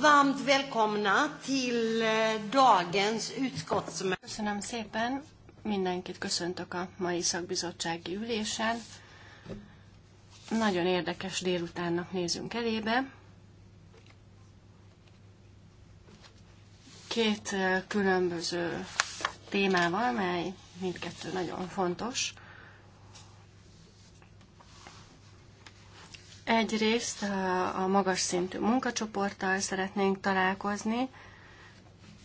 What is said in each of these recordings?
Varmt välkomna till eh, dagens utskottsmöte. Köszönöm szépen. Mindenkit köszöntök a mai szakbizottsági ülésen. Nagyon érdekes délutánnak nézünk elébe. Két eh, különböző témával, mely mindkettő nagyon fontos. Egyrészt eh, a magas szintű munkacsoporttal szeretnénk találkozni,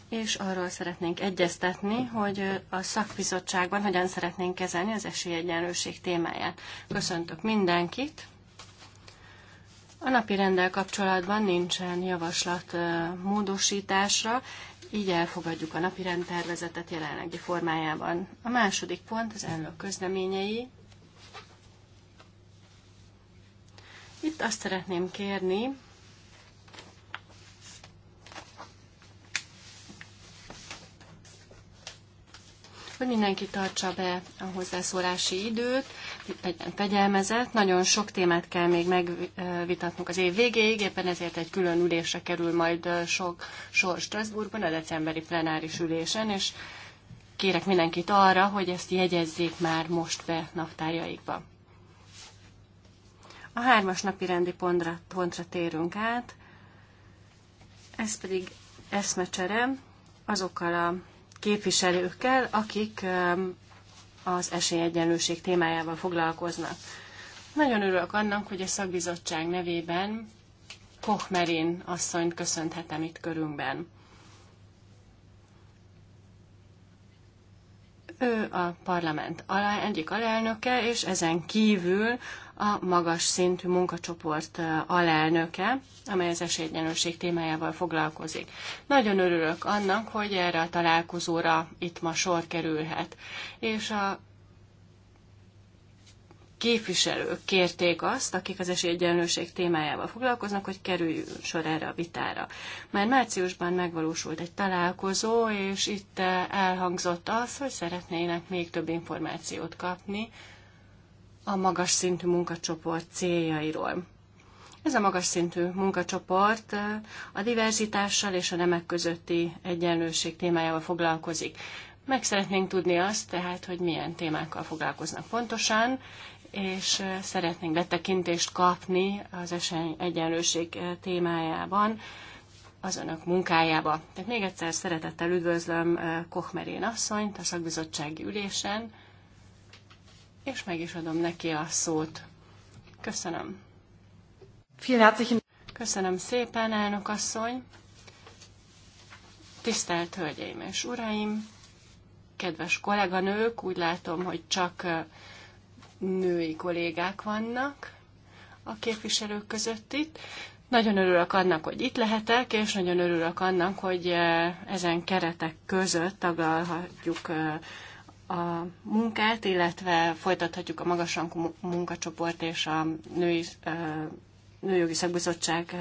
és arról szeretnénk egyeztetni, hogy eh, a szakbizottságban hogyan szeretnénk kezelni az esélyegyenlőség témáját. Köszöntök mindenkit! A napi rendel kapcsolatban nincsen javaslat eh, módosításra, így elfogadjuk a napi rendtervezetet jelenlegi formájában. A második pont az elnök közleményei. Itt azt szeretném kérni, hogy mindenki tartsa be a hozzászólási időt, legyen fegyelmezett. Nagyon sok témát kell még megvitatnunk az év végéig, éppen ezért egy külön ülésre kerül majd sok sor Strasbourgban, a decemberi plenáris ülésen, és kérek mindenkit arra, hogy ezt jegyezzék már most be naptárjaikba. A hármas napi rendi pontra, pontra térünk át, ez pedig eszmecsere azokkal a képviselőkkel, akik um, az esélyegyenlőség témájával foglalkoznak. Nagyon örülök annak, hogy a szakbizottság nevében Kochmerin asszonyt köszönhetem itt körünkben. Ő a parlament alá, egyik alelnöke, és ezen kívül a magas szintű munkacsoport alelnöke, amely az esélyegyenlőség témájával foglalkozik. Nagyon örülök annak, hogy erre a találkozóra itt ma sor kerülhet. És a képviselők kérték azt, akik az esélyegyenlőség témájával foglalkoznak, hogy kerüljön sor erre a vitára. Már márciusban megvalósult egy találkozó, és itt elhangzott az, hogy szeretnének még több információt kapni a magas szintű munkacsoport céljairól. Ez a magas szintű munkacsoport eh, a diverzitással és a nemek közötti egyenlőség témájával foglalkozik. Meg szeretnénk tudni azt tehát, hogy milyen témákkal foglalkoznak pontosan, és eh, szeretnénk betekintést kapni az esély egyenlőség eh, témájában az önök munkájába. Tehát még egyszer szeretettel üdvözlöm Kochmerén asszonyt a szakbizottsági ülésen, és meg is adom neki a szót. Köszönöm. Köszönöm szépen, elnök asszony. Tisztelt Hölgyeim és Uraim, kedves kolléganők, úgy látom, hogy csak női kollégák vannak a képviselők között itt. Nagyon örülök annak, hogy itt lehetek, és nagyon örülök annak, hogy ezen keretek között taglalhatjuk a munkát, illetve folytathatjuk a magasrangú munkacsoport és a női, nőjogi szakbizottság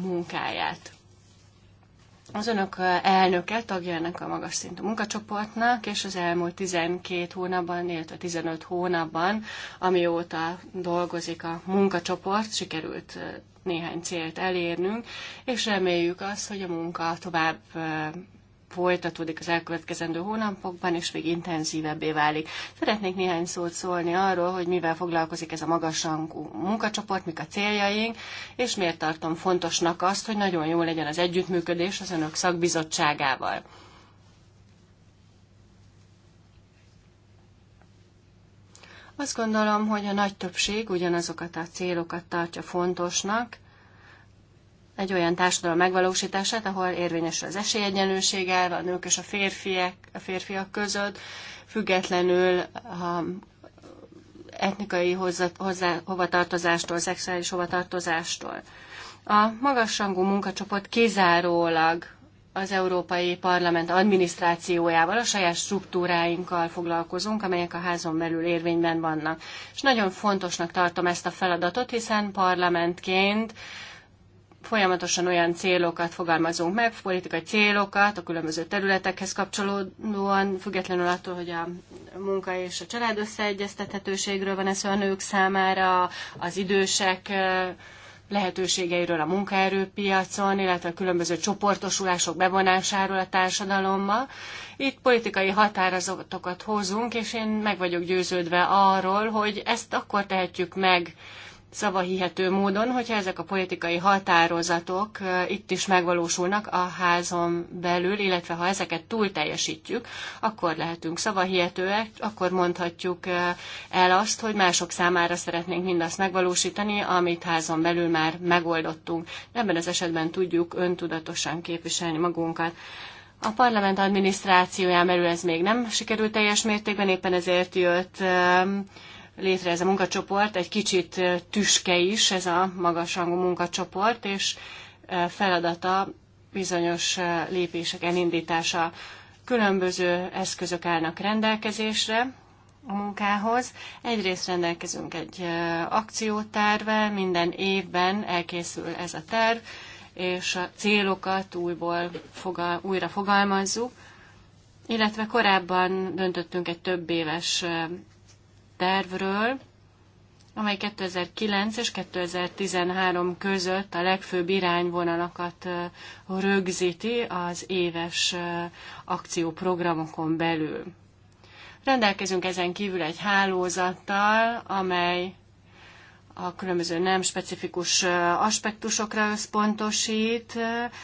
munkáját. Az önök elnöke tagja ennek a magas szintű munkacsoportnak, és az elmúlt 12 hónapban, illetve 15 hónapban, amióta dolgozik a munkacsoport, sikerült néhány célt elérnünk, és reméljük azt, hogy a munka tovább folytatódik az elkövetkezendő hónapokban, és még intenzívebbé válik. Szeretnék néhány szót szólni arról, hogy mivel foglalkozik ez a magasrangú munkacsoport, mik a céljaink, és miért tartom fontosnak azt, hogy nagyon jó legyen az együttműködés az önök szakbizottságával. Azt gondolom, hogy a nagy többség ugyanazokat a célokat tartja fontosnak, egy olyan társadalom megvalósítását, ahol érvényesül az esélyegyenlőség elve, a nők és a férfiak, a férfiak között, függetlenül a etnikai hozzá, hozzá, hovatartozástól, szexuális hovatartozástól. A magasrangú munkacsoport kizárólag az Európai Parlament adminisztrációjával, a saját struktúráinkkal foglalkozunk, amelyek a házon belül érvényben vannak. És nagyon fontosnak tartom ezt a feladatot, hiszen parlamentként folyamatosan olyan célokat fogalmazunk meg, politikai célokat a különböző területekhez kapcsolódóan, függetlenül attól, hogy a munka és a család összeegyeztethetőségről van ez a nők számára, az idősek lehetőségeiről a munkaerőpiacon, illetve a különböző csoportosulások bevonásáról a társadalomba. Itt politikai határozatokat hozunk, és én meg vagyok győződve arról, hogy ezt akkor tehetjük meg, szavahihető módon, hogyha ezek a politikai határozatok itt is megvalósulnak a házon belül, illetve ha ezeket túl teljesítjük, akkor lehetünk szavahihetőek, akkor mondhatjuk el azt, hogy mások számára szeretnénk mindazt megvalósítani, amit házon belül már megoldottunk. Ebben az esetben tudjuk öntudatosan képviselni magunkat. A parlament adminisztrációján belül ez még nem sikerült teljes mértékben, éppen ezért jött létre ez a munkacsoport, egy kicsit tüske is ez a magasrangú munkacsoport, és feladata bizonyos lépések elindítása. Különböző eszközök állnak rendelkezésre a munkához. Egyrészt rendelkezünk egy akciótervvel, minden évben elkészül ez a terv, és a célokat újból fogal, újra fogalmazzuk, illetve korábban döntöttünk egy több éves tervről, amely 2009 és 2013 között a legfőbb irányvonalakat rögzíti az éves akcióprogramokon belül. Rendelkezünk ezen kívül egy hálózattal, amely a különböző nem specifikus aspektusokra összpontosít,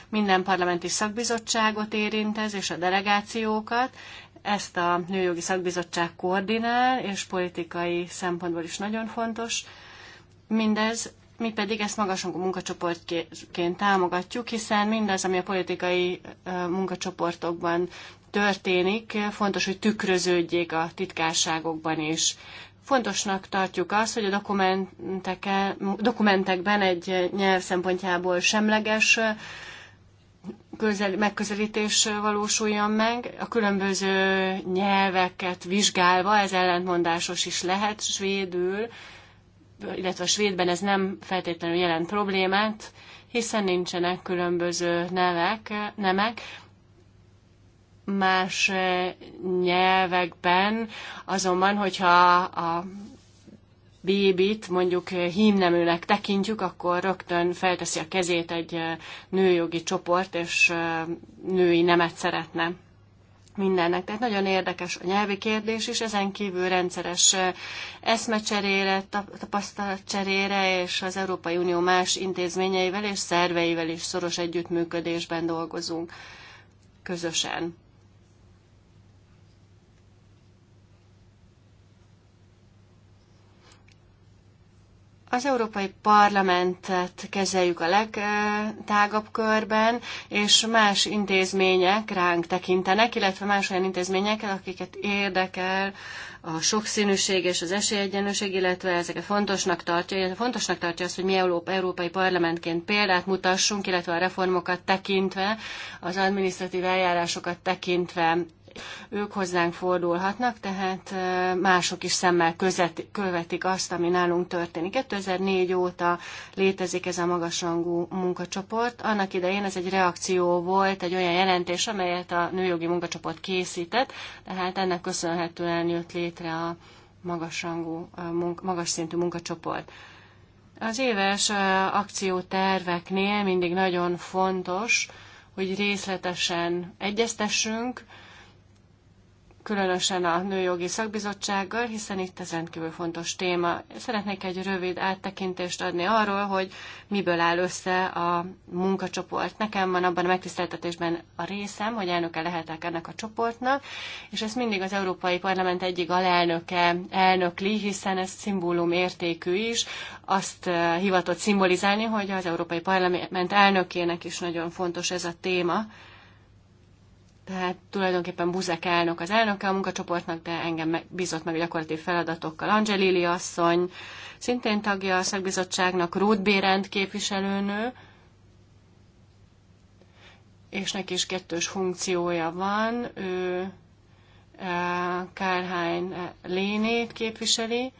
minden parlamenti szakbizottságot érintez és a delegációkat, ezt a Nőjogi Szakbizottság koordinál, és politikai szempontból is nagyon fontos. Mindez, mi pedig ezt magasrangú munkacsoportként támogatjuk, hiszen mindez, ami a politikai munkacsoportokban történik, fontos, hogy tükröződjék a titkárságokban is. Fontosnak tartjuk azt, hogy a dokumentekben egy nyelv szempontjából semleges közel, megközelítés valósuljon meg, a különböző nyelveket vizsgálva, ez ellentmondásos is lehet svédül, illetve a svédben ez nem feltétlenül jelent problémát, hiszen nincsenek különböző nevek, nemek, más nyelvekben, azonban, hogyha a bébit mondjuk eh, hímneműnek tekintjük, akkor rögtön felteszi a kezét egy eh, nőjogi csoport, és eh, női nemet szeretne mindennek. Tehát nagyon érdekes a nyelvi kérdés is, ezen kívül rendszeres eszmecserére, tapasztalatcserére és az Európai Unió más intézményeivel és szerveivel is szoros együttműködésben dolgozunk közösen. Az Európai Parlamentet kezeljük a legtágabb körben, és más intézmények ránk tekintenek, illetve más olyan intézményekkel, akiket érdekel a sokszínűség és az esélyegyenlőség, illetve ezeket fontosnak tartja, illetve fontosnak tartja azt, hogy mi Európai Parlamentként példát mutassunk, illetve a reformokat tekintve, az administratív eljárásokat tekintve ők hozzánk fordulhatnak, tehát mások is szemmel közeti, követik azt, ami nálunk történik. 2004 óta létezik ez a magasrangú munkacsoport. Annak idején ez egy reakció volt egy olyan jelentés, amelyet a nőjogi munkacsoport készített, tehát ennek köszönhetően jött létre a magasrangú, magas szintű munkacsoport. Az éves akcióterveknél mindig nagyon fontos, hogy részletesen egyeztessünk, különösen a Nőjogi Szakbizottsággal, hiszen itt ez rendkívül fontos téma. Szeretnék egy rövid áttekintést adni arról, hogy miből áll össze a munkacsoport. Nekem van abban a megtiszteltetésben a részem, hogy elnöke lehetek ennek a csoportnak, és ezt mindig az Európai Parlament egyik alelnöke elnökli, hiszen ez szimbólum értékű is, azt eh, hivatott szimbolizálni, hogy az Európai Parlament elnökének is nagyon fontos ez a téma, tehát tulajdonképpen Buzek elnök az elnöke a munkacsoportnak, de engem bízott meg a gyakorlati feladatokkal. Angelili asszony, szintén tagja a szakbizottságnak, Ruth Bérend képviselőnő, és neki is kettős funkciója van. Ő eh, Kárhány eh, Lénét képviseli,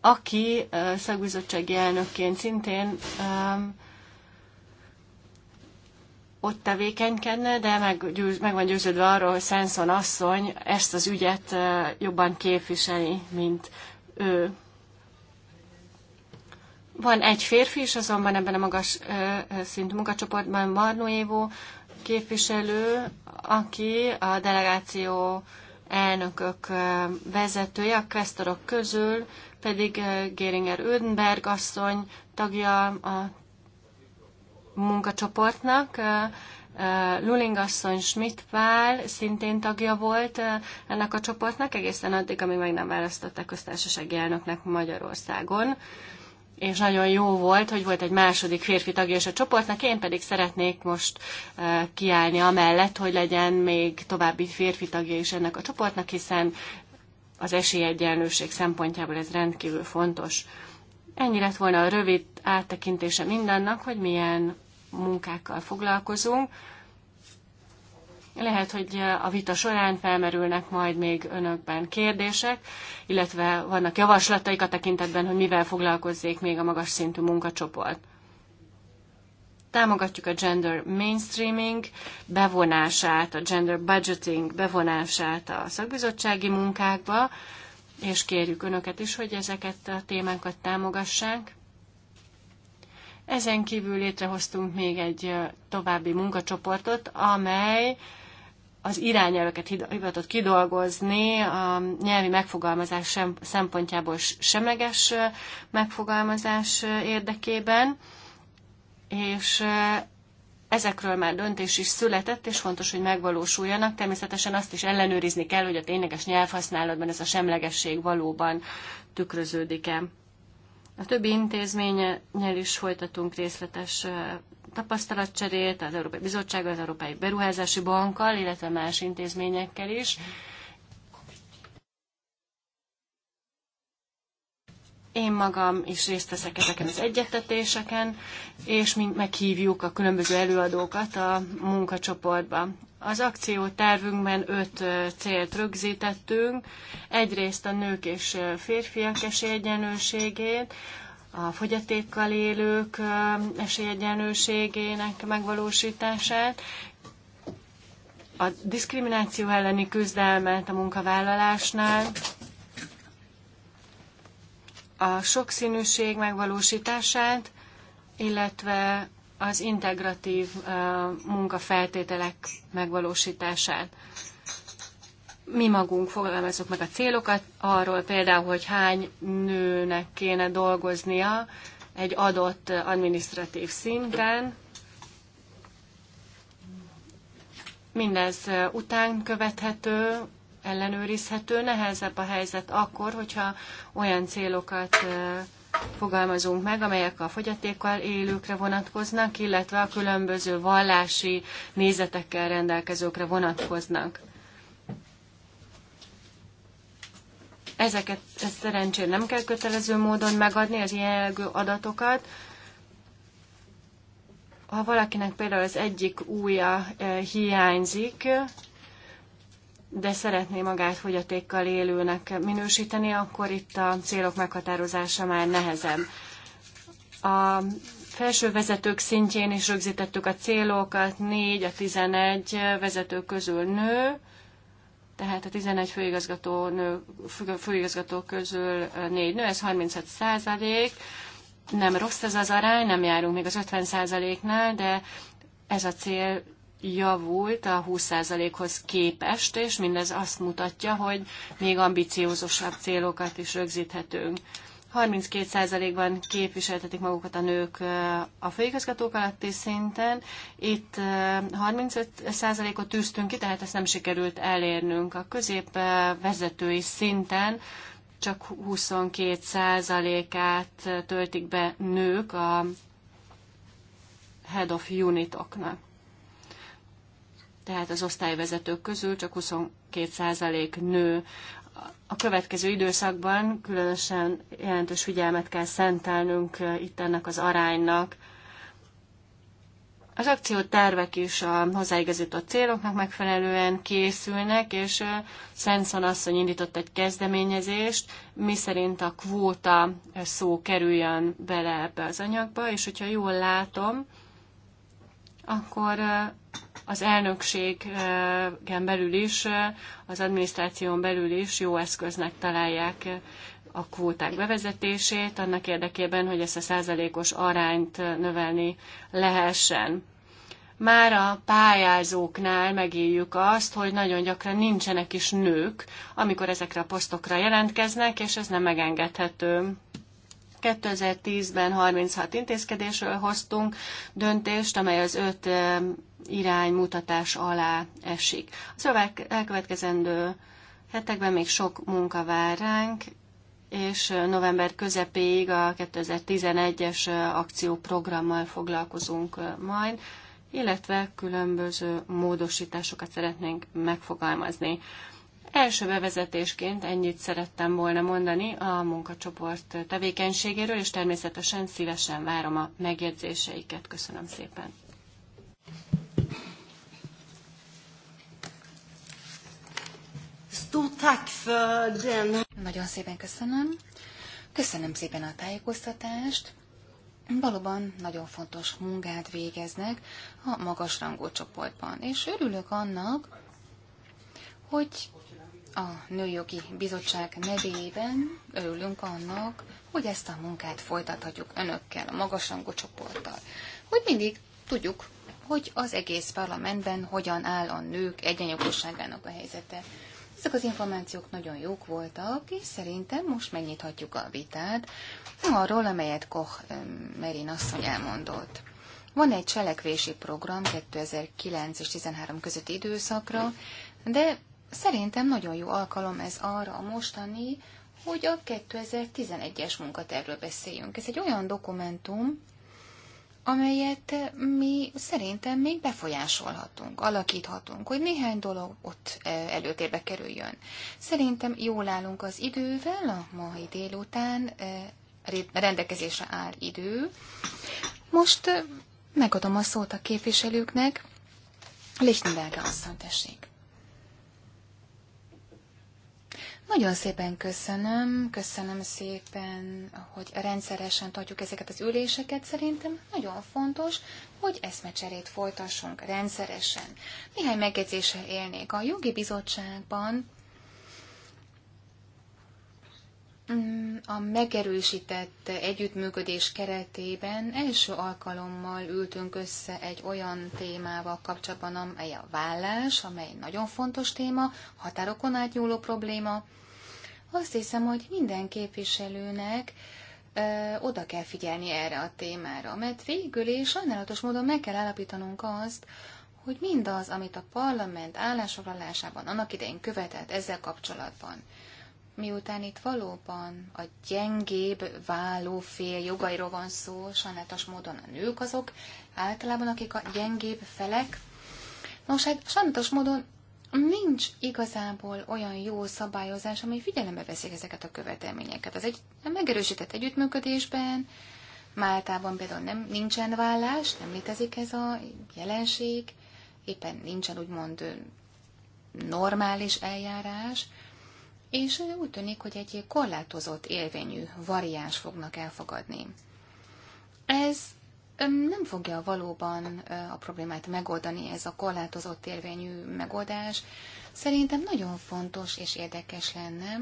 aki eh, szakbizottsági elnökként szintén ott tevékenykedne, de meggyőz, meg van győződve arról, hogy Szenszon asszony ezt az ügyet jobban képviseli, mint ő. Van egy férfi is, azonban ebben a magas szintű munkacsoportban Évó képviselő, aki a delegáció elnökök vezetője, a kvesztorok közül pedig Géringer Ödenberg asszony tagja a munkacsoportnak. Luling asszony Schmidt Pál szintén tagja volt ennek a csoportnak, egészen addig, amíg meg nem választották köztársasági elnöknek Magyarországon. És nagyon jó volt, hogy volt egy második férfi tagja is a csoportnak, én pedig szeretnék most kiállni amellett, hogy legyen még további férfi tagja is ennek a csoportnak, hiszen az esélyegyenlőség szempontjából ez rendkívül fontos. Ennyi lett volna a rövid áttekintése mindennek, hogy milyen munkákkal foglalkozunk. Lehet, hogy a vita során felmerülnek majd még önökben kérdések, illetve vannak javaslataik a tekintetben, hogy mivel foglalkozzék még a magas szintű munkacsoport. Támogatjuk a gender mainstreaming bevonását, a gender budgeting bevonását a szakbizottsági munkákba, és kérjük önöket is, hogy ezeket a témákat támogassák. Ezen kívül létrehoztunk még egy további munkacsoportot, amely az irányelveket hivatott kidolgozni, a nyelvi megfogalmazás szempontjából semleges megfogalmazás érdekében, és ezekről már döntés is született, és fontos, hogy megvalósuljanak. Természetesen azt is ellenőrizni kell, hogy a tényleges nyelvhasználatban ez a semlegesség valóban tükröződik-e. A többi intézménnyel is folytatunk részletes tapasztalatcserét, az Európai Bizottsággal, az Európai Beruházási Bankkal, illetve más intézményekkel is, Én magam is részt veszek ezeken az egyetetéseken, és mi meghívjuk a különböző előadókat a munkacsoportba. Az akció tervünkben öt célt rögzítettünk. Egyrészt a nők és férfiak esélyegyenlőségét, a fogyatékkal élők esélyegyenlőségének megvalósítását, a diszkrimináció elleni küzdelmet a munkavállalásnál, a sokszínűség megvalósítását, illetve az integratív munkafeltételek megvalósítását. Mi magunk fogalmazunk meg a célokat, arról például, hogy hány nőnek kéne dolgoznia egy adott administratív szinten, mindez után követhető, ellenőrizhető, nehezebb a helyzet akkor, hogyha olyan célokat fogalmazunk meg, amelyek a fogyatékkal élőkre vonatkoznak, illetve a különböző vallási nézetekkel rendelkezőkre vonatkoznak. Ezeket ez szerencsére nem kell kötelező módon megadni, az ilyen jellegű adatokat, ha valakinek például az egyik újja hiányzik, de szeretné magát fogyatékkal élőnek minősíteni, akkor itt a célok meghatározása már nehezebb. A felső vezetők szintjén is rögzítettük a célokat, 4 a 11 vezető közül nő, tehát a 11 főigazgató, nő, főigazgató közül 4 nő, ez 36 százalék. Nem rossz ez az arány, nem járunk még az 50 százaléknál, de ez a cél javult a 20%-hoz képest, és mindez azt mutatja, hogy még ambiciózusabb célokat is rögzíthetünk. 32%-ban képviseltetik magukat a nők a főigazgatók alatti szinten. Itt 35%-ot tűztünk ki, tehát ezt nem sikerült elérnünk. A középvezetői szinten csak 22%-át töltik be nők a head of unitoknak tehát az osztályvezetők közül csak 22% nő. A következő időszakban különösen jelentős figyelmet kell szentelnünk eh, itt ennek az aránynak. Az akciótervek is a hozzáigazított céloknak megfelelően készülnek, és eh, Svensson asszony indított egy kezdeményezést, mi szerint a kvóta eh, szó kerüljön bele ebbe az anyagba, és hogyha jól látom, akkor az elnökségen belül is, az adminisztráción belül is jó eszköznek találják a kvóták bevezetését, annak érdekében, hogy ezt a százalékos arányt növelni lehessen. Már a pályázóknál megéljük azt, hogy nagyon gyakran nincsenek is nők, amikor ezekre a posztokra jelentkeznek, és ez nem megengedhető. 2010-ben 36 intézkedésről hoztunk döntést, amely az öt iránymutatás alá esik. A szóval elkövetkezendő hetekben még sok munka vár ránk, és november közepéig a 2011-es akcióprogrammal foglalkozunk majd, illetve különböző módosításokat szeretnénk megfogalmazni. Első bevezetésként ennyit szerettem volna mondani a munkacsoport tevékenységéről, és természetesen szívesen várom a megjegyzéseiket. Köszönöm szépen. Nagyon szépen köszönöm. Köszönöm szépen a tájékoztatást. Valóban nagyon fontos munkát végeznek a magasrangú csoportban, és örülök annak, hogy a Nőjogi Bizottság nevében örülünk annak, hogy ezt a munkát folytathatjuk önökkel, a magasrangú csoporttal. Hogy mindig tudjuk, hogy az egész parlamentben hogyan áll a nők egyenjogosságának a helyzete. Ezek az információk nagyon jók voltak, és szerintem most megnyithatjuk a vitát arról, amelyet Koch Merin asszony elmondott. Van egy cselekvési program 2009 és 2013 közötti időszakra, de Szerintem nagyon jó alkalom ez arra a mostani, hogy a 2011-es munkatervről beszéljünk. Ez egy olyan dokumentum, amelyet mi szerintem még befolyásolhatunk, alakíthatunk, hogy néhány dolog ott e, előtérbe kerüljön. Szerintem jól állunk az idővel, a mai délután e, rendelkezésre áll idő. Most e, megadom a szót a képviselőknek. Lichtenberger asszony, tessék. Nagyon szépen köszönöm, köszönöm szépen, hogy rendszeresen tartjuk ezeket az üléseket. Szerintem nagyon fontos, hogy eszmecserét folytassunk rendszeresen. Néhány megjegyzéssel élnék. A jogi bizottságban Mm, a megerősített együttműködés keretében első alkalommal ültünk össze egy olyan témával kapcsolatban, amely a vállás, amely nagyon fontos téma, határokon átnyúló probléma. Azt hiszem, hogy minden képviselőnek ö, oda kell figyelni erre a témára, mert végül is sajnálatos módon meg kell állapítanunk azt, hogy mindaz, amit a parlament állásfoglalásában annak idején követett ezzel kapcsolatban, miután itt valóban a gyengébb váló fél jogairól van szó, sajnálatos módon a nők azok, általában akik a gyengébb felek. Nos, hát sajnálatos módon nincs igazából olyan jó szabályozás, ami figyelembe veszik ezeket a követelményeket. Az egy megerősített együttműködésben, Máltában például nem, nincsen vállás, nem létezik ez a jelenség, éppen nincsen úgymond normális eljárás, és úgy tűnik, hogy egy korlátozott élvényű variáns fognak elfogadni. Ez nem fogja valóban a problémát megoldani, ez a korlátozott érvényű megoldás. Szerintem nagyon fontos és érdekes lenne,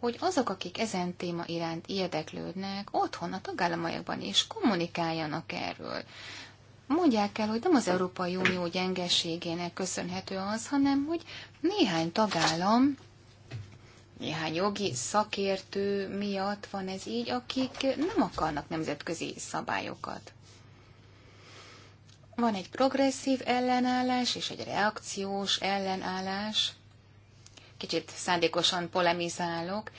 hogy azok, akik ezen téma iránt érdeklődnek, otthon a tagállamaikban is kommunikáljanak erről. Mondják el, hogy nem az Európai Unió gyengeségének köszönhető az, hanem hogy néhány tagállam néhány jogi szakértő miatt van ez így, akik nem akarnak nemzetközi szabályokat. Van egy progresszív ellenállás és egy reakciós ellenállás. Kicsit szándékosan polemizálok.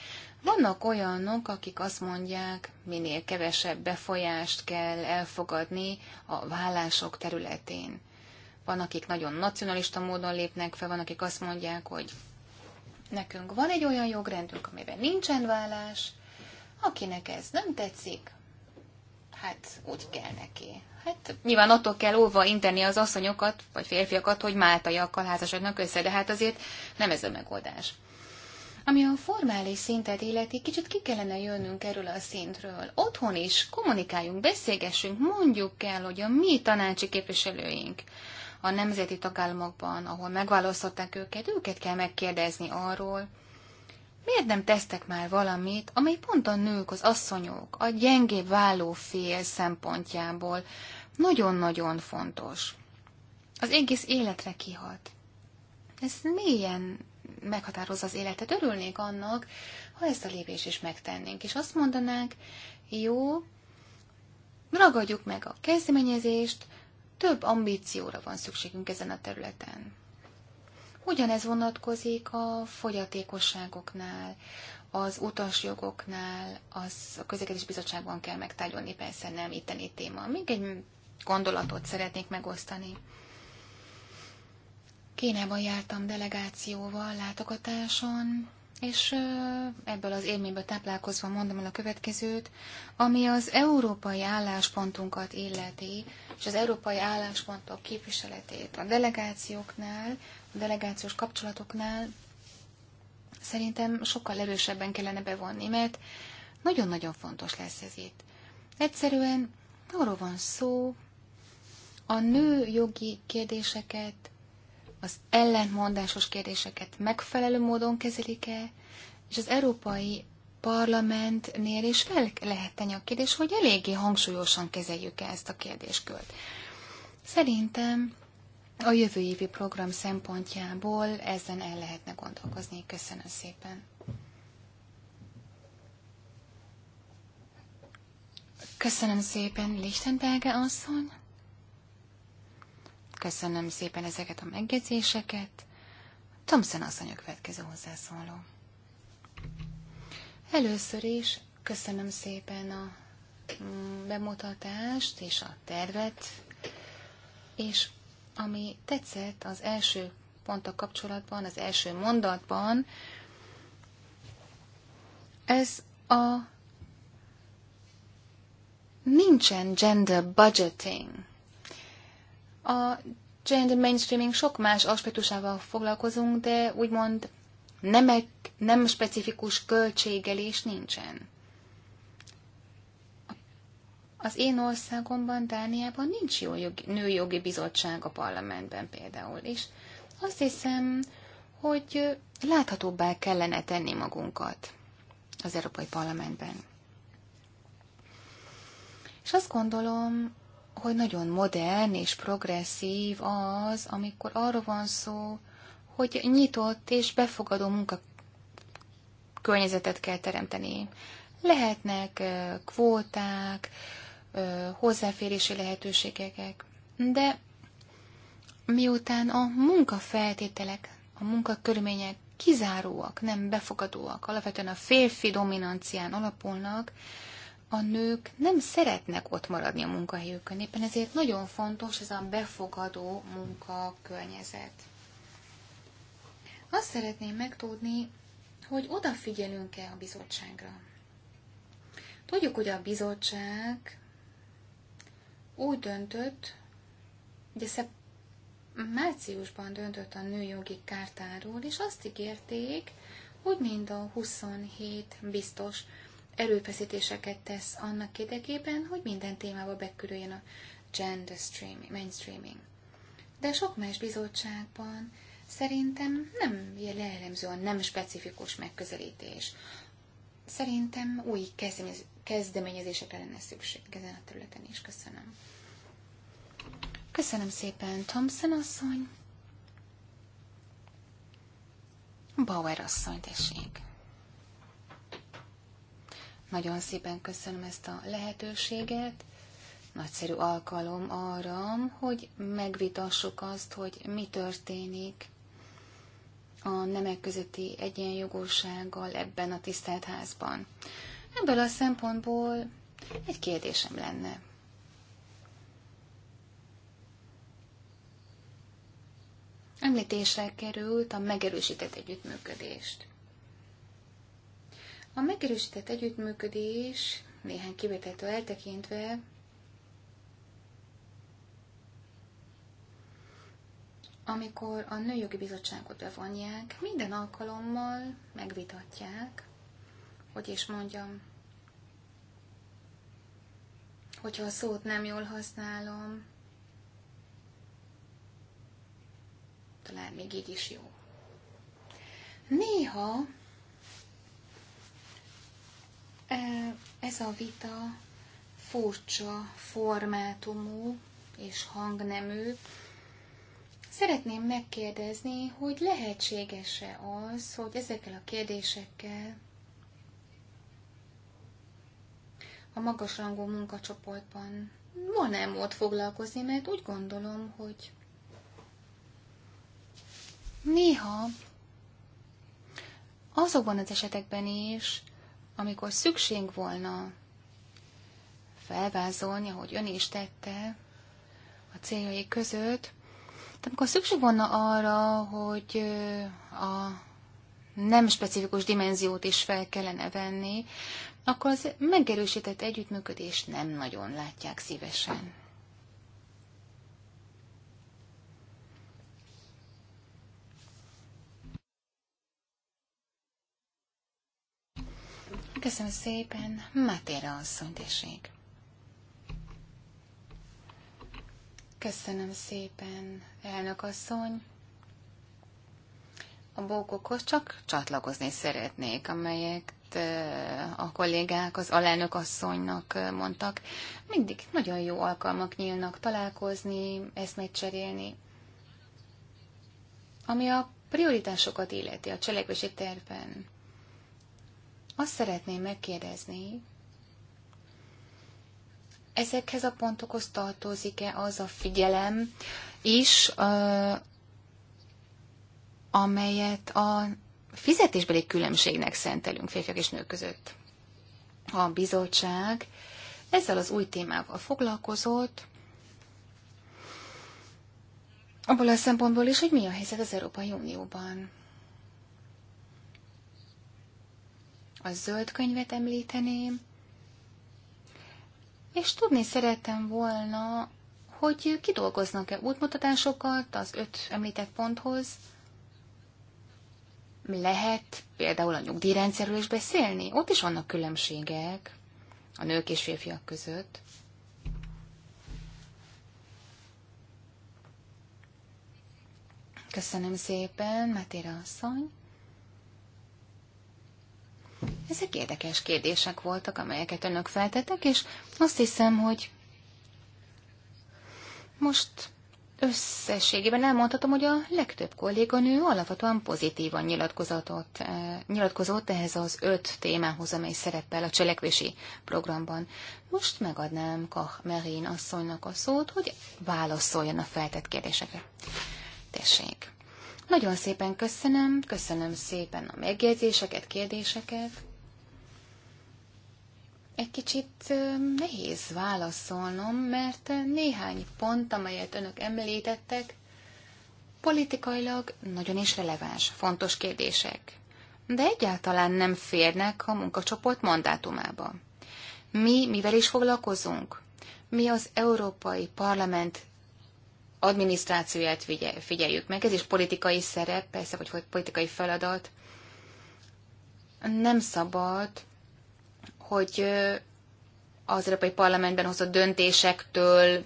Vannak olyanok, akik azt mondják, minél kevesebb befolyást kell elfogadni a vállások területén. Van, akik nagyon nacionalista módon lépnek fel, van, akik azt mondják, hogy Nekünk van egy olyan jogrendünk, amiben nincsen vállás, akinek ez nem tetszik, hát úgy kell neki. Hát nyilván attól kell óva interni az asszonyokat, vagy férfiakat, hogy máltaiakkal házasodnak össze, de hát azért nem ez a megoldás. Ami a formális szintet illeti, kicsit ki kellene jönnünk erről a szintről. Otthon is kommunikáljunk, beszélgessünk, mondjuk kell, hogy a mi tanácsi képviselőink, a nemzeti tagállamokban, ahol megválasztották őket, őket kell megkérdezni arról, miért nem tesztek már valamit, amely pont a nők, az asszonyok, a gyengébb válló fél szempontjából nagyon-nagyon fontos. Az egész életre kihat. Ez mélyen meghatározza az életet. Örülnék annak, ha ezt a lépés is megtennénk, és azt mondanánk, jó, ragadjuk meg a kezdeményezést, több ambícióra van szükségünk ezen a területen. Ugyanez vonatkozik a fogyatékosságoknál, az utasjogoknál, az a közlekedés bizottságban kell megtárgyalni, persze nem itteni téma. Még egy gondolatot szeretnék megosztani. Kénában jártam delegációval, látogatáson, és ebből az élményből táplálkozva mondom el a következőt, ami az európai álláspontunkat illeti, és az európai álláspontok képviseletét a delegációknál, a delegációs kapcsolatoknál szerintem sokkal erősebben kellene bevonni, mert nagyon-nagyon fontos lesz ez itt. Egyszerűen arról van szó, a nő jogi kérdéseket az ellentmondásos kérdéseket megfelelő módon kezelik-e, és az Európai Parlamentnél is fel lehet tenni a kérdés, hogy eléggé hangsúlyosan kezeljük-e ezt a kérdéskört. Szerintem a jövő évi program szempontjából ezen el lehetne gondolkozni. Köszönöm szépen. Köszönöm szépen, Lichtenberger asszony. Köszönöm szépen ezeket a megjegyzéseket. Thompson asszony a következő hozzászóló. Először is köszönöm szépen a bemutatást és a tervet, és ami tetszett az első pontok kapcsolatban, az első mondatban, ez a nincsen gender budgeting. A gender mainstreaming sok más aspektusával foglalkozunk, de úgymond nemek, nem specifikus költségelés nincsen. Az én országomban, Dániában nincs jó jogi, nőjogi bizottság a parlamentben például, és azt hiszem, hogy láthatóbbá kellene tenni magunkat az Európai Parlamentben. És azt gondolom, hogy nagyon modern és progresszív az, amikor arról van szó, hogy nyitott és befogadó munkakörnyezetet kell teremteni. Lehetnek kvóták, hozzáférési lehetőségek, de miután a munkafeltételek, a munkakörülmények kizáróak, nem befogadóak, alapvetően a férfi dominancián alapulnak, a nők nem szeretnek ott maradni a munkahelyükön, éppen ezért nagyon fontos ez a befogadó munkakörnyezet. Azt szeretném megtudni, hogy odafigyelünk-e a bizottságra. Tudjuk, hogy a bizottság úgy döntött, hogy szep- márciusban döntött a nőjogi kártáról, és azt ígérték, hogy mind a 27 biztos, erőfeszítéseket tesz annak érdekében, hogy minden témába bekülüljön a gender streaming, mainstreaming. De sok más bizottságban szerintem nem jellemző a nem specifikus megközelítés. Szerintem új kezdeményezések lenne szükség ezen a területen is. Köszönöm. Köszönöm szépen, Thompson asszony. Bauer asszony, tessék. Nagyon szépen köszönöm ezt a lehetőséget. Nagyszerű alkalom arra, hogy megvitassuk azt, hogy mi történik a nemek közötti egyenjogossággal ebben a tisztelt házban. Ebből a szempontból egy kérdésem lenne. Említésre került a megerősített együttműködést. A megerősített együttműködés néhány kivételtől eltekintve amikor a Nőjogi Bizottságot bevonják, minden alkalommal megvitatják, hogy is mondjam, hogyha a szót nem jól használom, talán még így is jó. Néha ez a vita furcsa formátumú és hangnemű. Szeretném megkérdezni, hogy lehetséges-e az, hogy ezekkel a kérdésekkel a magasrangú munkacsoportban van-e mód foglalkozni, mert úgy gondolom, hogy néha azokban az esetekben is, amikor szükség volna felvázolni, ahogy ön is tette, a céljai között, tehát amikor szükség volna arra, hogy a nem specifikus dimenziót is fel kellene venni, akkor az megerősített együttműködést nem nagyon látják szívesen. Köszönöm szépen, Matéra asszony, tessék. Köszönöm szépen, elnök asszony. A bókokhoz csak csatlakozni szeretnék, amelyek a kollégák az alelnök asszonynak mondtak. Mindig nagyon jó alkalmak nyílnak találkozni, eszmét cserélni. Ami a prioritásokat illeti a cselekvési tervben, azt szeretném megkérdezni, ezekhez a pontokhoz tartozik-e az a figyelem is, amelyet a fizetésbeli különbségnek szentelünk férfiak és nők között. A bizottság ezzel az új témával foglalkozott, abból a szempontból is, hogy mi a helyzet az Európai Unióban. a zöld könyvet említeném, és tudni szerettem volna, hogy kidolgoznak-e útmutatásokat az öt említett ponthoz. Lehet például a nyugdíjrendszerről is beszélni, ott is vannak különbségek a nők és férfiak között. Köszönöm szépen, Matéra asszony. Ezek érdekes kérdések voltak, amelyeket önök feltettek, és azt hiszem, hogy most összességében elmondhatom, hogy a legtöbb kolléganő alapvetően pozitívan nyilatkozott, eh, nyilatkozott ehhez az öt témához, amely szerepel a cselekvési programban. Most megadnám Kach Merin asszonynak a szót, hogy válaszoljon a feltett kérdésekre. Tessék! Nagyon szépen köszönöm, köszönöm szépen a megjegyzéseket, kérdéseket. Egy kicsit nehéz válaszolnom, mert néhány pont, amelyet önök említettek, politikailag nagyon is releváns, fontos kérdések, de egyáltalán nem férnek a munkacsoport mandátumába. Mi mivel is foglalkozunk? Mi az Európai Parlament adminisztrációját figyeljük meg. Ez is politikai szerep, persze, vagy politikai feladat. Nem szabad, hogy az Európai Parlamentben hozott döntésektől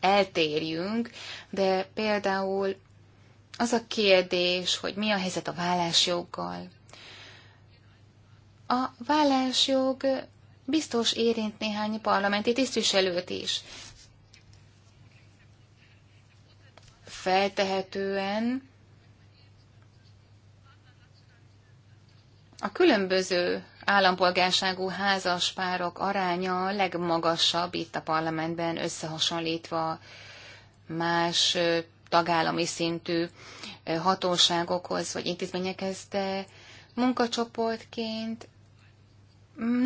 eltérjünk, de például az a kérdés, hogy mi a helyzet a vállásjoggal. A vállásjog biztos érint néhány parlamenti tisztviselőt is. feltehetően a különböző állampolgárságú házas párok aránya legmagasabb itt a parlamentben összehasonlítva más tagállami szintű hatóságokhoz vagy intézményekhez, de munkacsoportként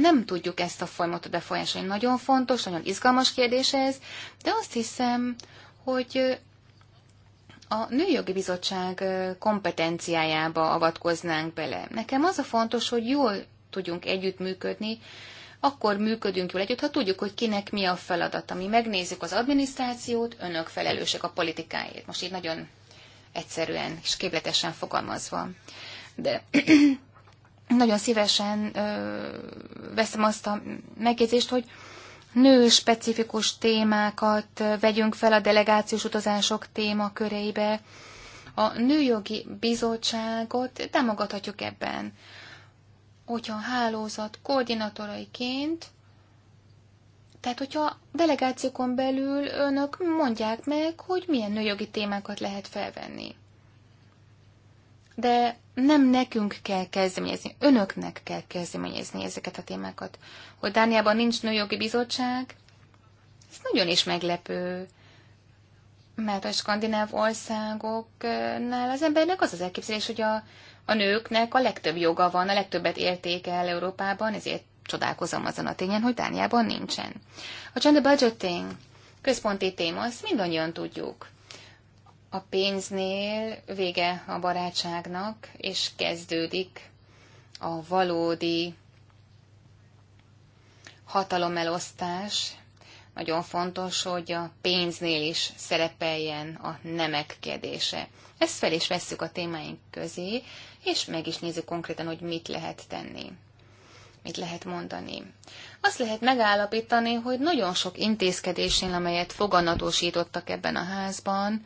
nem tudjuk ezt a folyamatot befolyásolni. Nagyon fontos, nagyon izgalmas kérdés ez, de azt hiszem, hogy a Nőjogi Bizottság kompetenciájába avatkoznánk bele. Nekem az a fontos, hogy jól tudjunk együttműködni, akkor működünk jól együtt, ha tudjuk, hogy kinek mi a feladata. Mi megnézzük az adminisztrációt, önök felelősek a politikáért. Most így nagyon egyszerűen és képletesen fogalmazva. De nagyon szívesen ö, veszem azt a megjegyzést, hogy nő specifikus témákat vegyünk fel a delegációs utazások témaköreibe, A nőjogi bizottságot támogathatjuk ebben, hogyha a hálózat koordinatoraiként, tehát hogyha delegációkon belül önök mondják meg, hogy milyen nőjogi témákat lehet felvenni de nem nekünk kell kezdeményezni, önöknek kell kezdeményezni ezeket a témákat. Hogy Dániában nincs nőjogi bizottság, ez nagyon is meglepő, mert a skandináv országoknál az embernek az az elképzelés, hogy a, a nőknek a legtöbb joga van, a legtöbbet érték el Európában, ezért csodálkozom azon a tényen, hogy Dániában nincsen. A gender budgeting központi téma, azt mindannyian tudjuk a pénznél vége a barátságnak, és kezdődik a valódi hatalomelosztás. Nagyon fontos, hogy a pénznél is szerepeljen a nemek kérdése. Ezt fel is vesszük a témáink közé, és meg is nézzük konkrétan, hogy mit lehet tenni. Mit lehet mondani? Azt lehet megállapítani, hogy nagyon sok intézkedésnél, amelyet foganatosítottak ebben a házban,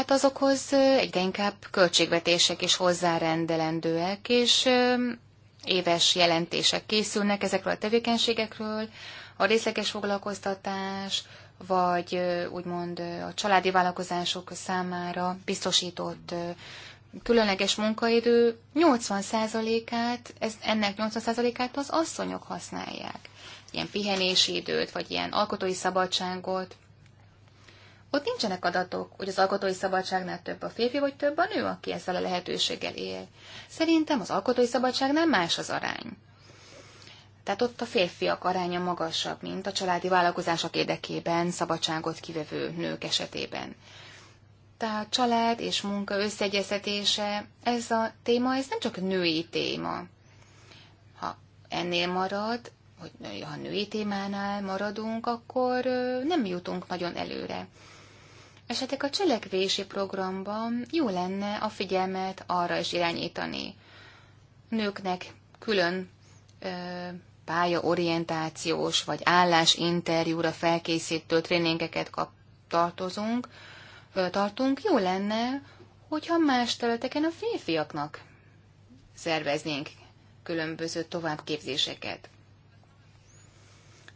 hát azokhoz egyre inkább költségvetések is hozzárendelendőek, és éves jelentések készülnek ezekről a tevékenységekről, a részleges foglalkoztatás, vagy úgymond a családi vállalkozások számára biztosított különleges munkaidő 80%-át, ez, ennek 80%-át az asszonyok használják. Ilyen pihenési időt, vagy ilyen alkotói szabadságot, ott nincsenek adatok, hogy az alkotói szabadságnál több a férfi vagy több a nő, aki ezzel a lehetőséggel él. Szerintem az alkotói szabadságnál más az arány. Tehát ott a férfiak aránya magasabb, mint a családi vállalkozások érdekében szabadságot kivevő nők esetében. Tehát család és munka összeegyeztetése, ez a téma, ez nem csak női téma. Ha ennél marad, hogy ha női témánál maradunk, akkor nem jutunk nagyon előre. Esetek a cselekvési programban jó lenne a figyelmet arra is irányítani. Nőknek külön ö, pályaorientációs vagy állásinterjúra felkészítő tréningeket kap, tartozunk, ö, tartunk. Jó lenne, hogyha más területeken a férfiaknak szerveznénk különböző továbbképzéseket.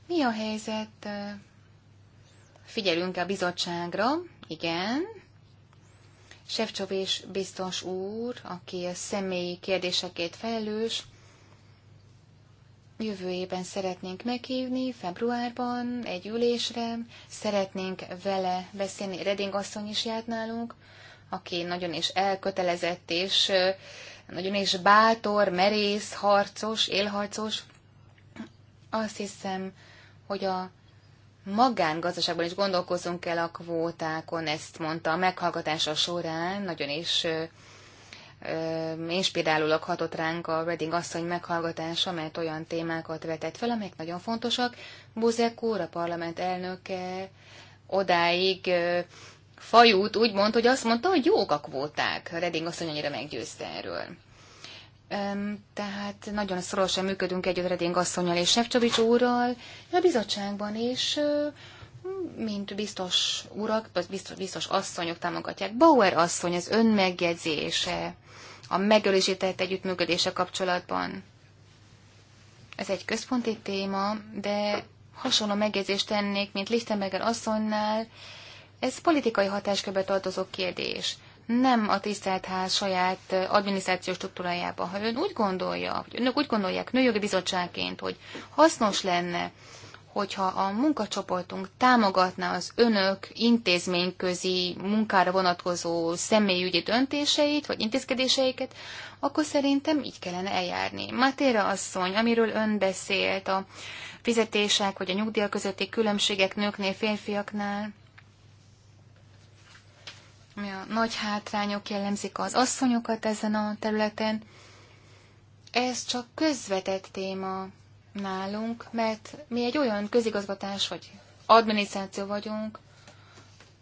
Mi a helyzet? Figyelünk a bizottságra, igen. és biztos úr, aki a személyi kérdésekért felelős, jövő évben szeretnénk meghívni, februárban egy ülésre, szeretnénk vele beszélni, Reding asszony is járt nálunk, aki nagyon is elkötelezett, és nagyon is bátor, merész, harcos, élharcos. Azt hiszem, hogy a magángazdaságban is gondolkozunk el a kvótákon, ezt mondta a meghallgatása során, nagyon is inspirálólag hatott ránk a Reading asszony meghallgatása, mert olyan témákat vetett fel, amelyek nagyon fontosak. Buzek úr, a parlament elnöke, odáig fajút úgy mondta, hogy azt mondta, hogy jók a kvóták. Redding asszony annyira meggyőzte erről tehát nagyon szorosan működünk együtt Reding asszonyal és Sefcsovics úrral, a bizottságban is, mint biztos urak, biztos, biztos asszonyok támogatják. Bauer asszony az önmegjegyzése, a megölésített együttműködése kapcsolatban. Ez egy központi téma, de hasonló megjegyzést tennék, mint Lichtenberger asszonynál. Ez politikai hatáskörbe tartozó kérdés nem a tisztelt ház saját adminisztrációs struktúrájában. Ha ön úgy gondolja, hogy önök úgy gondolják nőjogi bizottságként, hogy hasznos lenne, hogyha a munkacsoportunk támogatná az önök intézményközi munkára vonatkozó személyügyi döntéseit, vagy intézkedéseiket, akkor szerintem így kellene eljárni. Matéra asszony, amiről ön beszélt, a fizetések vagy a nyugdíjak közötti különbségek nőknél, férfiaknál, mi a nagy hátrányok jellemzik az asszonyokat ezen a területen. Ez csak közvetett téma nálunk, mert mi egy olyan közigazgatás vagy adminisztráció vagyunk,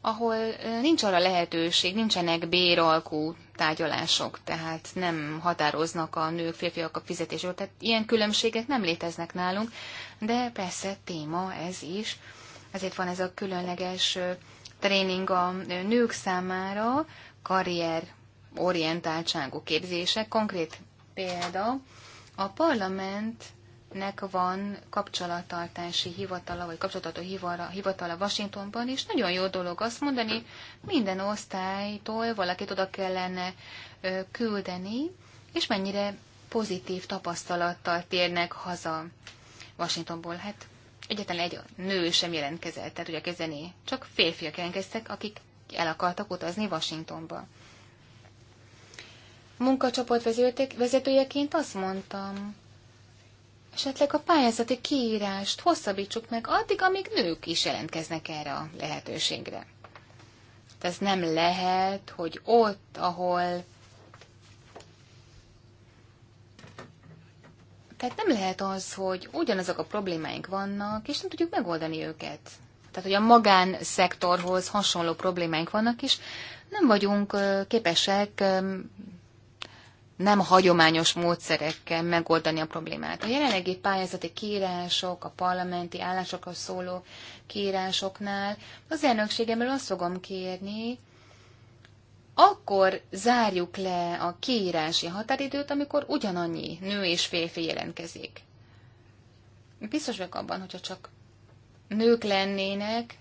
ahol nincs arra lehetőség, nincsenek béralkú tárgyalások, tehát nem határoznak a nők, férfiak a fizetésről, tehát ilyen különbségek nem léteznek nálunk, de persze téma ez is. Ezért van ez a különleges tréning a nők számára, karrier orientáltságú képzése. Konkrét példa, a parlamentnek van kapcsolattartási hivatala, vagy kapcsolatartó hivatala Washingtonban, és nagyon jó dolog azt mondani, minden osztálytól valakit oda kellene küldeni, és mennyire pozitív tapasztalattal térnek haza Washingtonból. Hát egyetlen egy nő sem jelentkezett, tehát ugye kezdeni. Csak férfiak jelentkeztek, akik el akartak utazni Washingtonba. Munkacsoport vezetőjeként azt mondtam, esetleg a pályázati kiírást hosszabbítsuk meg addig, amíg nők is jelentkeznek erre a lehetőségre. Tehát ez nem lehet, hogy ott, ahol Tehát nem lehet az, hogy ugyanazok a problémáink vannak, és nem tudjuk megoldani őket. Tehát, hogy a magánszektorhoz hasonló problémáink vannak, és nem vagyunk képesek nem hagyományos módszerekkel megoldani a problémát. A jelenlegi pályázati kiírások, a parlamenti állásokról szóló kiírásoknál az elnökségemről azt fogom kérni, akkor zárjuk le a kiírási határidőt, amikor ugyanannyi nő és férfi jelentkezik. Biztos vagyok abban, hogyha csak nők lennének,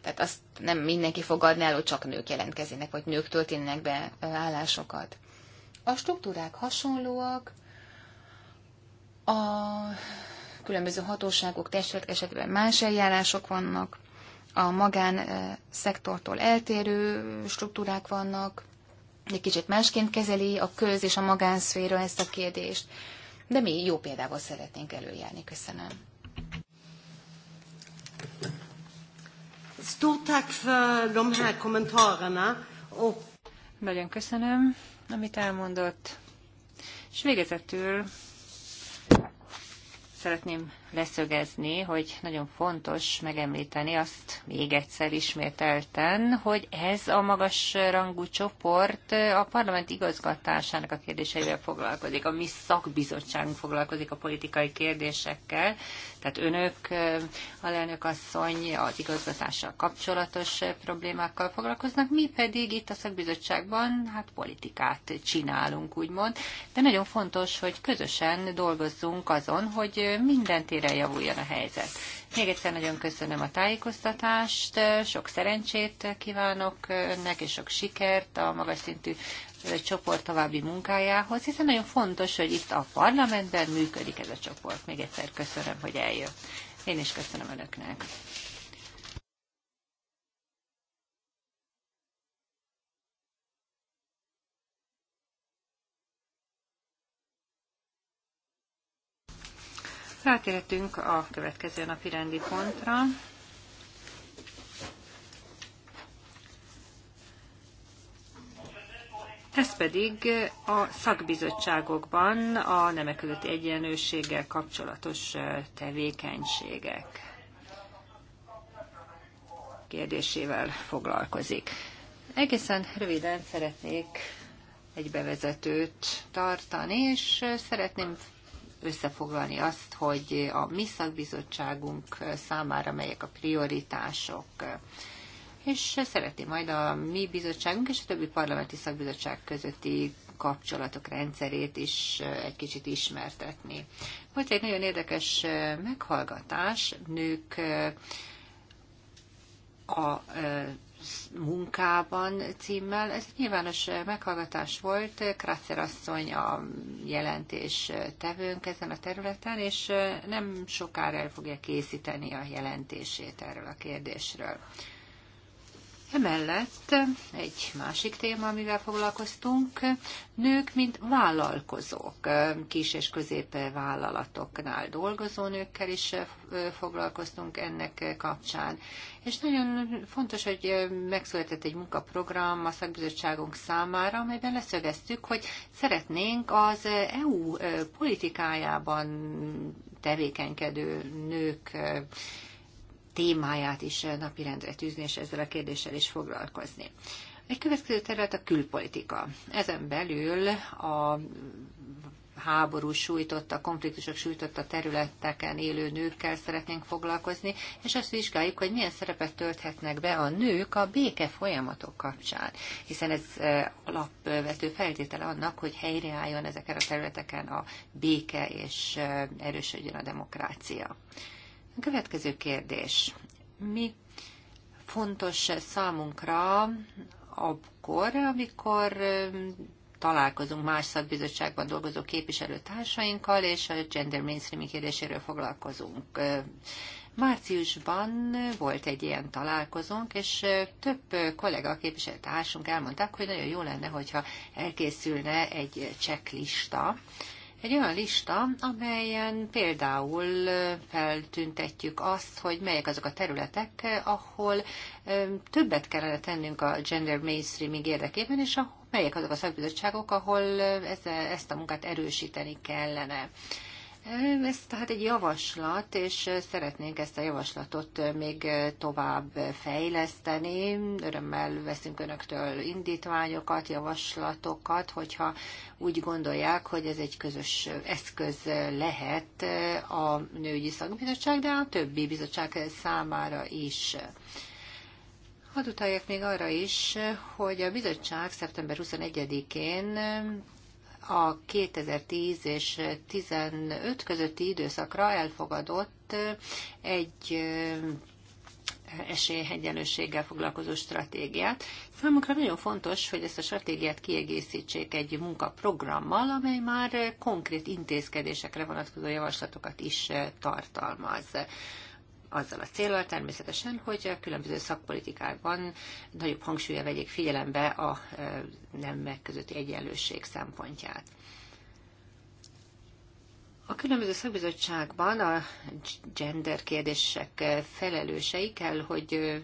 tehát azt nem mindenki fogadná el, hogy csak nők jelentkezének, vagy nők töltének be állásokat. A struktúrák hasonlóak, a különböző hatóságok, testületek esetben más eljárások vannak, a magán szektortól eltérő struktúrák vannak, egy kicsit másként kezeli a köz és a magánszféra ezt a kérdést, de mi jó példával szeretnénk előjárni. Köszönöm. Nagyon köszönöm, amit elmondott. És végezetül szeretném leszögezni, hogy nagyon fontos megemlíteni azt még egyszer ismételten, hogy ez a magas rangú csoport a parlament igazgatásának a kérdéseivel foglalkozik, a mi szakbizottságunk foglalkozik a politikai kérdésekkel, tehát önök, eh, a lelnök asszony az igazgatással kapcsolatos eh, problémákkal foglalkoznak, mi pedig itt a szakbizottságban hát politikát csinálunk, úgymond, de nagyon fontos, hogy közösen dolgozzunk azon, hogy eh, mindent mennyire javuljon a helyzet. Még egyszer nagyon köszönöm a tájékoztatást, sok szerencsét kívánok önnek, és sok sikert a magas szintű csoport további munkájához, hiszen nagyon fontos, hogy itt a parlamentben működik ez a csoport. Még egyszer köszönöm, hogy eljött. Én is köszönöm önöknek. Rátérhetünk a következő napi rendi pontra. Ez pedig a szakbizottságokban a nemek közötti egyenlőséggel kapcsolatos tevékenységek kérdésével foglalkozik. Egészen röviden szeretnék egy bevezetőt tartani, és szeretném összefoglalni azt, hogy a mi szakbizottságunk számára melyek a prioritások és szeretné majd a mi bizottságunk és a többi parlamenti szakbizottság közötti kapcsolatok rendszerét is egy kicsit ismertetni. Volt egy nagyon érdekes meghallgatás, nők a munkában címmel. Ez egy nyilvános meghallgatás volt, Kratzer asszony a jelentés tevőnk ezen a területen, és nem sokára el fogja készíteni a jelentését erről a kérdésről. Emellett egy másik téma, amivel foglalkoztunk, nők, mint vállalkozók, kis és közép vállalatoknál dolgozó nőkkel is eh, foglalkoztunk ennek kapcsán. És nagyon fontos, hogy megszületett egy munkaprogram a szakbizottságunk számára, amelyben leszögeztük, hogy szeretnénk az EU eh, politikájában tevékenykedő nők eh, témáját is napirendre tűzni, és ezzel a kérdéssel is foglalkozni. Egy következő terület a külpolitika. Ezen belül a háború sújtotta, konfliktusok sújtotta területeken élő nőkkel szeretnénk foglalkozni, és azt vizsgáljuk, hogy milyen szerepet tölthetnek be a nők a béke folyamatok kapcsán, hiszen ez e, alapvető feltétele annak, hogy helyreálljon ezeken a területeken a béke és e, erősödjön a demokrácia. A következő kérdés. Mi fontos számunkra akkor, amikor um, találkozunk más szakbizottságban dolgozó képviselőtársainkkal, és a gender mainstreaming kérdéséről foglalkozunk. Um, márciusban volt egy ilyen találkozónk, és uh, több kollega képviselőtársunk elmondták, hogy nagyon jó lenne, hogyha elkészülne egy cseklista egy olyan lista, amelyen például feltüntetjük azt, hogy melyek azok a területek, ahol többet kellene tennünk a gender mainstreaming érdekében, és melyek azok a szakbizottságok, ahol ezt a munkát erősíteni kellene. Ez tehát egy javaslat, és szeretnénk ezt a javaslatot még tovább fejleszteni. Örömmel veszünk önöktől indítványokat, javaslatokat, hogyha úgy gondolják, hogy ez egy közös eszköz lehet a nőgyi szakbizottság, de a többi bizottság számára is. Hadd utaljak még arra is, hogy a bizottság szeptember 21-én a 2010 és 15 közötti időszakra elfogadott egy esélyegyenlőséggel foglalkozó stratégiát. Számunkra nagyon fontos, hogy ezt a stratégiát kiegészítsék egy munkaprogrammal, amely már konkrét intézkedésekre vonatkozó javaslatokat is tartalmaz azzal a célral természetesen, hogy a különböző szakpolitikákban nagyobb hangsúlya vegyék figyelembe a nem közötti egyenlőség szempontját. A különböző szakbizottságban a gender kérdések felelősei kell, hogy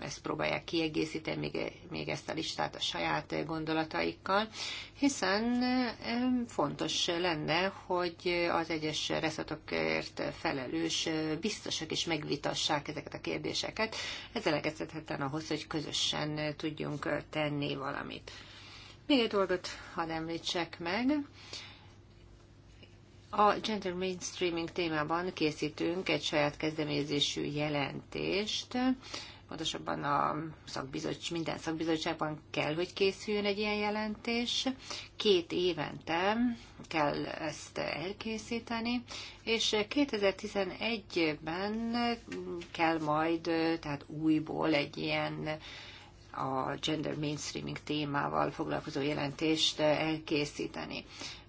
ezt próbálják kiegészíteni, még, ezt a listát a saját gondolataikkal, hiszen fontos lenne, hogy az egyes reszatokért felelős biztosak is megvitassák ezeket a kérdéseket. Ez elekezhetetlen ahhoz, hogy közösen tudjunk tenni valamit. Még egy dolgot hadd említsek meg. A gender mainstreaming témában készítünk egy saját kezdeményezésű jelentést, pontosabban a szakbizottság, minden szakbizottságban kell, hogy készüljön egy ilyen jelentés. Két évente kell ezt elkészíteni, és 2011-ben kell majd tehát újból egy ilyen a gender mainstreaming témával foglalkozó jelentést elkészíteni.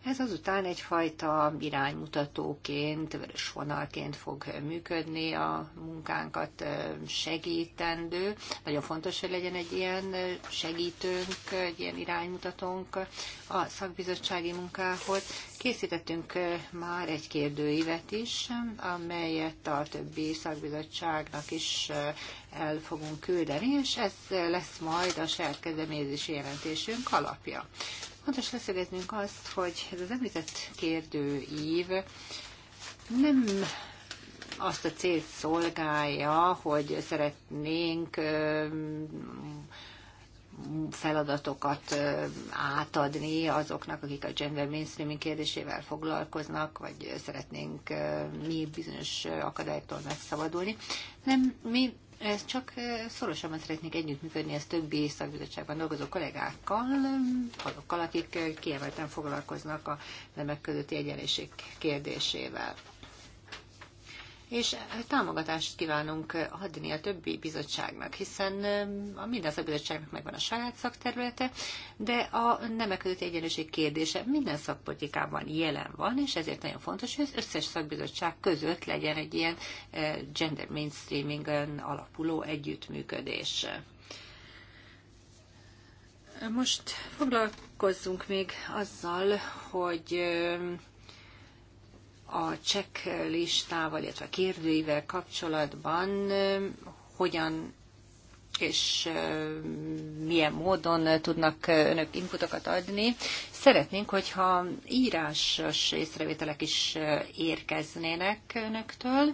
Ez azután egyfajta iránymutatóként, vörös vonalként fog működni a munkánkat segítendő. Nagyon fontos, hogy legyen egy ilyen segítőnk, egy ilyen iránymutatónk a szakbizottsági munkához. Készítettünk már egy kérdőívet is, amelyet a többi szakbizottságnak is el fogunk küldeni, és ez lesz majd a saját kezdeményezési jelentésünk alapja. Fontos leszögeznünk azt, hogy ez az említett kérdőív nem azt a célt szolgálja, hogy szeretnénk feladatokat átadni azoknak, akik a gender mainstreaming kérdésével foglalkoznak, vagy szeretnénk mi bizonyos akadálytól megszabadulni. Nem, mi ez csak szorosabban szeretnék együttműködni az többi szakbizottságban dolgozó kollégákkal, azokkal, akik kiemelten foglalkoznak a nemek közötti egyenlőség kérdésével és támogatást kívánunk adni a többi bizottságnak, hiszen um, a minden szakbizottságnak megvan a saját szakterülete, de a nemek közötti egyenlőség kérdése minden szakpolitikában jelen van, és ezért nagyon fontos, hogy az összes szakbizottság között legyen egy ilyen uh, gender mainstreamingen um, alapuló együttműködés. Most foglalkozzunk még azzal, hogy um, a checklistával, illetve a kérdőivel kapcsolatban hogyan és milyen módon tudnak önök inputokat adni. Szeretnénk, hogyha írásos észrevételek is érkeznének önöktől,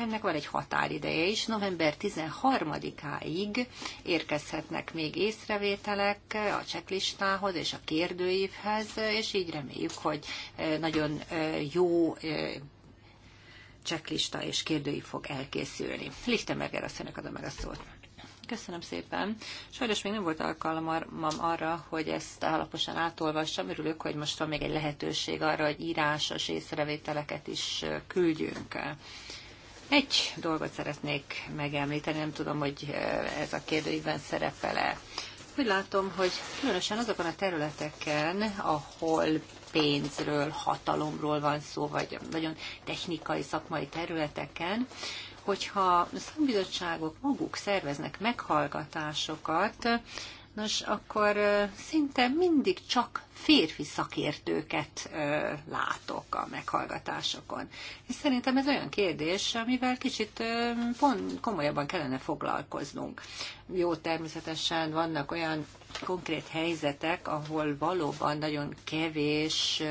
ennek van egy határideje is, november 13-áig érkezhetnek még észrevételek a cseklistához és a kérdőívhez, és így reméljük, hogy eh, nagyon eh, jó eh, cseklista és kérdői fog elkészülni. Lichtenberger asszonynak adom meg a szót. Köszönöm szépen. Sajnos még nem volt alkalmam arra, hogy ezt alaposan átolvassam. Örülök, hogy most van még egy lehetőség arra, hogy írásos észrevételeket is küldjünk. Egy dolgot szeretnék megemlíteni, nem tudom, hogy eh, ez a szerepel-e. Úgy látom, hogy különösen azokon a területeken, ahol pénzről, hatalomról van szó, vagy nagyon technikai, szakmai területeken, hogyha szakbizottságok maguk szerveznek meghallgatásokat, Nos, akkor szinte mindig csak férfi szakértőket látok a meghallgatásokon. És szerintem ez olyan kérdés, amivel kicsit pont komolyabban kellene foglalkoznunk. Jó, természetesen vannak olyan konkrét helyzetek, ahol valóban nagyon kevés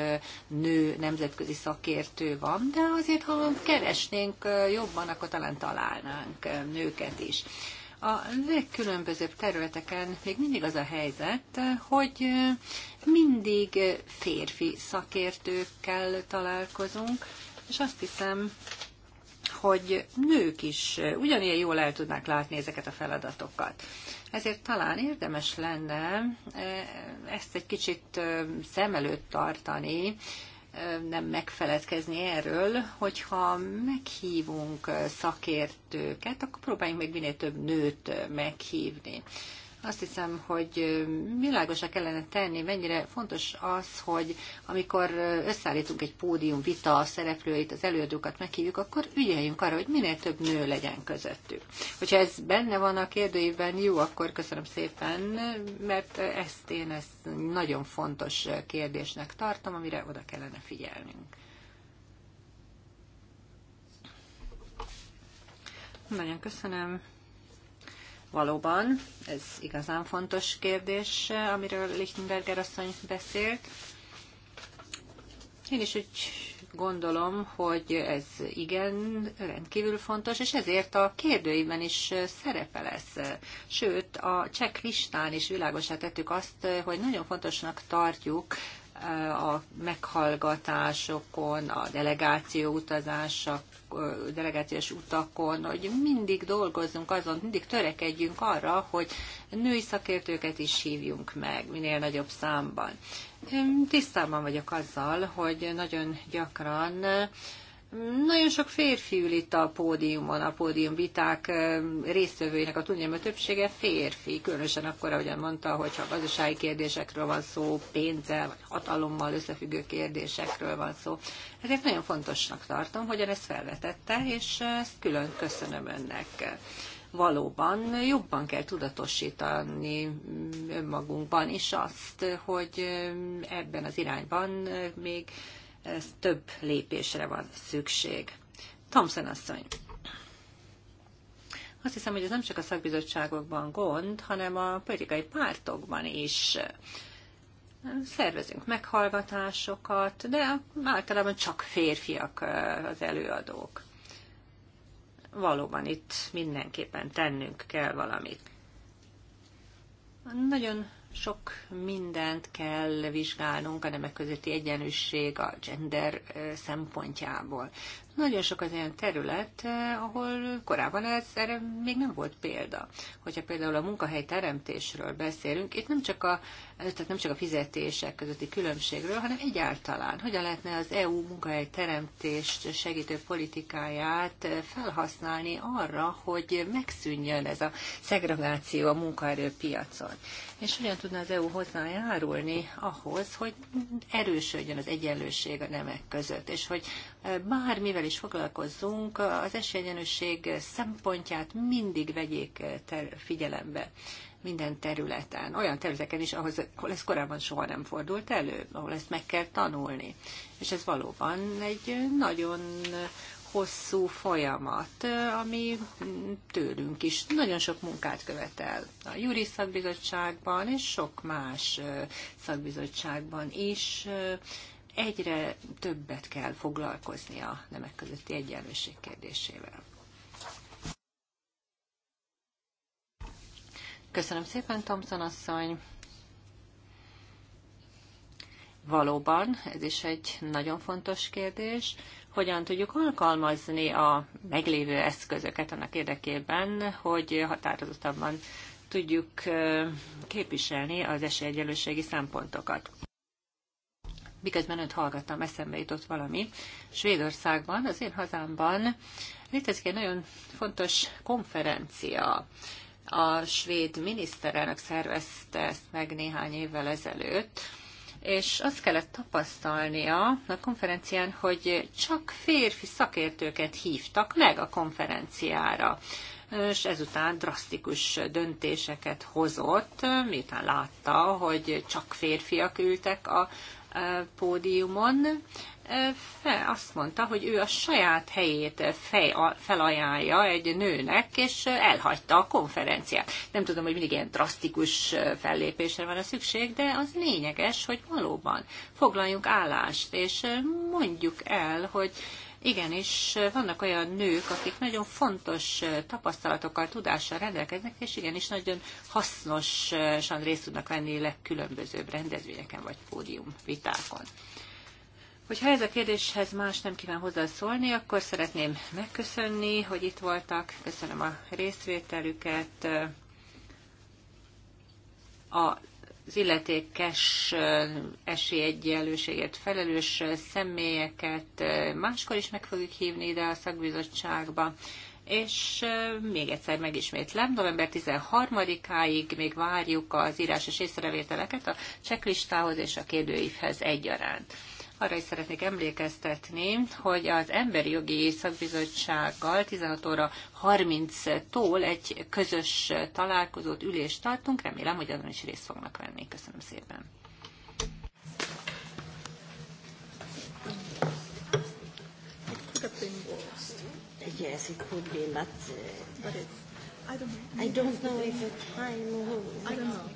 nő nemzetközi szakértő van, de azért, ha keresnénk jobban, akkor talán találnánk nőket is. A legkülönbözőbb területeken még mindig az a helyzet, hogy mindig férfi szakértőkkel találkozunk, és azt hiszem, hogy nők is ugyanilyen jól el tudnák látni ezeket a feladatokat. Ezért talán érdemes lenne eh, ezt egy kicsit eh, szem előtt tartani, nem megfeledkezni erről, hogyha meghívunk szakértőket, akkor próbáljunk meg minél több nőt meghívni. Azt hiszem, hogy világosra kellene tenni, mennyire fontos az, hogy amikor összeállítunk egy pódium vita a szereplőit, az előadókat meghívjuk, akkor ügyeljünk arra, hogy minél több nő legyen közöttük. Hogyha ez benne van a kérdőjében, jó, akkor köszönöm szépen, mert ezt én ezt nagyon fontos kérdésnek tartom, amire oda kellene figyelnünk. Nagyon köszönöm. Valóban, ez igazán fontos kérdés, amiről Lichtenberger asszony beszélt. Én is úgy gondolom, hogy ez igen, rendkívül fontos, és ezért a kérdőiben is szerepe lesz. Sőt, a listán is világosá tettük azt, hogy nagyon fontosnak tartjuk eh, a meghallgatásokon, a delegáció utazások delegációs utakon, hogy mindig dolgozzunk azon, mindig törekedjünk arra, hogy női szakértőket is hívjunk meg minél nagyobb számban. Tisztában vagyok azzal, hogy nagyon gyakran nagyon sok férfi ül itt a pódiumon, a pódium viták résztvevőinek a tudnyelmű többsége férfi, különösen akkor, ahogyan mondta, hogyha gazdasági kérdésekről van szó, pénzzel vagy hatalommal összefüggő kérdésekről van szó. Ezért nagyon fontosnak tartom, hogy ezt felvetette, és ezt külön köszönöm önnek valóban jobban kell tudatosítani önmagunkban is azt, hogy ebben az irányban még ez több lépésre van szükség. Thompson asszony. Azt hiszem, hogy ez nem csak a szakbizottságokban gond, hanem a politikai pártokban is. Szervezünk meghallgatásokat, de általában csak férfiak az előadók. Valóban itt mindenképpen tennünk kell valamit. Nagyon sok mindent kell vizsgálnunk a nemek közötti egyenlőség a gender szempontjából. Nagyon sok az olyan terület, ahol korábban ez, erre még nem volt példa. Hogyha például a munkahely teremtésről beszélünk, itt nem csak a tehát nem csak a fizetések közötti különbségről, hanem egyáltalán hogyan lehetne az EU munkahely teremtést segítő politikáját felhasználni arra, hogy megszűnjön ez a szegregáció a munkaerőpiacon. És hogyan tudna az EU hozzájárulni ahhoz, hogy erősödjön az egyenlőség a nemek között, és hogy bármivel is foglalkozzunk, az esélyegyenlőség szempontját mindig vegyék figyelembe minden területen, olyan területeken is, ahhoz, ahol ez korábban soha nem fordult elő, ahol ezt meg kell tanulni. És ez valóban egy nagyon hosszú folyamat, ami tőlünk is nagyon sok munkát követel. A Júri Szakbizottságban és sok más szakbizottságban is egyre többet kell foglalkozni a nemek közötti egyenlőség kérdésével. Köszönöm szépen, Thompson asszony. Valóban, ez is egy nagyon fontos kérdés, hogyan tudjuk alkalmazni a meglévő eszközöket annak érdekében, hogy határozottabban tudjuk képviselni az esélyegyelőségi szempontokat. Miközben őt hallgattam, eszembe jutott valami. Svédországban, az én hazámban létezik egy nagyon fontos konferencia, a svéd miniszterelnök szervezte ezt meg néhány évvel ezelőtt, és azt kellett tapasztalnia a konferencián, hogy csak férfi szakértőket hívtak meg a konferenciára és ezután drasztikus döntéseket hozott, miután látta, hogy csak férfiak ültek a e, pódiumon, fel azt mondta, hogy ő a saját helyét fej, felajánlja egy nőnek, és elhagyta a konferenciát. Nem tudom, hogy mindig ilyen drasztikus fellépésre van a szükség, de az lényeges, hogy valóban foglaljunk állást, és mondjuk el, hogy Igenis, vannak olyan nők, akik nagyon fontos tapasztalatokkal, tudással rendelkeznek, és igenis nagyon hasznosan részt tudnak venni legkülönbözőbb rendezvényeken vagy pódium vitákon. Hogyha ez a kérdéshez más nem kíván hozzászólni, akkor szeretném megköszönni, hogy itt voltak. Köszönöm a részvételüket. A az illetékes esélyegyenlőségért felelős személyeket máskor is meg fogjuk hívni ide a szakbizottságba. És még egyszer megismétlem, november 13-áig még várjuk az írásos észrevételeket a cseklistához és a kérdőívhez egyaránt. Arra is szeretnék emlékeztetni, hogy az Emberi Jogi Szakbizottsággal 16 óra 30-tól egy közös találkozót, ülést tartunk. Remélem, hogy azon is részt fognak venni. Köszönöm szépen. Yes, it could be, but, uh, but it's, I don't, know, I don't know if the time. I don't know.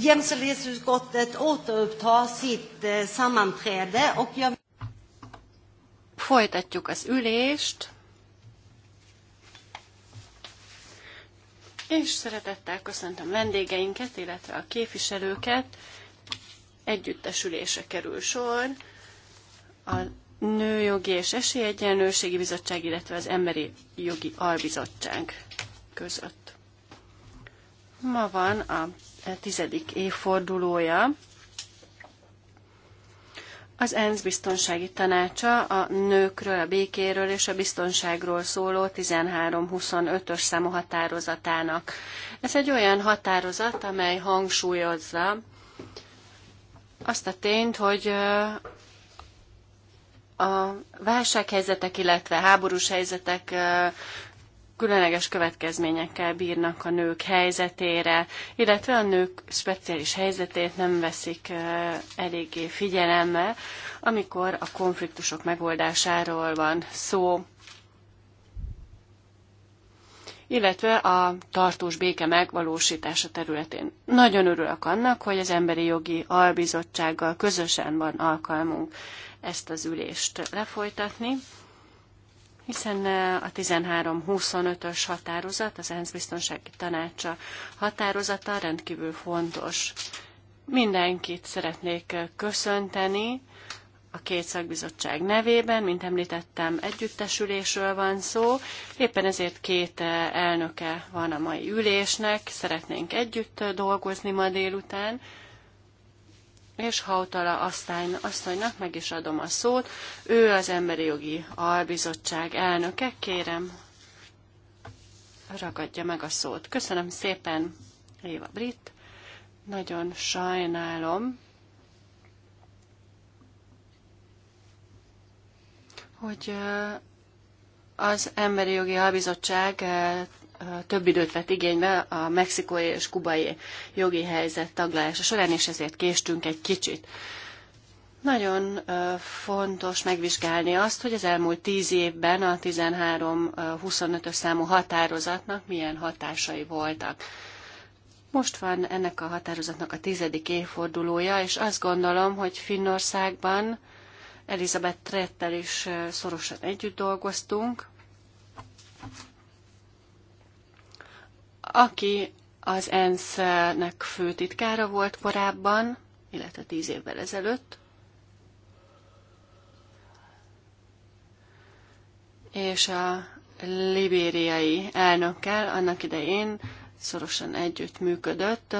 Jämställdhetsutskottet återuppta sitt eh, sammanträde och jag... Folytatjuk az ülést. És szeretettel köszöntöm vendégeinket, illetve a képviselőket. Együttesülése kerül sor. A Nőjogi és Esélyegyenlőségi Bizottság, illetve az Emberi Jogi Albizottság között. Ma van a tizedik évfordulója. Az ENSZ biztonsági tanácsa a nőkről, a békéről és a biztonságról szóló 13-25-ös számú határozatának. Ez egy olyan határozat, amely hangsúlyozza azt a tényt, hogy a válsághelyzetek, illetve háborús helyzetek különleges következményekkel bírnak a nők helyzetére, illetve a nők speciális helyzetét nem veszik eléggé figyelembe, amikor a konfliktusok megoldásáról van szó illetve a tartós béke megvalósítása területén. Nagyon örülök annak, hogy az Emberi Jogi Albizottsággal közösen van alkalmunk ezt az ülést lefolytatni hiszen a 13-25-ös határozat, az ENSZ biztonsági tanácsa határozata rendkívül fontos. Mindenkit szeretnék köszönteni a két szakbizottság nevében, mint említettem, együttesülésről van szó, éppen ezért két elnöke van a mai ülésnek, szeretnénk együtt dolgozni ma délután, és Hautala aztán asszonynak meg is adom a szót. Ő az Emberi Jogi Albizottság elnöke. Kérem, ragadja meg a szót. Köszönöm szépen, Éva Brit. Nagyon sajnálom, hogy az Emberi Jogi Albizottság több időt vett igénybe a mexikói és kubai jogi helyzet taglalása során, és ezért késtünk egy kicsit. Nagyon fontos megvizsgálni azt, hogy az elmúlt tíz évben a 13-25-ös számú határozatnak milyen hatásai voltak. Most van ennek a határozatnak a tizedik évfordulója, és azt gondolom, hogy Finnországban Elizabeth Trettel is szorosan együtt dolgoztunk, aki az ENSZ-nek főtitkára volt korábban, illetve tíz évvel ezelőtt, és a libériai elnökkel annak idején szorosan együtt működött,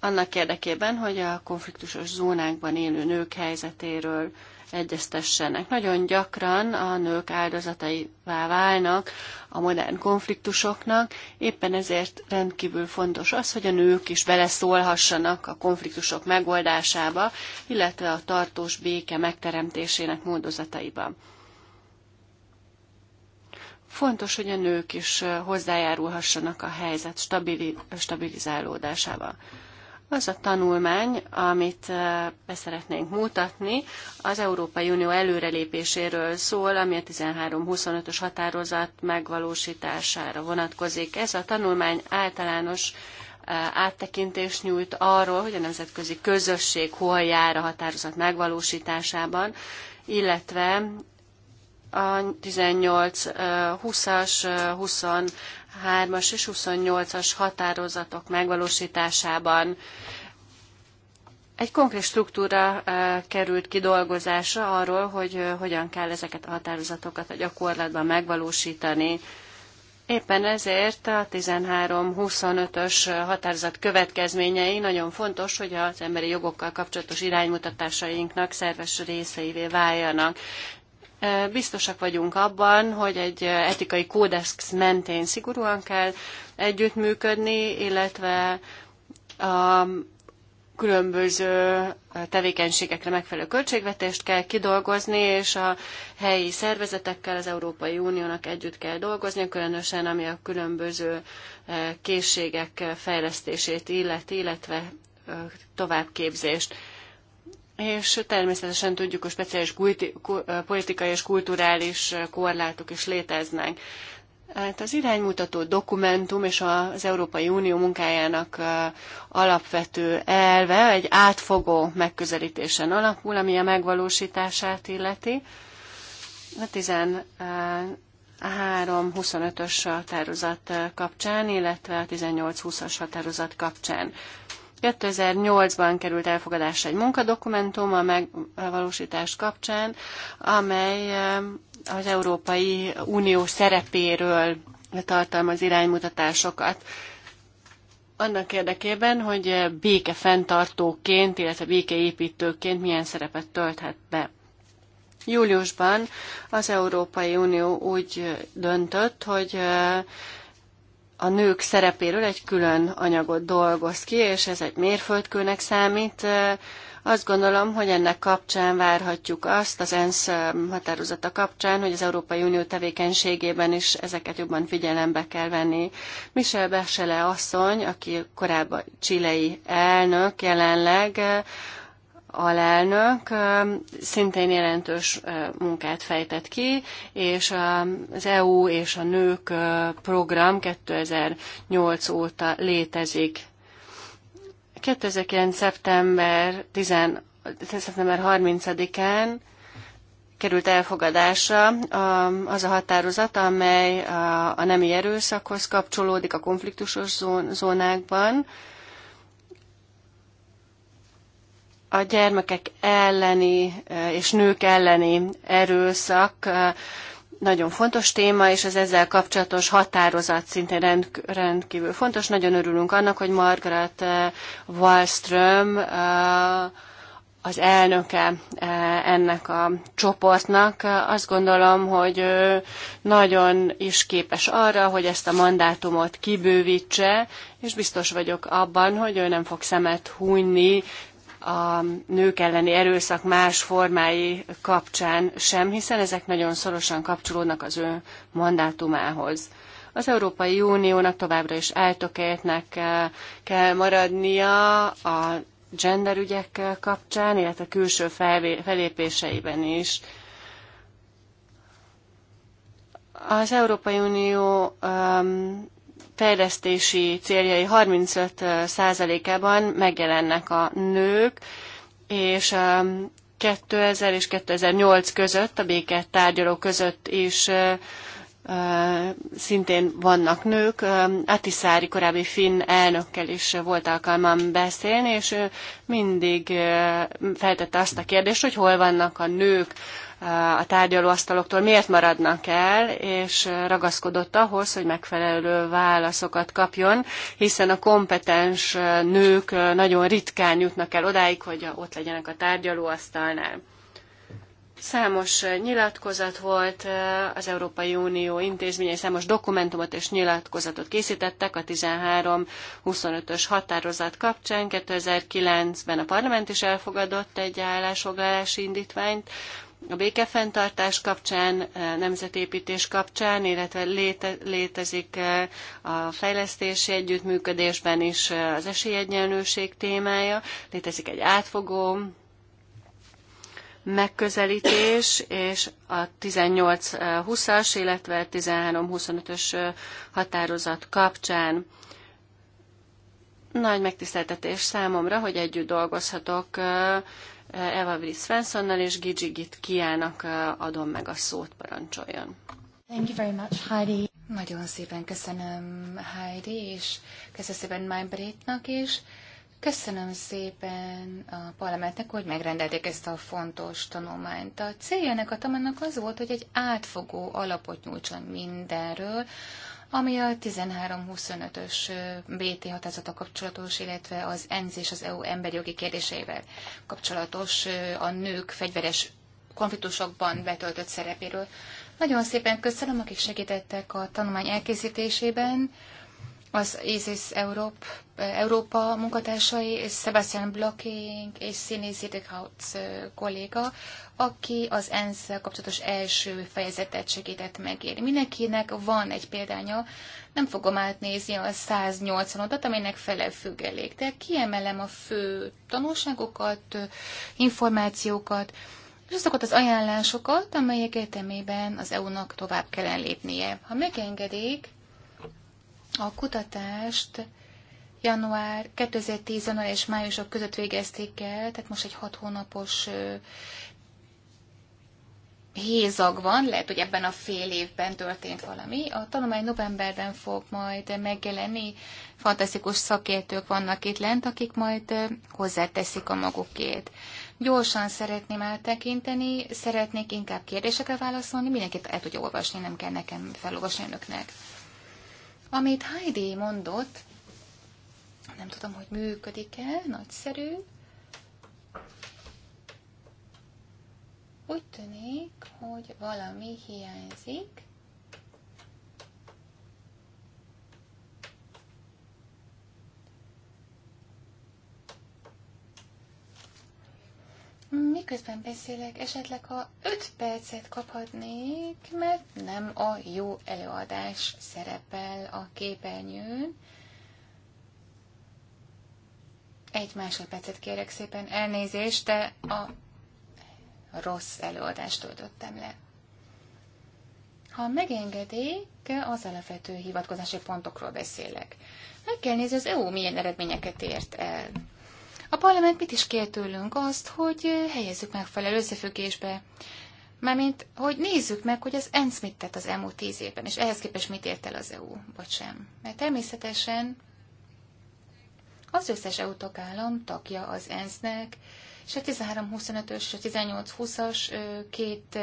annak érdekében, hogy a konfliktusos zónákban élő nők helyzetéről egyeztessenek. Nagyon gyakran a nők áldozataivá válnak a modern konfliktusoknak, éppen ezért rendkívül fontos az, hogy a nők is beleszólhassanak a konfliktusok megoldásába, illetve a tartós béke megteremtésének módozataiba. Fontos, hogy a nők is hozzájárulhassanak a helyzet stabilizálódásába. Az a tanulmány, amit beszeretnénk mutatni, az Európai Unió előrelépéséről szól, ami a 13-25-ös határozat megvalósítására vonatkozik. Ez a tanulmány általános áttekintést nyújt arról, hogy a nemzetközi közösség hol jár a határozat megvalósításában, illetve a 18-20-as, 23-as és 28-as határozatok megvalósításában egy konkrét struktúra került kidolgozása arról, hogy hogyan kell ezeket a határozatokat a gyakorlatban megvalósítani. Éppen ezért a 13-25-ös határozat következményei nagyon fontos, hogy az emberi jogokkal kapcsolatos iránymutatásainknak szerves részeivé váljanak. Biztosak vagyunk abban, hogy egy etikai kódex mentén szigorúan kell együttműködni, illetve a különböző tevékenységekre megfelelő költségvetést kell kidolgozni, és a helyi szervezetekkel az Európai Uniónak együtt kell dolgozni, különösen ami a különböző készségek fejlesztését illeti, illetve továbbképzést és természetesen tudjuk, hogy speciális kulti, politikai és kulturális korlátok is léteznek. Hát az iránymutató dokumentum és az Európai Unió munkájának alapvető elve egy átfogó megközelítésen alapul, ami a megvalósítását illeti. A 13-25-ös határozat kapcsán, illetve a 18-20-as határozat kapcsán. 2008-ban került elfogadásra egy munkadokumentum a megvalósítás kapcsán, amely eh, az Európai Unió szerepéről tartalmaz iránymutatásokat. Annak érdekében, hogy eh, béke fenntartóként, illetve békeépítőként milyen szerepet tölthet be. Júliusban az Európai Unió úgy eh, döntött, hogy a nők szerepéről egy külön anyagot dolgoz ki, és ez egy mérföldkőnek számít. Azt gondolom, hogy ennek kapcsán várhatjuk azt, az ENSZ um, határozata kapcsán, hogy az Európai Unió tevékenységében is ezeket jobban figyelembe kell venni. Michel Bachelet asszony, aki korábban csilei elnök jelenleg, alelnök szintén jelentős munkát fejtett ki, és az EU és a nők program 2008 óta létezik. 2009. szeptember, 10, szeptember 30-án került elfogadásra az a határozat, amely a nemi erőszakhoz kapcsolódik a konfliktusos zónákban, a gyermekek elleni eh, és nők elleni erőszak eh, nagyon fontos téma, és az ezzel kapcsolatos határozat szintén rend, rendkívül fontos. Nagyon örülünk annak, hogy Margaret eh, Wallström az elnöke ennek a csoportnak. Azt gondolom, hogy nagyon is képes arra, hogy ezt a mandátumot kibővítse, és biztos vagyok abban, hogy ő nem fog szemet hunyni a nők elleni erőszak más formái kapcsán sem, hiszen ezek nagyon szorosan kapcsolódnak az ő mandátumához. Az Európai Uniónak továbbra is eltökéltnek eh, kell maradnia a genderügyek kapcsán, illetve külső felépéseiben is. Az Európai Unió um, fejlesztési céljai 35%-ában megjelennek a nők, és 2000 um, és 2008 között, a béket tárgyaló között is uh, uh, szintén vannak nők. Um, Atiszári korábbi finn elnökkel is volt alkalmam beszélni, és mindig uh, feltette azt a kérdést, hogy hol vannak a nők a tárgyalóasztaloktól miért maradnak el, és ragaszkodott ahhoz, hogy megfelelő válaszokat kapjon, hiszen a kompetens nők nagyon ritkán jutnak el odáig, hogy ott legyenek a tárgyalóasztalnál. Számos nyilatkozat volt az Európai Unió intézményei, számos dokumentumot és nyilatkozatot készítettek a 13-25-ös határozat kapcsán. 2009-ben a parlament is elfogadott egy állásfoglalási indítványt, a békefenntartás kapcsán, eh, nemzetépítés kapcsán, illetve léte, létezik eh, a fejlesztési együttműködésben is eh, az esélyegyenlőség témája, létezik egy átfogó megközelítés, és a 18-20-as, illetve 13-25-ös határozat kapcsán nagy megtiszteltetés számomra, hogy együtt dolgozhatok Eva Brice Svenssonnal és Git Kiának adom meg a szót, parancsoljon. Thank you very much, Heidi. Nagyon szépen köszönöm Heidi, és köszönöm szépen Májbrétnak is. Köszönöm szépen a parlamentnek, hogy megrendelték ezt a fontos tanulmányt. A célja ennek a tanulmánynak az volt, hogy egy átfogó alapot nyújtson mindenről, ami a 1325-ös BT határozata kapcsolatos, illetve az ENZ és az EU emberi jogi kérdéseivel kapcsolatos a nők fegyveres konfliktusokban betöltött szerepéről. Nagyon szépen köszönöm, akik segítettek a tanulmány elkészítésében az ISIS Europe, Európa munkatársai, és Sebastian Blocking és Színi Zidekhaut kolléga, aki az ENSZ kapcsolatos első fejezetet segített megérni. Mindenkinek van egy példánya, nem fogom átnézni a 180-odat, aminek fele függelék, de kiemelem a fő tanulságokat, információkat, és azokat az ajánlásokat, amelyek értelmében az EU-nak tovább kellene lépnie. Ha megengedik, a kutatást január 2010. január és májusok között végezték el, tehát most egy hat hónapos hézag van, lehet, hogy ebben a fél évben történt valami. A tanulmány novemberben fog majd megjelenni, fantasztikus szakértők vannak itt lent, akik majd hozzáteszik a magukét. Gyorsan szeretném áttekinteni, szeretnék inkább kérdésekre válaszolni, mindenkit el tudja olvasni, nem kell nekem felolvasni önöknek. Amit Heidi mondott, nem tudom, hogy működik-e, nagyszerű. Úgy tűnik, hogy valami hiányzik. Miközben beszélek, esetleg ha 5 percet kaphatnék, mert nem a jó előadás szerepel a képernyőn. Egy másodpercet kérek szépen elnézést, de a rossz előadást töltöttem le. Ha megengedik, az alapvető hivatkozási pontokról beszélek. Meg kell nézni, az EU milyen eredményeket ért el. A parlament mit is kér tőlünk azt, hogy helyezzük megfelelő összefüggésbe. Mármint, hogy nézzük meg, hogy az ENSZ mit tett az elmúlt tíz évben, és ehhez képest mit ért el az EU, vagy sem. Mert természetesen az összes EU tagállam tagja az ENSZ-nek, és a 13-25-ös és a 18-20-as két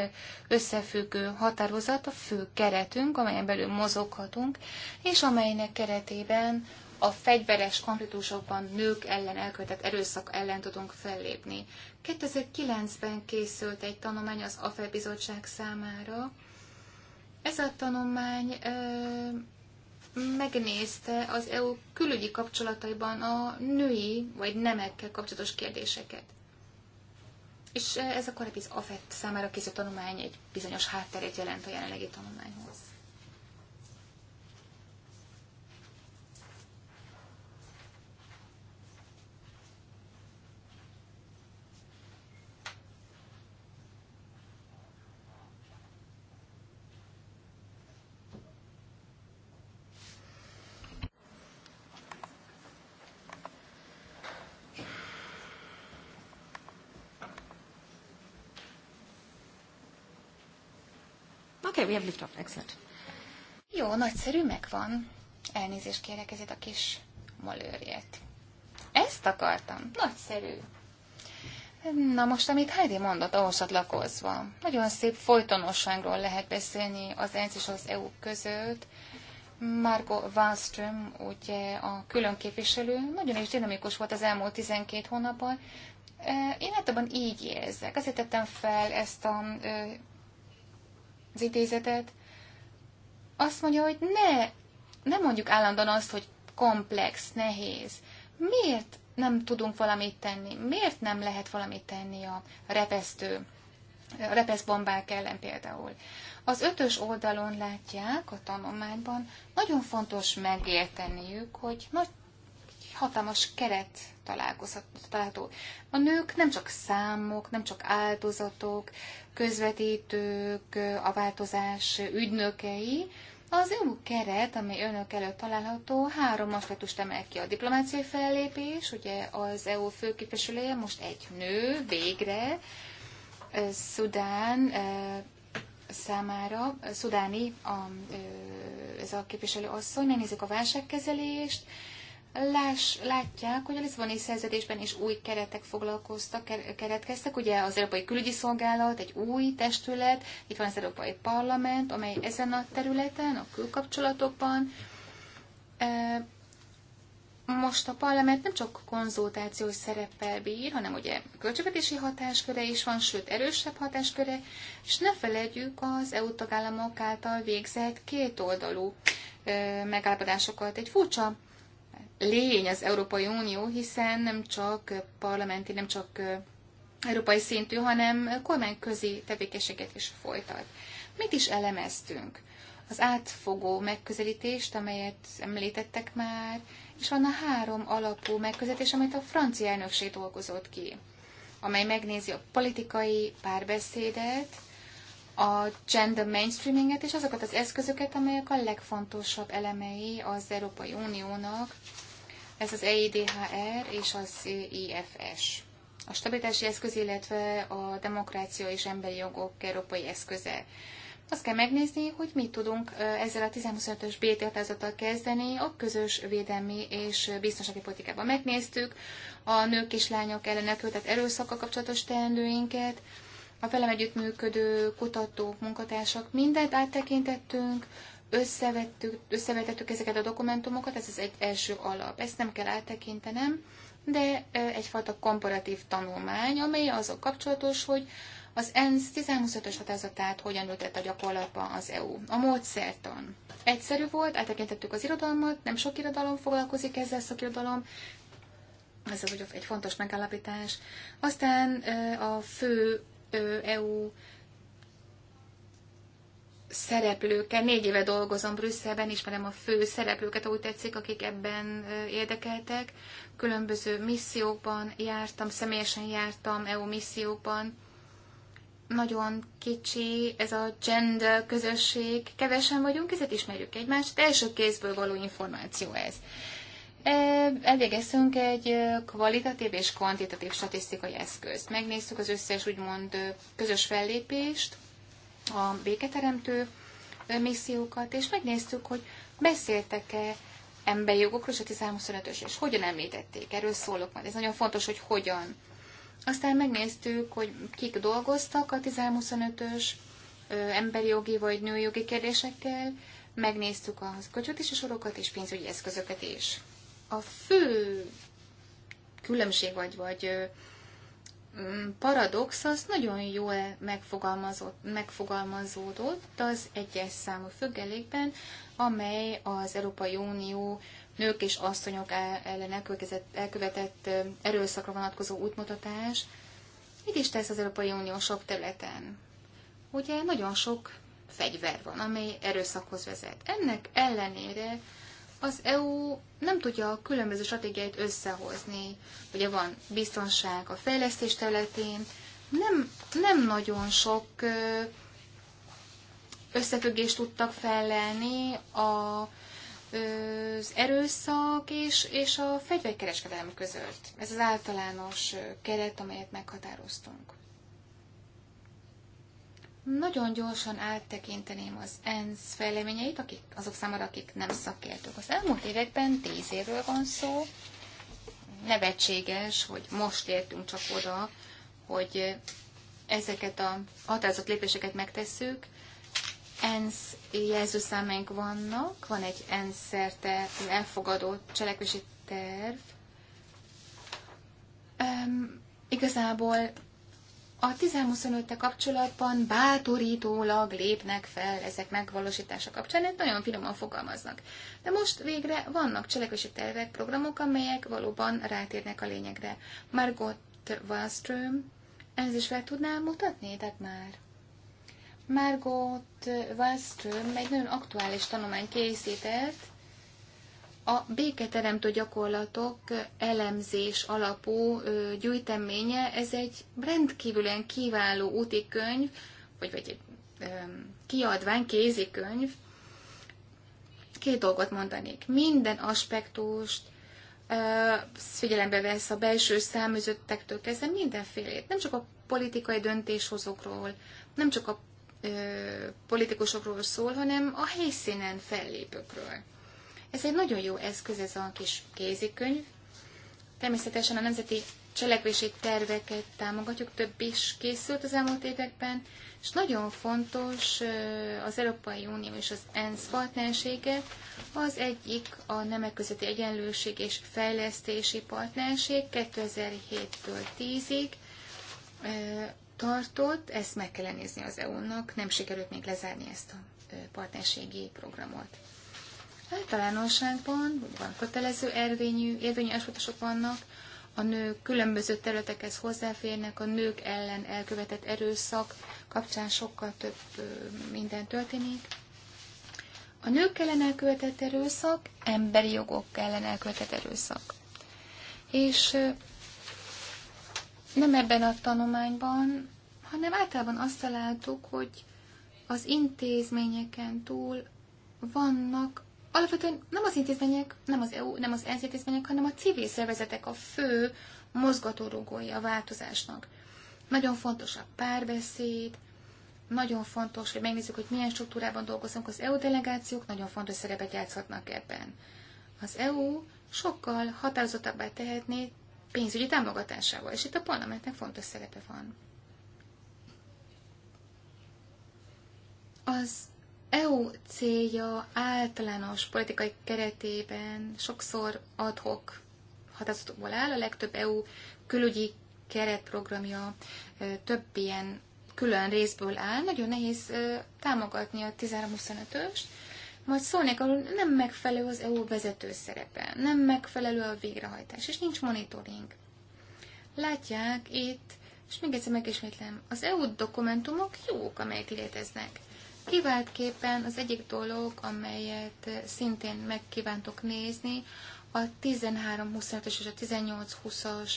összefüggő határozat a fő keretünk, amelyen belül mozoghatunk, és amelynek keretében a fegyveres konfliktusokban nők ellen elkövetett erőszak ellen tudunk fellépni. 2009-ben készült egy tanulmány az AFE bizottság számára. Ez a tanulmány ö, megnézte az EU külügyi kapcsolataiban a női vagy nemekkel kapcsolatos kérdéseket. És ez a korábbi az AFET számára készült tanulmány egy bizonyos hátterét jelent a jelenlegi tanulmányhoz. Okay, we have off. Excellent. Jó, nagyszerű, megvan. Elnézést kérek ezért a kis malőrjét. Ezt akartam. Nagyszerű. Na most, amit Heidi mondott, ahhoz lakozva. Nagyon szép folytonosságról lehet beszélni az ENSZ és az EU között. Margot Wallström, ugye a külön képviselő, nagyon is dinamikus volt az elmúlt 12 hónapban. Én általában így érzek. Azért tettem fel ezt a az idézetet, azt mondja, hogy ne, nem mondjuk állandóan azt, hogy komplex, nehéz. Miért nem tudunk valamit tenni? Miért nem lehet valamit tenni a repesztő, a repeszbombák ellen például? Az ötös oldalon látják a tanulmányban, nagyon fontos megérteniük, hogy nagy hatalmas keret található. A nők nem csak számok, nem csak áldozatok, közvetítők, a változás ügynökei, az EU keret, ami önök előtt található, három aspektust emel ki. A diplomáciai fellépés, ugye az EU főképviselője most egy nő, végre, Szudán számára, szudáni a, ez a képviselő asszony, megnézzük a válságkezelést, Láss, látják, hogy a Lisszaboni szerződésben is új keretek foglalkoztak, keretkeztek. Ugye az Európai Külügyi Szolgálat egy új testület, itt van az Európai Parlament, amely ezen a területen, a külkapcsolatokban. Most a parlament nem csak konzultációs szereppel bír, hanem ugye költségvetési hatásköre is van, sőt erősebb hatásköre, és ne felejtjük az EU tagállamok által végzett kétoldalú megállapodásokat. Egy furcsa lény az Európai Unió, hiszen nem csak parlamenti, nem csak európai szintű, hanem kormányközi tevékenységet is folytat. Mit is elemeztünk? Az átfogó megközelítést, amelyet említettek már, és van a három alapú megközelítés, amelyet a francia elnökség dolgozott ki, amely megnézi a politikai párbeszédet, a gender mainstreaminget és azokat az eszközöket, amelyek a legfontosabb elemei az Európai Uniónak ez az EIDHR és az IFS. A stabilitási eszköz, illetve a demokrácia és emberi jogok európai eszköze. Azt kell megnézni, hogy mit tudunk ezzel a 1025-ös b tértázattal kezdeni a közös védelmi és biztonsági politikában. Megnéztük a nők és lányok ellen elkövetett erőszakkal kapcsolatos teendőinket, a velem együttműködő kutatók, munkatársak, mindent áttekintettünk, összevettük, összevetettük ezeket a dokumentumokat, ez az egy első alap. Ezt nem kell áttekintenem, de egyfajta komparatív tanulmány, amely azok kapcsolatos, hogy az ENSZ 15 ös határozatát hogyan ültette a gyakorlatba az EU. A módszertan. Egyszerű volt, áttekintettük az irodalmat, nem sok irodalom foglalkozik ezzel, szakirodalom, ez az egy fontos megállapítás. Aztán a fő EU szereplőkkel. Négy éve dolgozom Brüsszelben, ismerem a fő szereplőket, úgy tetszik, akik ebben érdekeltek. Különböző missziókban jártam, személyesen jártam EU missziókban. Nagyon kicsi ez a gender közösség, kevesen vagyunk, ezért ismerjük egymást, de első kézből való információ ez. E, elvégeztünk egy kvalitatív és kvantitatív statisztikai eszközt. Megnéztük az összes úgymond közös fellépést, a béketeremtő missziókat, és megnéztük, hogy beszéltek-e emberi jogokról, és a 25 ös és hogyan említették. Erről szólok majd. Ez nagyon fontos, hogy hogyan. Aztán megnéztük, hogy kik dolgoztak a 25 ös emberi jogi vagy nőjogi kérdésekkel, megnéztük a kötyötési sorokat és pénzügyi eszközöket is. A fő különbség vagy, vagy Mm, paradox az nagyon jól megfogalmazott, megfogalmazódott az egyes számú függelékben, amely az Európai Unió nők és asszonyok ellen elkövetett, elkövetett erőszakra vonatkozó útmutatás. Mit is tesz az Európai Unió sok területen? Ugye nagyon sok fegyver van, amely erőszakhoz vezet. Ennek ellenére az EU nem tudja a különböző stratégiáit összehozni. Ugye van biztonság a fejlesztés területén, nem, nem nagyon sok összefüggést tudtak fellelni a, az erőszak és, és a fegyverkereskedelem között. Ez az általános keret, amelyet meghatároztunk. Nagyon gyorsan áttekinteném az ENSZ fejleményeit, akik, azok számára, akik nem szakértők. Az elmúlt években tíz évről van szó. Nevetséges, hogy most értünk csak oda, hogy ezeket a határozott lépéseket megtesszük. ENSZ jelzőszámaink vannak, van egy ENSZ szerte elfogadott cselekvési terv. Um, igazából a 13-25-te kapcsolatban bátorítólag lépnek fel ezek megvalósítása kapcsán, nagyon finoman fogalmaznak. De most végre vannak cselekvési tervek, programok, amelyek valóban rátérnek a lényegre. Margot Wallström, ez is fel tudnál mutatni, tehát már. Margot Wallström egy nagyon aktuális tanulmány készített, a béketeremtő gyakorlatok elemzés alapú gyűjteménye, ez egy rendkívülen kiváló úti könyv, vagy, vagy egy kiadvány, kézikönyv. Két dolgot mondanék. Minden aspektust figyelembe vesz a belső száműzöttektől kezdve mindenfélét. Nem csak a politikai döntéshozókról, nem csak a politikusokról szól, hanem a helyszínen fellépőkről. Ez egy nagyon jó eszköz, ez a kis kézikönyv. Természetesen a nemzeti cselekvési terveket támogatjuk, több is készült az elmúlt években, és nagyon fontos az Európai Unió és az ENSZ partnersége, az egyik a nemek közötti egyenlőség és fejlesztési partnerség 2007-től 10-ig tartott, ezt meg kell nézni az EU-nak, nem sikerült még lezárni ezt a partnerségi programot. Általánosságban van kötelező érvényű, érvényű aspektusok vannak, a nők különböző területekhez hozzáférnek, a nők ellen elkövetett erőszak kapcsán sokkal több minden történik. A nők ellen elkövetett erőszak, emberi jogok ellen elkövetett erőszak. És nem ebben a tanulmányban, hanem általában azt találtuk, hogy az intézményeken túl vannak alapvetően nem az intézmények, nem az EU, nem az ENSZ intézmények, hanem a civil szervezetek a fő mozgatórugója a változásnak. Nagyon fontos a párbeszéd, nagyon fontos, hogy megnézzük, hogy milyen struktúrában dolgozunk az EU delegációk, nagyon fontos szerepet játszhatnak ebben. Az EU sokkal határozottabbá tehetné pénzügyi támogatásával, és itt a parlamentnek fontos szerepe van. Az EU célja általános politikai keretében sokszor adhok határozatokból áll, a legtöbb EU külügyi keretprogramja több ilyen külön részből áll, nagyon nehéz támogatni a 13-25-öst, majd szólnék, ahol nem megfelelő az EU vezető szerepe, nem megfelelő a végrehajtás, és nincs monitoring. Látják itt, és még egyszer megismétlem, az EU dokumentumok jók, amelyek léteznek. Kiváltképpen az egyik dolog, amelyet szintén megkívántok nézni, a 13-25-ös és a 18-20-as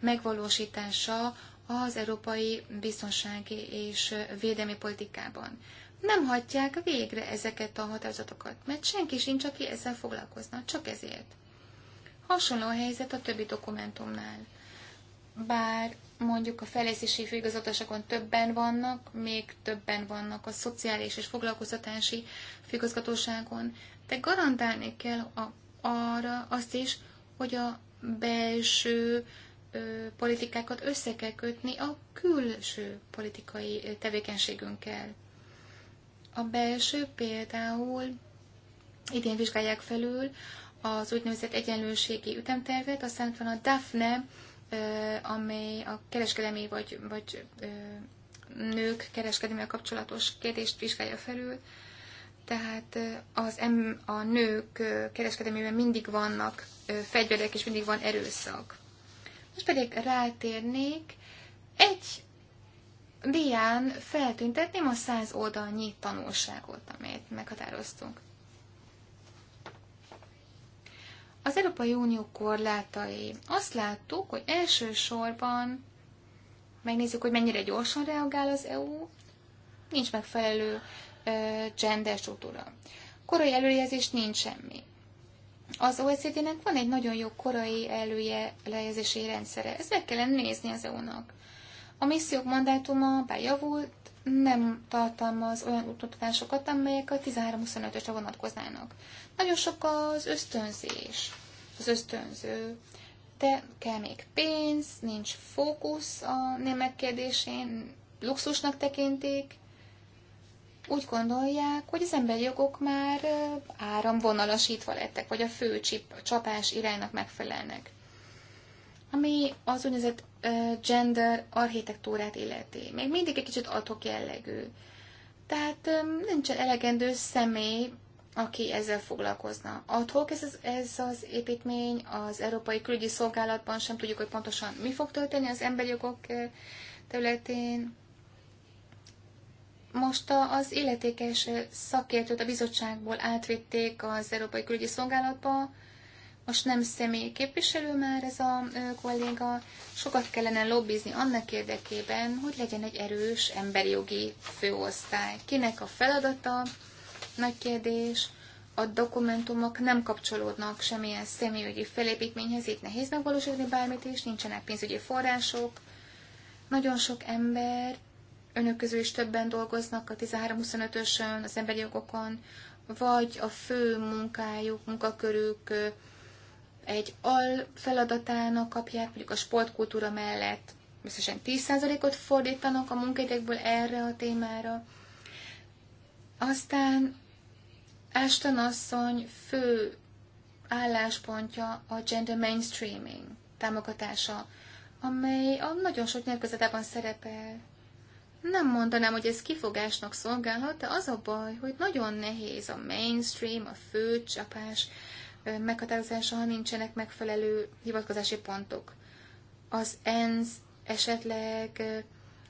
megvalósítása az európai biztonsági és védelmi politikában. Nem hagyják végre ezeket a határozatokat, mert senki sincs, aki ezzel foglalkozna, csak ezért. Hasonló a helyzet a többi dokumentumnál. Bár mondjuk a fejlesztési főigazgatásokon többen vannak, még többen vannak a szociális és foglalkoztatási főigazgatóságon, de garantálni kell a, arra azt is, hogy a belső ö, politikákat össze kell kötni a külső politikai tevékenységünkkel. A belső például idén vizsgálják felül az úgynevezett egyenlőségi ütemtervet, aztán van a DAFNE, amely a kereskedelmi vagy, vagy nők kereskedelmi kapcsolatos kérdést vizsgálja felül. Tehát az em, a nők kereskedelmében mindig vannak fegyverek, és mindig van erőszak. Most pedig rátérnék, egy dián feltüntetném a száz oldalnyi tanulságot, amelyet meghatároztunk. Az Európai Unió korlátai. Azt láttuk, hogy elsősorban megnézzük, hogy mennyire gyorsan reagál az EU, nincs megfelelő ö, gender struktúra. Korai előjelzés nincs semmi. Az OECD-nek van egy nagyon jó korai előjelezési rendszere. Ezt meg kellene nézni az EU-nak. A missziók mandátuma bár javult, nem tartalmaz olyan utatásokat, amelyek a 13-25-ösre vonatkoznának. Nagyon sok az ösztönzés, az ösztönző, de kell még pénz, nincs fókusz a némek kérdésén, luxusnak tekintik, úgy gondolják, hogy az emberi jogok már áramvonalasítva lettek, vagy a fő csip, csapás iránynak megfelelnek ami az úgynevezett gender architektúrát illeti. Még mindig egy kicsit adhok jellegű. Tehát nincs elegendő személy, aki ezzel foglalkozna. Adhok ez, az, ez az építmény, az Európai Külügyi Szolgálatban sem tudjuk, hogy pontosan mi fog történni az emberi jogok területén. Most az illetékes szakértőt a bizottságból átvitték az Európai Külügyi Szolgálatba, most nem személy képviselő már ez a kolléga, sokat kellene lobbizni annak érdekében, hogy legyen egy erős emberi jogi főosztály. Kinek a feladata? Nagy kérdés. A dokumentumok nem kapcsolódnak semmilyen személyügyi felépítményhez, itt nehéz megvalósítani bármit is, nincsenek pénzügyi források. Nagyon sok ember, önök közül is többen dolgoznak a 13-25-ösön, az emberi jogokon, vagy a fő munkájuk, munkakörük egy al feladatának kapják, mondjuk a sportkultúra mellett összesen 10%-ot fordítanak a munkaidekből erre a témára. Aztán Ashton asszony fő álláspontja a gender mainstreaming támogatása, amely a nagyon sok nyelvközetában szerepel. Nem mondanám, hogy ez kifogásnak szolgálhat, de az a baj, hogy nagyon nehéz a mainstream, a főcsapás, meghatározása, ha nincsenek megfelelő hivatkozási pontok. Az ENSZ esetleg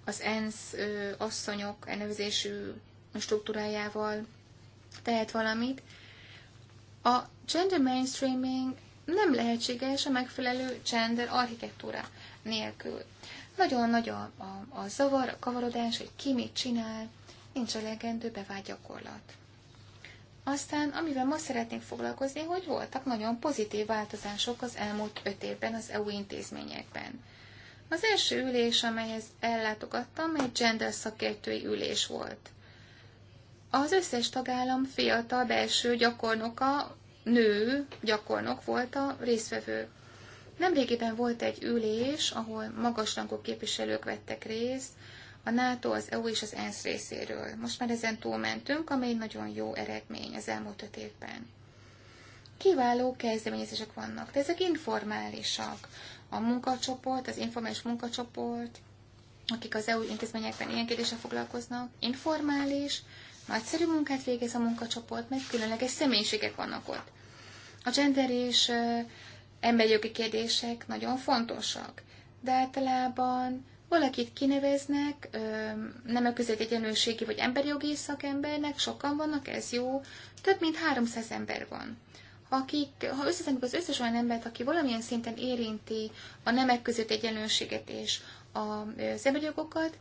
az ENSZ asszonyok elnevezésű struktúrájával tehet valamit. A gender mainstreaming nem lehetséges a megfelelő gender architektúra nélkül. Nagyon nagy a, a, a zavar, a kavarodás, hogy ki mit csinál, nincs elegendő bevált gyakorlat. Aztán, amivel ma szeretnénk foglalkozni, hogy voltak nagyon pozitív változások az elmúlt öt évben az EU intézményekben. Az első ülés, amelyhez ellátogattam, egy gender szakértői ülés volt. Az összes tagállam fiatal belső gyakornoka, nő gyakornok volt a résztvevő. Nemrégiben volt egy ülés, ahol magasrangú képviselők vettek részt, a NATO, az EU és az ENSZ részéről. Most már ezen túlmentünk, amely nagyon jó eredmény az elmúlt öt évben. Kiváló kezdeményezések vannak, de ezek informálisak. A munkacsoport, az informális munkacsoport, akik az EU intézményekben ilyen kérdéssel foglalkoznak, informális, nagyszerű munkát végez a munkacsoport, mert különleges személyiségek vannak ott. A gender és emberi kérdések nagyon fontosak, de általában valakit kineveznek, nem között egyenlőségi vagy emberi jogi szakembernek, sokan vannak, ez jó, több mint 300 ember van. Akik, ha összeszedjük az összes olyan embert, aki valamilyen szinten érinti a nemek között egyenlőséget és az emberi jogokat,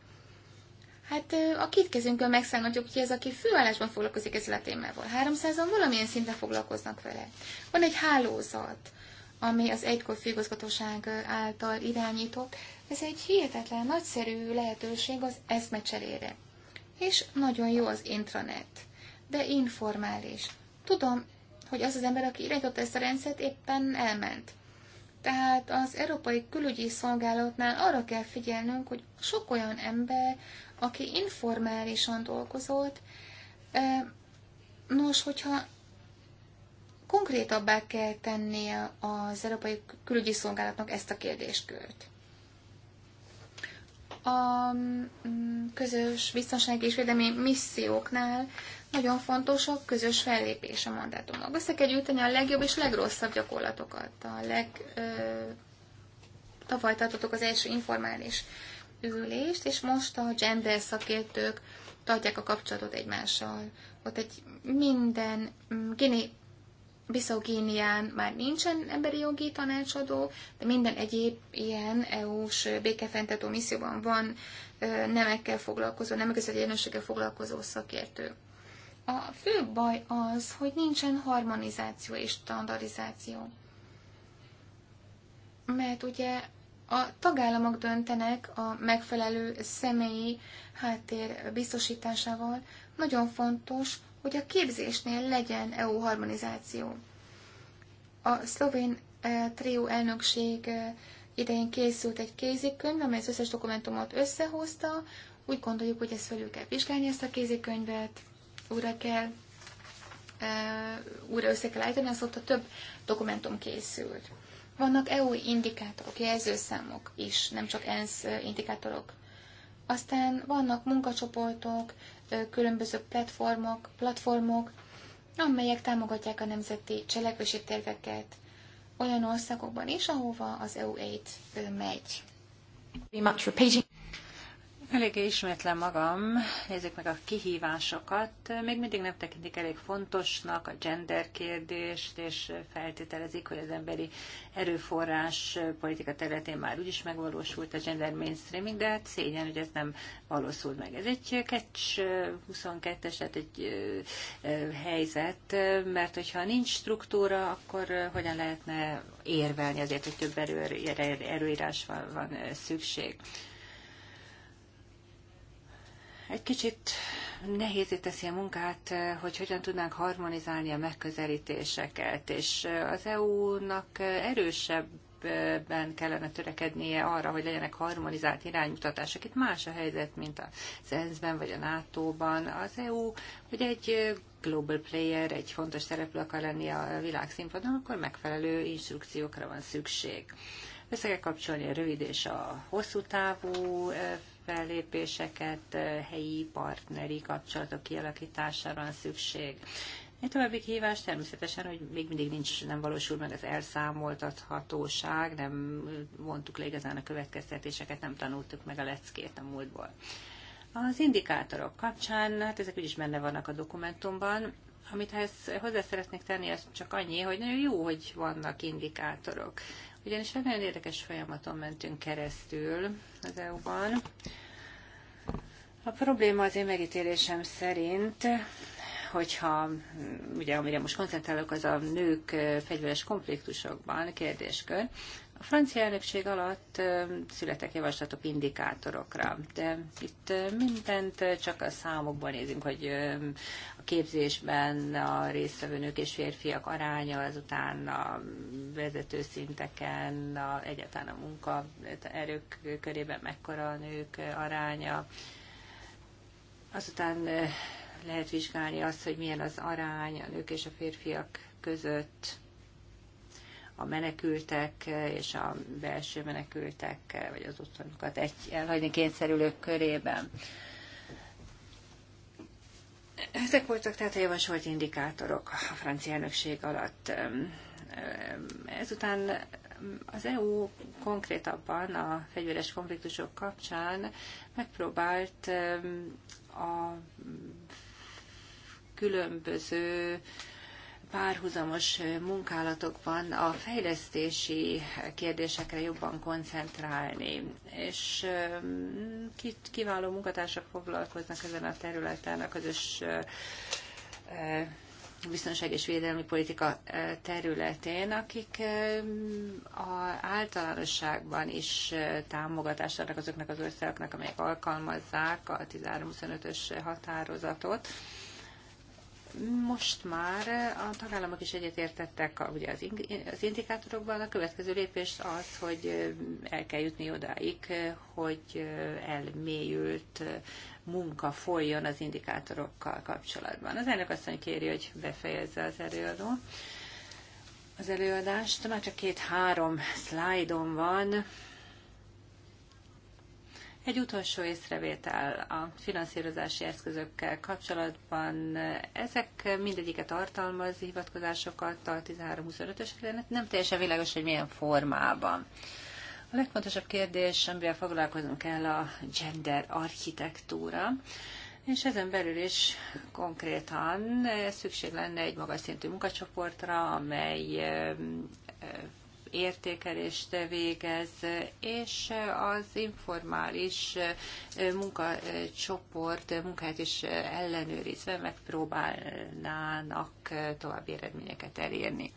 Hát a két kezünkön megszámoljuk hogy ez, aki főállásban foglalkozik ezzel a témával. 300-an valamilyen szinten foglalkoznak vele. Van egy hálózat, ami az egykor főigazgatóság által irányított ez egy hihetetlen nagyszerű lehetőség az eszmecserére. És nagyon jó az intranet, de informális. Tudom, hogy az az ember, aki irányította ezt a rendszert, éppen elment. Tehát az Európai Külügyi Szolgálatnál arra kell figyelnünk, hogy sok olyan ember, aki informálisan dolgozott, nos, hogyha konkrétabbá kell tennie az Európai Külügyi Szolgálatnak ezt a kérdéskört a mm, közös biztonsági és védelmi misszióknál nagyon fontos a közös fellépés a mandátumok. Össze kell gyűjteni a legjobb és legrosszabb gyakorlatokat. A leg, ö, tavaly tartottuk az első informális ülést, és most a gender szakértők tartják a kapcsolatot egymással. Ott egy minden mm, Biszogénián már nincsen emberi jogi tanácsadó, de minden egyéb ilyen EU-s békefenntető misszióban van nemekkel foglalkozó, nemek egyenlőséggel foglalkozó szakértő. A fő baj az, hogy nincsen harmonizáció és standardizáció. Mert ugye a tagállamok döntenek a megfelelő személyi háttér biztosításával. Nagyon fontos, hogy a képzésnél legyen EU harmonizáció. A szlovén e, trió elnökség e, idején készült egy kézikönyv, amely az összes dokumentumot összehozta. Úgy gondoljuk, hogy ezt felül kell vizsgálni, ezt a kézikönyvet, újra kell, e, újra össze kell állítani, a több dokumentum készült. Vannak EU indikátorok, jelzőszámok is, nem csak ENSZ indikátorok. Aztán vannak munkacsoportok, különböző platformok, platformok, amelyek támogatják a nemzeti cselekvési terveket olyan országokban is, ahova az EU-8 megy. Eléggé ismétlem magam, nézzük meg a kihívásokat. Még mindig nem tekintik elég fontosnak a gender kérdést, és feltételezik, hogy az emberi erőforrás politika területén már úgyis megvalósult a gender mainstreaming, de hát szégyen, hogy ez nem valósul meg. Ez egy catch 22-es, tehát egy helyzet, mert hogyha nincs struktúra, akkor hogyan lehetne érvelni azért, hogy több erő, erőírás van, van szükség egy kicsit nehézé teszi a munkát, eh, hogy hogyan tudnánk harmonizálni a megközelítéseket, és eh, az EU-nak eh, erősebb ben kellene törekednie arra, hogy legyenek harmonizált iránymutatások. Itt más a helyzet, mint az ENSZ-ben vagy a NATO-ban. Az EU, hogy egy global player, egy fontos szereplő akar lenni a színpadon, akkor megfelelő instrukciókra van szükség össze kell kapcsolni a rövid és a hosszú távú fellépéseket, helyi partneri kapcsolatok kialakítására van szükség. Egy további kihívás természetesen, hogy még mindig nincs, nem valósul meg az elszámoltathatóság, nem vontuk le igazán a következtetéseket, nem tanultuk meg a leckét a múltból. Az indikátorok kapcsán, hát ezek úgyis benne vannak a dokumentumban, amit ehhez hozzá szeretnék tenni, az csak annyi, hogy nagyon jó, hogy vannak indikátorok. Ugyanis egy nagyon érdekes folyamaton mentünk keresztül az EU-ban. A probléma az én megítélésem szerint, hogyha, ugye amire most koncentrálok, az a nők eh, fegyveres konfliktusokban kérdéskör, a francia elnökség alatt születtek javaslatok indikátorokra, de itt mindent csak a számokban nézünk, hogy a képzésben a résztvevő nők és férfiak aránya, azután a vezető szinteken, a, egyáltalán a erők körében mekkora a nők aránya. Azután lehet vizsgálni azt, hogy milyen az arány a nők és a férfiak között a menekültek és a belső menekültek, vagy az otthonukat egy, elhagyni kényszerülők körében. Ezek voltak tehát a javasolt indikátorok a francia elnökség alatt. Ezután az EU konkrétabban a fegyveres konfliktusok kapcsán megpróbált um, a különböző párhuzamos munkálatokban a fejlesztési kérdésekre jobban koncentrálni, és um, kiváló munkatársak foglalkoznak ezen a területen a közös uh, uh, biztonság és védelmi politika uh, területén, akik um, a általánosságban is támogatást adnak azoknak az országoknak, amelyek alkalmazzák a 13-25-ös határozatot, most már a tagállamok is egyetértettek ugye az, az indikátorokban. A következő lépés az, hogy el kell jutni odáig, hogy elmélyült munka folyjon az indikátorokkal kapcsolatban. Az elnök asszony kéri, hogy befejezze az előadó az előadást. Már csak két-három szlájdom van. Egy utolsó észrevétel a finanszírozási eszközökkel kapcsolatban. Ezek mindegyike tartalmaz hivatkozásokat a 13 25 ös nem teljesen világos, hogy milyen formában. A legfontosabb kérdés, amivel foglalkozunk kell, a gender architektúra. És ezen belül is konkrétan szükség lenne egy magas szintű munkacsoportra, amely értékelést végez, és az informális munkacsoport munkáját is ellenőrizve megpróbálnának további eredményeket elérni.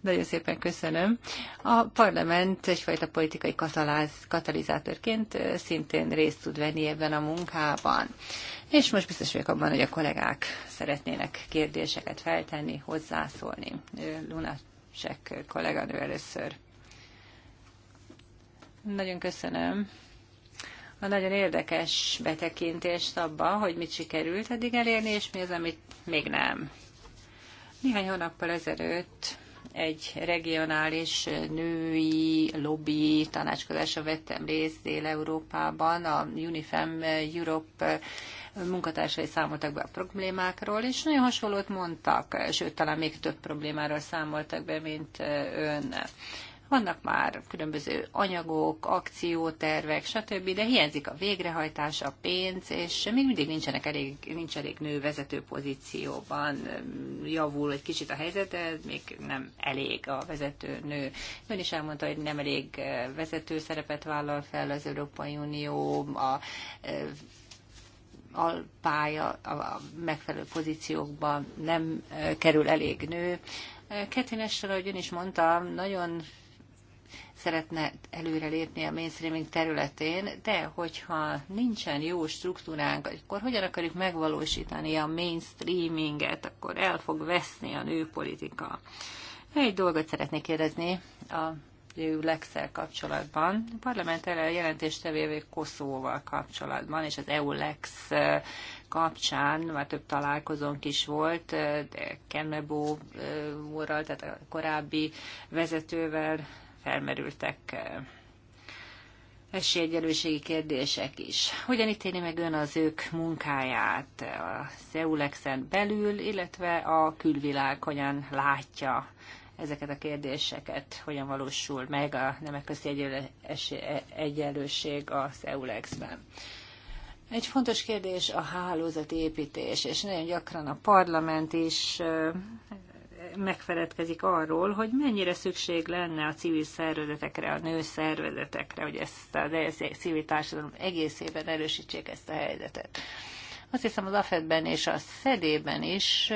Nagyon szépen köszönöm. A parlament egyfajta politikai katalizátorként szintén részt tud venni ebben a munkában és most biztos vagyok abban, hogy a kollégák szeretnének kérdéseket feltenni, hozzászólni. Luna Csek kolléganő először. Nagyon köszönöm a nagyon érdekes betekintést abba, hogy mit sikerült eddig elérni, és mi az, amit még nem. Néhány hónappal ezelőtt egy regionális női lobby tanácskozása vettem részt Dél-Európában, a UNIFEM Europe munkatársai számoltak be a problémákról, és nagyon hasonlót mondtak, sőt, talán még több problémáról számoltak be, mint ön. Vannak már különböző anyagok, akciótervek, stb., de hiányzik a végrehajtás, a pénz, és még mindig nincsenek elég, nincs elég nő vezető pozícióban. Javul egy kicsit a helyzet, de még nem elég a vezető nő. Ön is elmondta, hogy nem elég vezető szerepet vállal fel az Európai Unió, a alpája a megfelelő pozíciókban nem kerül elég nő. Catherine Ashton, ahogy ön is mondta, nagyon szeretne előrelépni a mainstreaming területén, de hogyha nincsen jó struktúránk, akkor hogyan akarjuk megvalósítani a mainstreaminget, akkor el fog veszni a nőpolitika. Egy dolgot szeretnék kérdezni a eulex lexel kapcsolatban. A parlament jelentéstevévé Koszóval kapcsolatban, és az EU lex kapcsán már több találkozónk is volt, de Kennebo úrral, tehát a korábbi vezetővel felmerültek esélyegyelőségi kérdések is. Hogyan ítéli meg ön az ők munkáját a Zeulexen belül, illetve a külvilág hogyan látja ezeket a kérdéseket, hogyan valósul meg a nemek közti e- egyenlőség az EULEX-ben. Egy fontos kérdés a hálózati építés, és nagyon gyakran a parlament is megfeledkezik arról, hogy mennyire szükség lenne a civil szervezetekre, a szervezetekre, hogy ezt a civil társadalom egészében erősítsék ezt a helyzetet. Azt hiszem az AFED-ben és a szedében is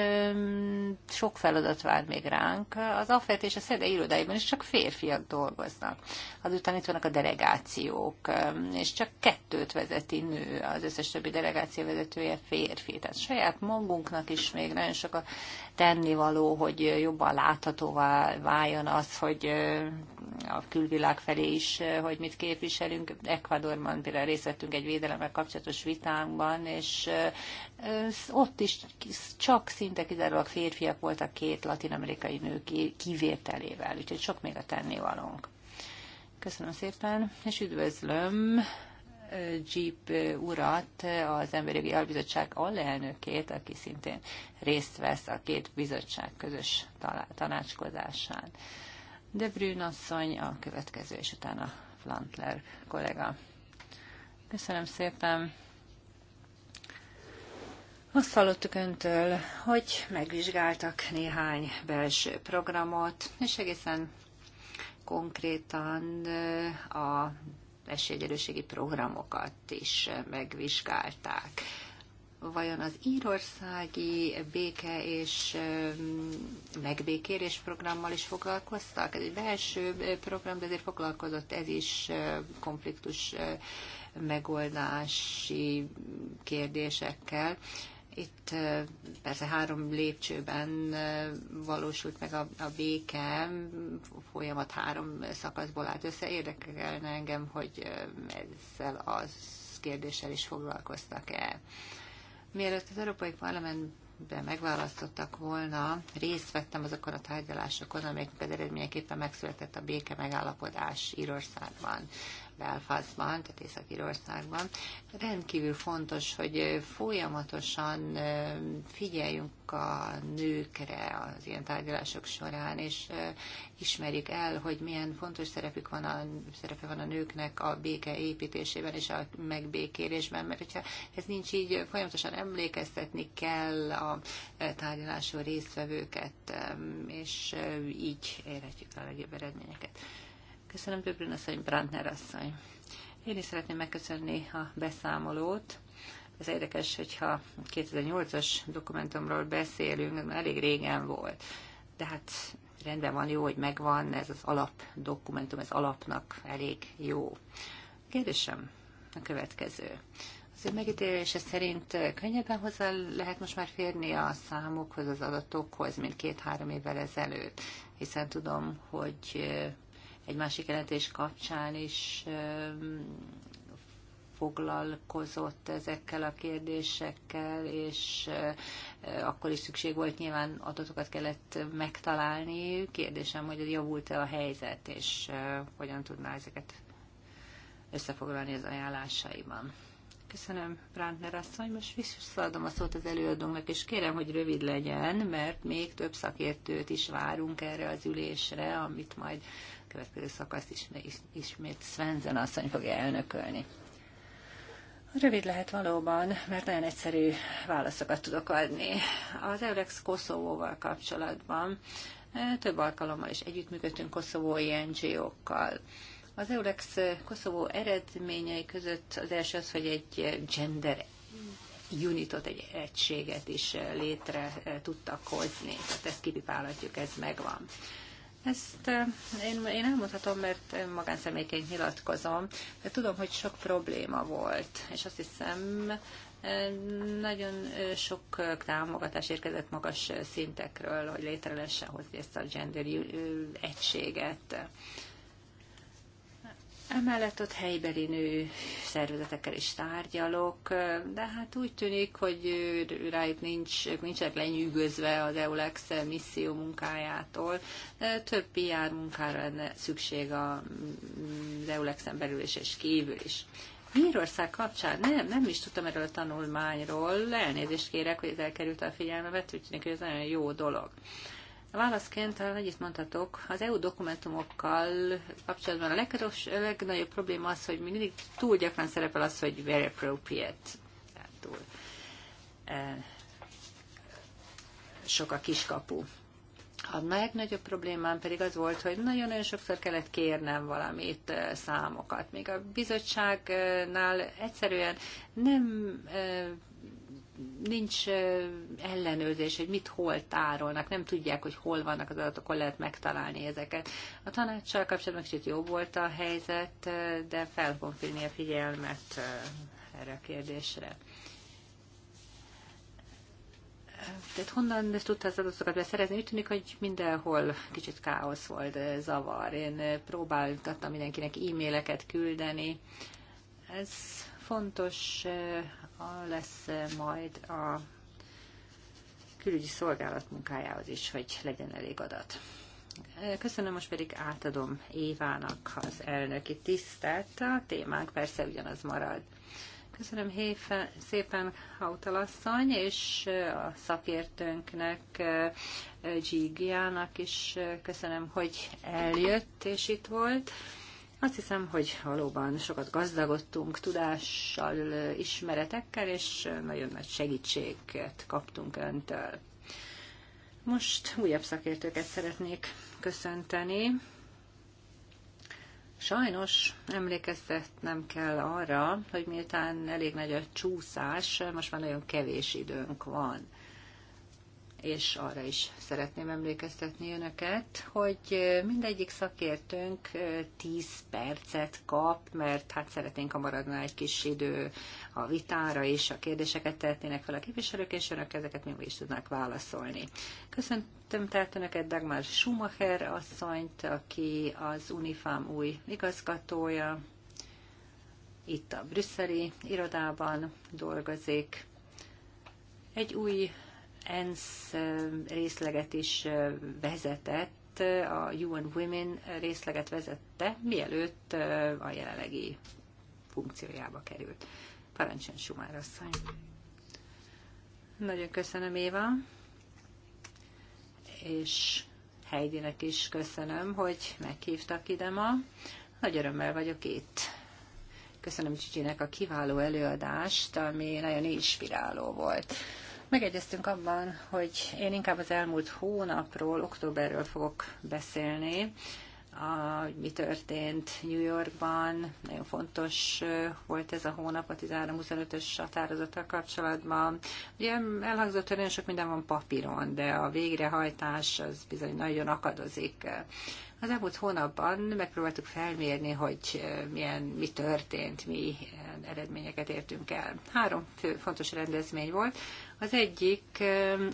sok feladat vár még ránk. Az AFED és a szede irodáiban is csak férfiak dolgoznak. Azután itt vannak a delegációk, és csak kettőt vezeti nő, az összes többi delegáció vezetője férfi. Tehát saját magunknak is még nagyon sok a tennivaló, hogy jobban láthatóvá váljon az, hogy a külvilág felé is, eh, hogy mit képviselünk. Ecuadorban például részt vettünk egy védelemmel kapcsolatos vitánkban, és eh, ott is csak szinte kizárólag férfiak voltak két latinamerikai nő kivételével, úgyhogy sok még a tennivalónk. Köszönöm szépen, és üdvözlöm eh, Jeep urat, az Emberi Albizottság alelnökét, aki szintén részt vesz a két bizottság közös tanácskozásán. De Brün asszony a következő, és utána Flantler kollega. Köszönöm szépen. Azt hallottuk öntől, hogy megvizsgáltak néhány belső programot, és egészen konkrétan eh, a esélyegyelőségi programokat is eh, megvizsgálták vajon az írországi béke és megbékérés programmal is foglalkoztak? Ez egy belső program, de azért foglalkozott ez is konfliktus megoldási kérdésekkel. Itt persze három lépcsőben valósult meg a, a béke, folyamat három szakaszból állt össze. Érdekelne engem, hogy ezzel az kérdéssel is foglalkoztak-e. Mielőtt az Európai Parlamentben megválasztottak volna, részt vettem azokon a tárgyalásokon, amelyek eredményeképpen megszületett a béke megállapodás Írországban. Belfastban, tehát Észak-Írországban. Rendkívül fontos, hogy folyamatosan figyeljünk a nőkre az ilyen tárgyalások során, és ismerjük el, hogy milyen fontos szerepük van a, szerepe van a nőknek a béke építésében és a megbékélésben, mert hogyha ez nincs így, folyamatosan emlékeztetni kell a tárgyaláson résztvevőket, és így érhetjük a legjobb eredményeket. Köszönöm a asszony, Brandner asszony. Én is szeretném megköszönni a beszámolót. Ez érdekes, hogyha 2008-as dokumentumról beszélünk, elég régen volt. De hát rendben van, jó, hogy megvan, ez az alap dokumentum, ez alapnak elég jó. Kérdésem a következő. Az ő megítélése szerint könnyebben hozzá lehet most már férni a számokhoz, az adatokhoz, mint két-három évvel ezelőtt, hiszen tudom, hogy egy másik jelentés kapcsán is foglalkozott ezekkel a kérdésekkel, és akkor is szükség volt, nyilván adatokat kellett megtalálni. Kérdésem, hogy javult-e a helyzet, és hogyan tudná ezeket összefoglalni az ajánlásaiban. Köszönöm, Brandner asszony. Most visszaadom a szót az előadónak, és kérem, hogy rövid legyen, mert még több szakértőt is várunk erre az ülésre, amit majd a következő szakaszt ismét, ismét Svenzen asszony fogja elnökölni. Rövid lehet valóban, mert nagyon egyszerű válaszokat tudok adni. Az Eurex Koszovóval kapcsolatban eh, több alkalommal is együttműködtünk koszovói NGO-kkal. Az Eurex Koszovó eredményei között az első az, hogy egy gender unitot, egy egységet is létre tudtak hozni. Tehát ezt kipipálhatjuk, ez megvan. Ezt eh, én, én elmondhatom, mert magánszemélyként nyilatkozom, de tudom, hogy sok probléma volt, és azt hiszem, eh, nagyon eh, sok támogatás érkezett magas szintekről, hogy létre lehessen hozni ezt a gender egységet. Emellett ott helybeli nő szervezetekkel is tárgyalok, de hát úgy tűnik, hogy rájuk nincs, nincsenek lenyűgözve az EULEX misszió munkájától. Több PR munkára lenne szükség az EULEX-en belül is és kívül is. Írország kapcsán nem, nem is tudtam erről a tanulmányról, elnézést kérek, hogy ez elkerült a figyelmemet, úgy tűnik, hogy ez nagyon jó dolog. Válaszként talán egyet mondhatok, az EU dokumentumokkal kapcsolatban a legkeros, legnagyobb probléma az, hogy mindig túl gyakran szerepel az, hogy very appropriate, tehát túl eh, sok a kiskapu. A legnagyobb problémám pedig az volt, hogy nagyon-nagyon sokszor kellett kérnem valamit, e, számokat. Még a bizottságnál egyszerűen nem e, nincs ellenőrzés, hogy mit hol tárolnak, nem tudják, hogy hol vannak az adatok, hol lehet megtalálni ezeket. A tanácssal kapcsolatban kicsit jobb volt a helyzet, de fel fogom a figyelmet erre a kérdésre. Tehát honnan tudta az adatokat beszerezni? Úgy tűnik, hogy mindenhol kicsit káosz volt, zavar. Én próbáltattam mindenkinek e-maileket küldeni. Ez fontos lesz majd a külügyi szolgálat munkájához is, hogy legyen elég adat. Köszönöm, most pedig átadom Évának az elnöki tisztelt. A témánk persze ugyanaz marad. Köszönöm héfe, szépen Hautalasszony, és a szakértőnknek, Gigiának is köszönöm, hogy eljött és itt volt. Azt hiszem, hogy valóban sokat gazdagodtunk tudással, ismeretekkel, és nagyon nagy segítséget kaptunk öntől. Most újabb szakértőket szeretnék köszönteni. Sajnos emlékeztetnem kell arra, hogy miután elég nagy a csúszás, most már nagyon kevés időnk van és arra is szeretném emlékeztetni önöket, hogy mindegyik szakértőnk 10 percet kap, mert hát szeretnénk, ha maradna egy kis idő a vitára, és a kérdéseket tehetnének fel a képviselők, és önök ezeket még is tudnak válaszolni. Köszöntöm tehát önöket Dagmar Schumacher asszonyt, aki az Unifám új igazgatója, itt a brüsszeli irodában dolgozik. Egy új ENSZ részleget is vezetett, a UN Women részleget vezette, mielőtt a jelenlegi funkciójába került. Parancsön Sumár asszony. Nagyon köszönöm, Éva, és Heidinek is köszönöm, hogy meghívtak ide ma. Nagy örömmel vagyok itt. Köszönöm Csicsinek a kiváló előadást, ami nagyon inspiráló volt. Megegyeztünk abban, hogy én inkább az elmúlt hónapról, októberről fogok beszélni, a, hogy mi történt New Yorkban. Nagyon fontos volt ez a hónap a 13-25-ös határozattal kapcsolatban. Ugye elhangzott, hogy nagyon sok minden van papíron, de a végrehajtás az bizony nagyon akadozik. Az elmúlt hónapban megpróbáltuk felmérni, hogy milyen, mi történt, mi eredményeket értünk el. Három fő fontos rendezmény volt. Az egyik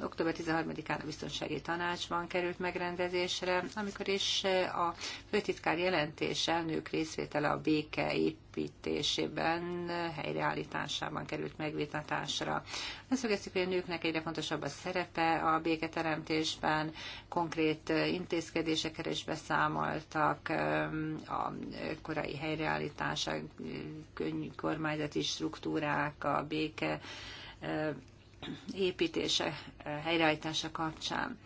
október 13-án a Biztonsági Tanácsban került megrendezésre, amikor is a főtitkár jelentése nők részvétele a béke építésében, helyreállításában került megvitatásra. Leszögeztük, hogy a nőknek egyre fontosabb a szerepe a béketeremtésben, konkrét intézkedésekre is beszámoltak, a korai helyreállítás, könnyű kormányzati struktúrák, a béke építése, helyreállítása kapcsán.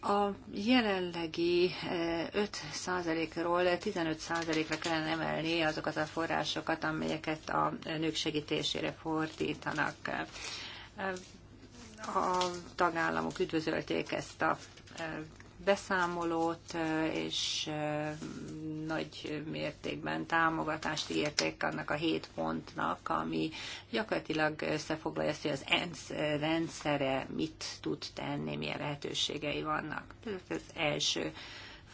A jelenlegi 5%-ról eh, 15%-ra kellene emelni azokat a forrásokat, amelyeket a nők segítésére fordítanak. Eh, a tagállamok üdvözölték ezt a eh, beszámolót, és nagy mértékben támogatást írték annak a hét pontnak, ami gyakorlatilag összefoglalja azt, hogy az ENSZ rendszere mit tud tenni, milyen lehetőségei vannak. Ez az első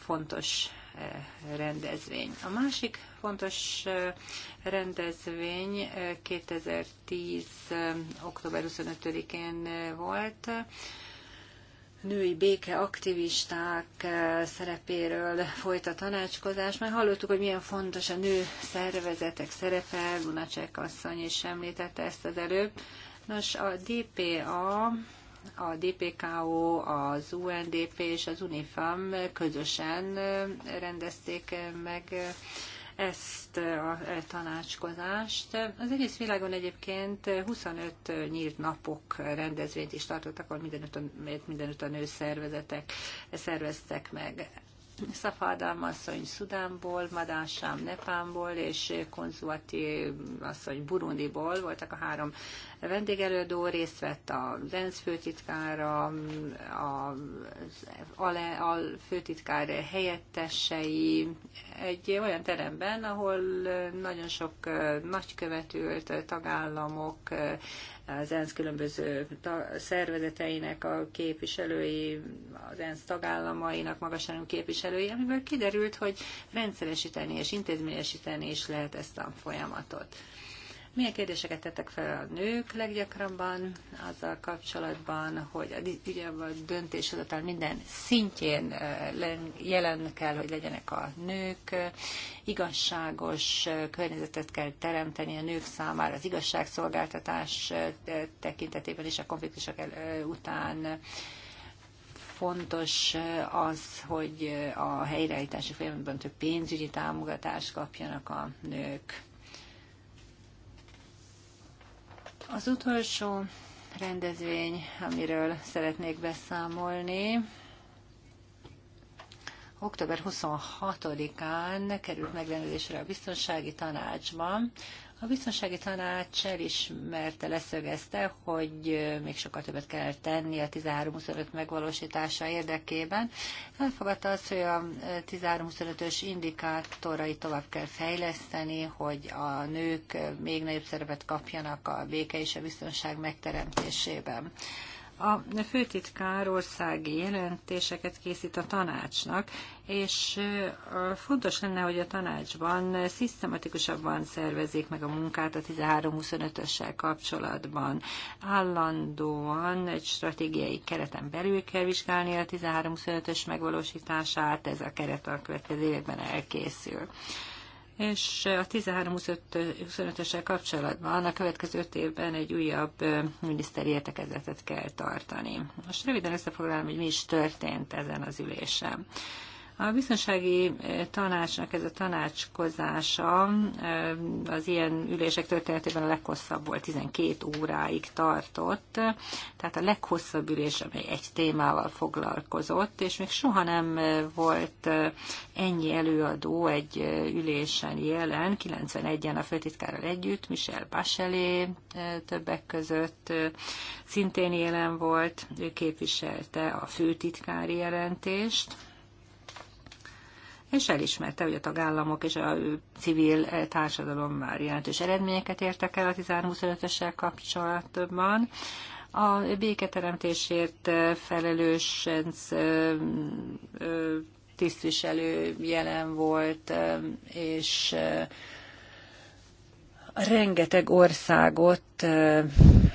fontos rendezvény. A másik fontos rendezvény 2010. október 25-én volt, női békeaktivisták eh, szerepéről folyt a tanácskozás. mert hallottuk, hogy milyen fontos a nő szervezetek szerepe, Lunacek asszony is említette ezt az előbb. Nos, a DPA, a DPKO, az UNDP és az UNIFAM közösen eh, rendezték eh, meg ezt a e, tanácskozást. Az egész világon egyébként 25 nyílt napok rendezvényt is tartottak, ahol mindenütt a, mindenütt a nőszervezetek szerveztek meg. Szafádám asszony Szudánból, Madásám Nepánból és Konzulati asszony Burundiból voltak a három vendégelődő, részt vett a ENSZ főtitkára, a, a, a főtitkár helyettesei egy olyan teremben, ahol nagyon sok nagykövetült tagállamok, az ENSZ különböző szervezeteinek a képviselői, az ENSZ tagállamainak magasrangú képviselői, amiből kiderült, hogy rendszeresíteni és intézményesíteni is lehet ezt a folyamatot. Milyen kérdéseket tettek fel a nők leggyakrabban azzal kapcsolatban, hogy a, ugye, a döntéshozatal minden szintjén eh, jelen kell, hogy legyenek a nők, igazságos eh, környezetet kell teremteni a nők számára az igazságszolgáltatás eh, tekintetében és a konfliktusok után fontos az, hogy a helyreállítási folyamatban több pénzügyi támogatást kapjanak a nők. Az utolsó rendezvény, amiről szeretnék beszámolni, október 26-án került megrendezésre a biztonsági tanácsban, a biztonsági tanács elismerte, leszögezte, hogy még sokkal többet kell tenni a 13. 13-25 megvalósítása érdekében. Elfogadta azt, hogy a 25 ös indikátorai tovább kell fejleszteni, hogy a nők még nagyobb szerepet kapjanak a béke és a biztonság megteremtésében. A főtitkár országi jelentéseket készít a tanácsnak, és fontos lenne, hogy a tanácsban szisztematikusabban szervezik meg a munkát a 13-25-össel kapcsolatban. Állandóan egy stratégiai kereten belül kell vizsgálni a 13-25-ös megvalósítását, ez a keret a következő évben elkészül és a 13-25-ösel kapcsolatban a következő öt évben egy újabb miniszteri értekezletet kell tartani. Most röviden összefoglalom, hogy mi is történt ezen az ülésen. A biztonsági eh, tanácsnak ez a tanácskozása eh, az ilyen ülések történetében a leghosszabb volt, 12 óráig tartott, tehát a leghosszabb ülés, amely egy témával foglalkozott, és még soha nem eh, volt ennyi előadó egy ülésen jelen, 91-en a főtitkárral együtt, Michel Bachelet többek között szintén jelen volt, ő képviselte a főtitkári jelentést, és elismerte, hogy a tagállamok és a civil eh, társadalom már jelentős eredményeket értek el a 13-25-össel kapcsolatban. A béketeremtésért eh, felelős eh, tisztviselő jelen volt, és rengeteg országot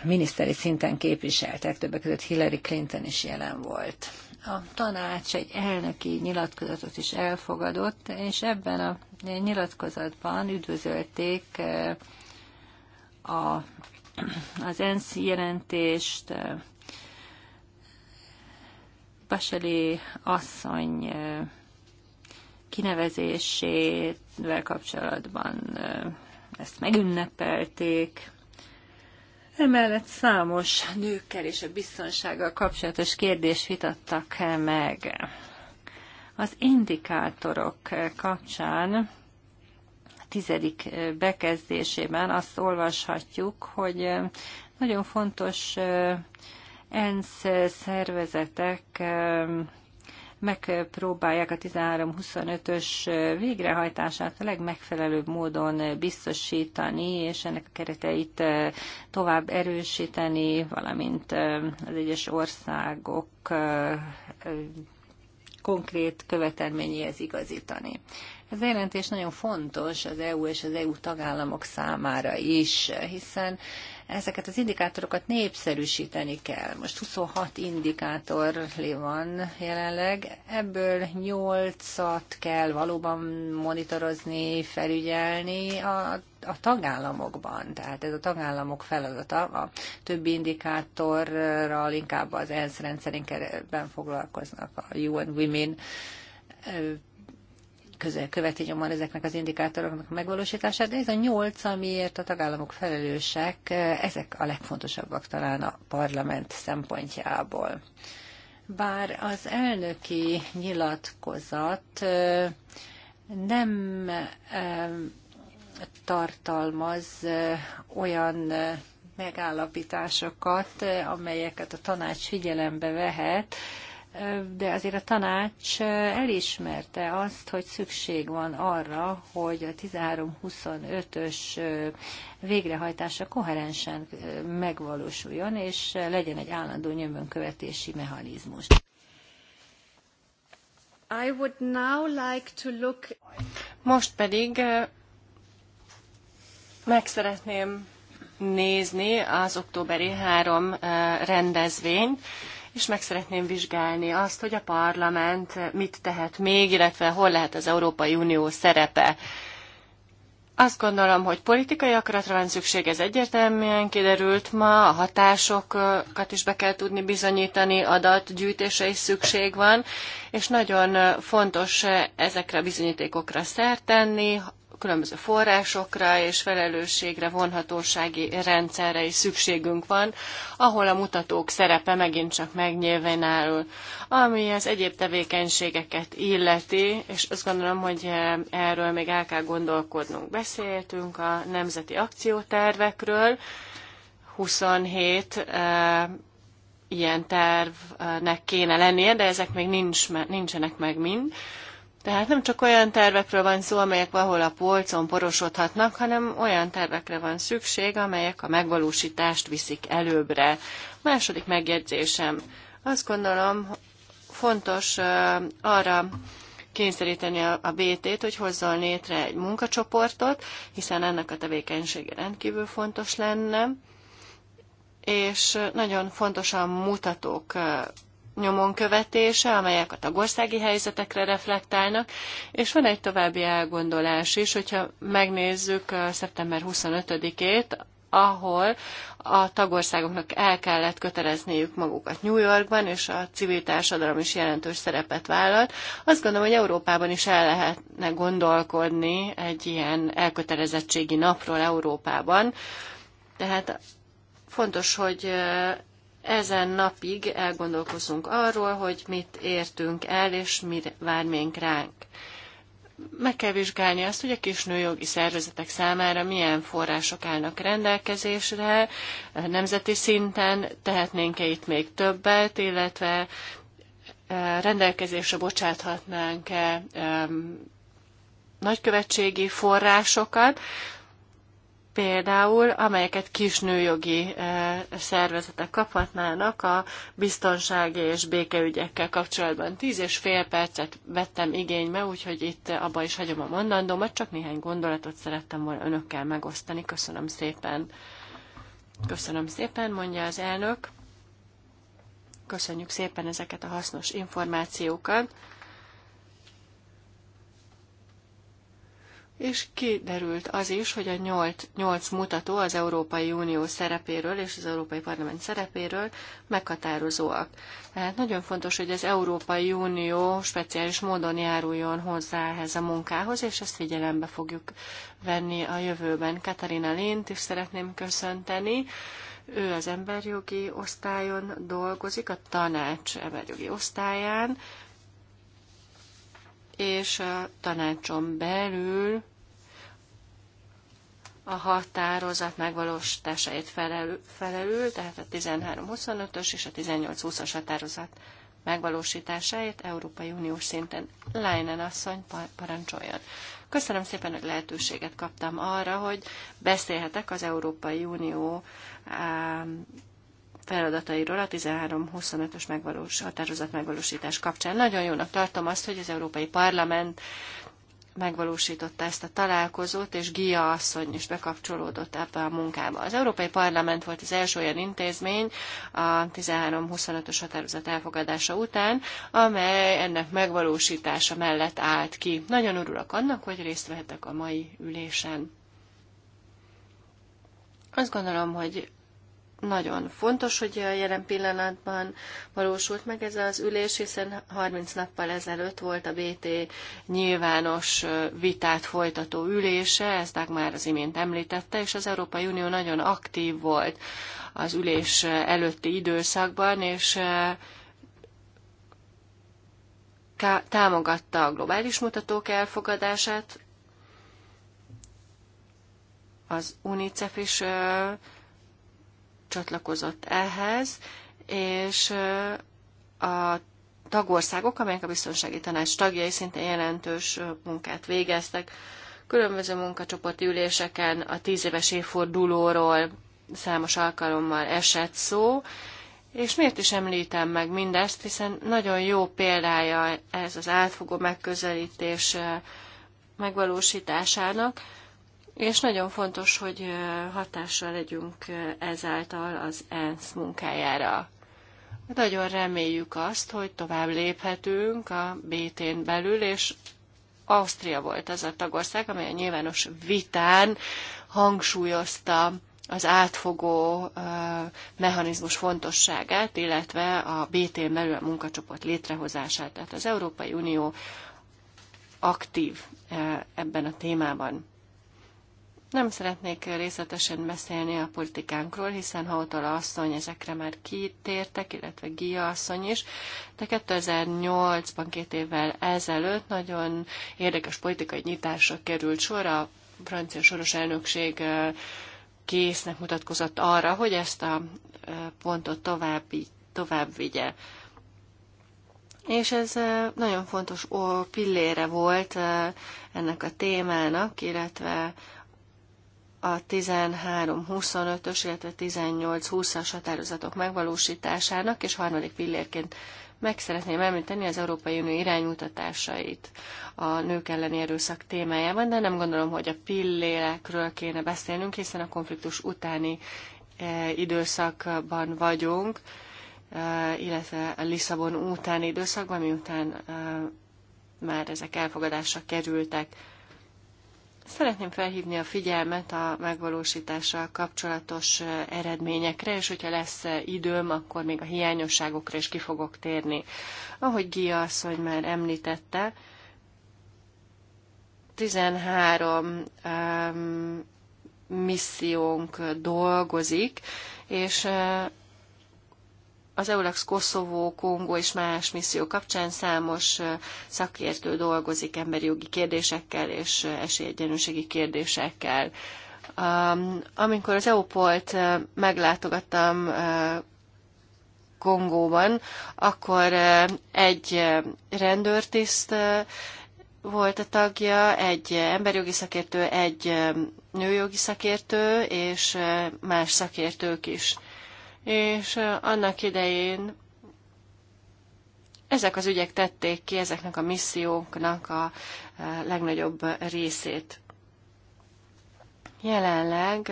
miniszteri szinten képviseltek, többek között Hillary Clinton is jelen volt a tanács egy elnöki nyilatkozatot is elfogadott, és ebben a nyilatkozatban üdvözölték eh, a, az ENSZ jelentést, eh, Baseli asszony eh, kinevezésével kapcsolatban ezt megünnepelték, Emellett számos nőkkel és a biztonsággal kapcsolatos kérdést vitattak meg. Az indikátorok kapcsán a tizedik bekezdésében azt olvashatjuk, hogy nagyon fontos ENSZ szervezetek megpróbálják a 13-25-ös végrehajtását a legmegfelelőbb módon biztosítani, és ennek a kereteit eh, tovább erősíteni, valamint eh, az egyes országok eh, konkrét követelményéhez igazítani. Ez a jelentés nagyon fontos az EU és az EU tagállamok számára is, hiszen ezeket az indikátorokat népszerűsíteni kell. Most 26 indikátor van jelenleg, ebből 8-at kell valóban monitorozni, felügyelni a, a tagállamokban. Tehát ez a tagállamok feladata. A többi indikátorral inkább az ENSZ rendszerén foglalkoznak a UN Women közel követi nyomon ezeknek az indikátoroknak a megvalósítását, de ez a nyolc, amiért a tagállamok felelősek, ezek a legfontosabbak talán a parlament szempontjából. Bár az elnöki nyilatkozat nem tartalmaz olyan megállapításokat, amelyeket a tanács figyelembe vehet, de azért a tanács elismerte azt, hogy szükség van arra, hogy a 13-25-ös végrehajtása koherensen megvalósuljon, és legyen egy állandó nyomonkövetési mechanizmus. I would now like to look... Most pedig meg szeretném nézni az októberi három rendezvényt, és meg szeretném vizsgálni azt, hogy a parlament mit tehet még, illetve hol lehet az Európai Unió szerepe. Azt gondolom, hogy politikai akaratra van szükség, ez egyértelműen kiderült ma, a hatásokat is be kell tudni bizonyítani, adatgyűjtése is szükség van, és nagyon fontos ezekre a bizonyítékokra szert tenni, különböző forrásokra és felelősségre, vonhatósági rendszerre is szükségünk van, ahol a mutatók szerepe megint csak megnyilvánul, ami az egyéb tevékenységeket illeti, és azt gondolom, hogy eh, erről még el kell gondolkodnunk. Beszéltünk a nemzeti akciótervekről, 27 eh, ilyen tervnek kéne lennie, de ezek még nincs, nincsenek meg mind. Tehát nem csak olyan tervekről van szó, amelyek valahol a polcon porosodhatnak, hanem olyan tervekre van szükség, amelyek a megvalósítást viszik előbbre. Második megjegyzésem. Azt gondolom, fontos arra kényszeríteni a BT-t, hogy hozzon létre egy munkacsoportot, hiszen ennek a tevékenysége rendkívül fontos lenne, és nagyon fontos a mutatók nyomon követése, amelyek a tagországi helyzetekre reflektálnak, és van egy további elgondolás is, hogyha megnézzük uh, szeptember 25-ét, ahol a tagországoknak el kellett kötelezniük magukat New Yorkban, és a civil társadalom is jelentős szerepet vállalt. Azt gondolom, hogy Európában is el lehetne gondolkodni egy ilyen elkötelezettségi napról Európában. Tehát fontos, hogy uh, ezen napig elgondolkozunk arról, hogy mit értünk el, és mi vár még ránk. Meg kell vizsgálni azt, hogy a kis nőjogi szervezetek számára milyen források állnak rendelkezésre, nemzeti szinten tehetnénk-e itt még többet, illetve e, rendelkezésre bocsáthatnánk-e e, nagykövetségi forrásokat, például, amelyeket kis nőjogi eh, szervezetek kaphatnának a biztonsági és békeügyekkel kapcsolatban. Tíz és fél percet vettem igénybe, úgyhogy itt abba is hagyom a mondandómat, csak néhány gondolatot szerettem volna önökkel megosztani. Köszönöm szépen. Köszönöm szépen, mondja az elnök. Köszönjük szépen ezeket a hasznos információkat. és kiderült az is, hogy a nyolc, nyolc mutató az Európai Unió szerepéről és az Európai Parlament szerepéről meghatározóak. Tehát nagyon fontos, hogy az Európai Unió speciális módon járuljon hozzá ehhez a munkához, és ezt figyelembe fogjuk venni a jövőben. Katarina Lint is szeretném köszönteni. Ő az emberjogi osztályon dolgozik, a tanács emberjogi osztályán, és a tanácson belül a határozat megvalósításáért felelő, felelül, tehát a 13-25-ös és a 18-20-as határozat megvalósításáért Európai Uniós szinten. Leinen asszony parancsoljon. Köszönöm szépen, hogy lehetőséget kaptam arra, hogy beszélhetek az Európai Unió feladatairól a 13-25-ös megvalós, határozat megvalósítás kapcsán. Nagyon jónak tartom azt, hogy az Európai Parlament megvalósította ezt a találkozót, és Gia asszony is bekapcsolódott ebbe a munkába. Az Európai Parlament volt az első olyan intézmény a 13-25-ös határozat elfogadása után, amely ennek megvalósítása mellett állt ki. Nagyon örülök annak, hogy részt vehetek a mai ülésen. Azt gondolom, hogy nagyon fontos, hogy a jelen pillanatban valósult meg ez az ülés, hiszen 30 nappal ezelőtt volt a BT nyilvános vitát folytató ülése, ezt már az imént említette, és az Európai Unió nagyon aktív volt az ülés előtti időszakban, és támogatta a globális mutatók elfogadását, az UNICEF is csatlakozott ehhez, és a tagországok, amelyek a biztonsági tanács tagjai szinte jelentős munkát végeztek, különböző munkacsoporti üléseken a tíz éves évfordulóról számos alkalommal esett szó, és miért is említem meg mindezt, hiszen nagyon jó példája ez az átfogó megközelítés megvalósításának, és nagyon fontos, hogy hatással legyünk ezáltal az ENSZ munkájára. Nagyon reméljük azt, hogy tovább léphetünk a BT-n belül, és Ausztria volt az a tagország, amely a nyilvános vitán hangsúlyozta az átfogó mechanizmus fontosságát, illetve a BT-n belül a munkacsoport létrehozását. Tehát az Európai Unió aktív ebben a témában. Nem szeretnék részletesen beszélni a politikánkról, hiszen Hautala asszony ezekre már kitértek, illetve Gia asszony is, de 2008-ban, két évvel ezelőtt nagyon érdekes politikai nyitásra került sor, a francia soros elnökség késznek mutatkozott arra, hogy ezt a pontot további, tovább vigye. És ez nagyon fontos pillére volt ennek a témának, illetve a 13-25-ös, illetve 18-20-as határozatok megvalósításának, és harmadik pillérként meg szeretném említeni az Európai Unió iránymutatásait a nők elleni erőszak témájában, de nem gondolom, hogy a pillérekről kéne beszélnünk, hiszen a konfliktus utáni e, időszakban vagyunk, e, illetve a Lisszabon utáni időszakban, miután e, már ezek elfogadásra kerültek. Szeretném felhívni a figyelmet a megvalósítással kapcsolatos eredményekre, és hogyha lesz időm, akkor még a hiányosságokra is ki fogok térni. Ahogy Gia asszony már említette, 13 um, missziónk dolgozik, és az EULEX Koszovó, Kongó és más misszió kapcsán számos szakértő dolgozik emberi jogi kérdésekkel és esélyegyenlőségi kérdésekkel. Amikor az EUPOLT meglátogattam Kongóban, akkor egy rendőrtiszt volt a tagja, egy emberjogi szakértő, egy nőjogi szakértő, és más szakértők is és annak idején ezek az ügyek tették ki ezeknek a misszióknak a legnagyobb részét. Jelenleg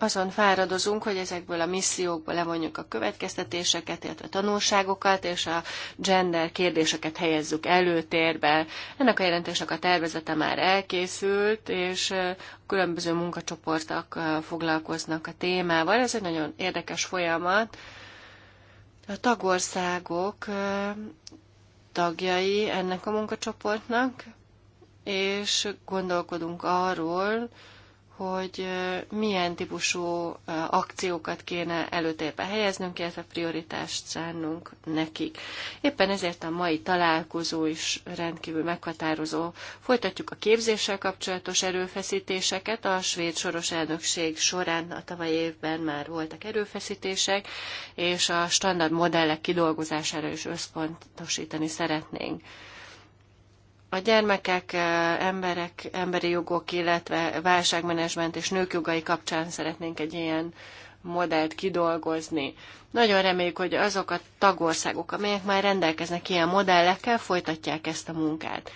azon fáradozunk, hogy ezekből a missziókból levonjuk a következtetéseket, illetve a tanulságokat, és a gender kérdéseket helyezzük előtérbe. Ennek a jelentésnek a tervezete már elkészült, és különböző munkacsoportok foglalkoznak a témával. Ez egy nagyon érdekes folyamat. A tagországok tagjai ennek a munkacsoportnak, és gondolkodunk arról, hogy milyen típusú akciókat kéne előtérbe helyeznünk, illetve prioritást szánnunk nekik. Éppen ezért a mai találkozó is rendkívül meghatározó. Folytatjuk a képzéssel kapcsolatos erőfeszítéseket. A svéd soros elnökség során a tavaly évben már voltak erőfeszítések, és a standard modellek kidolgozására is összpontosítani szeretnénk a gyermekek, e, emberek, emberi jogok, illetve válságmenedzsment és nők jogai kapcsán szeretnénk egy ilyen modellt kidolgozni. Nagyon reméljük, hogy azok a tagországok, amelyek már rendelkeznek ilyen modellekkel, folytatják ezt a munkát.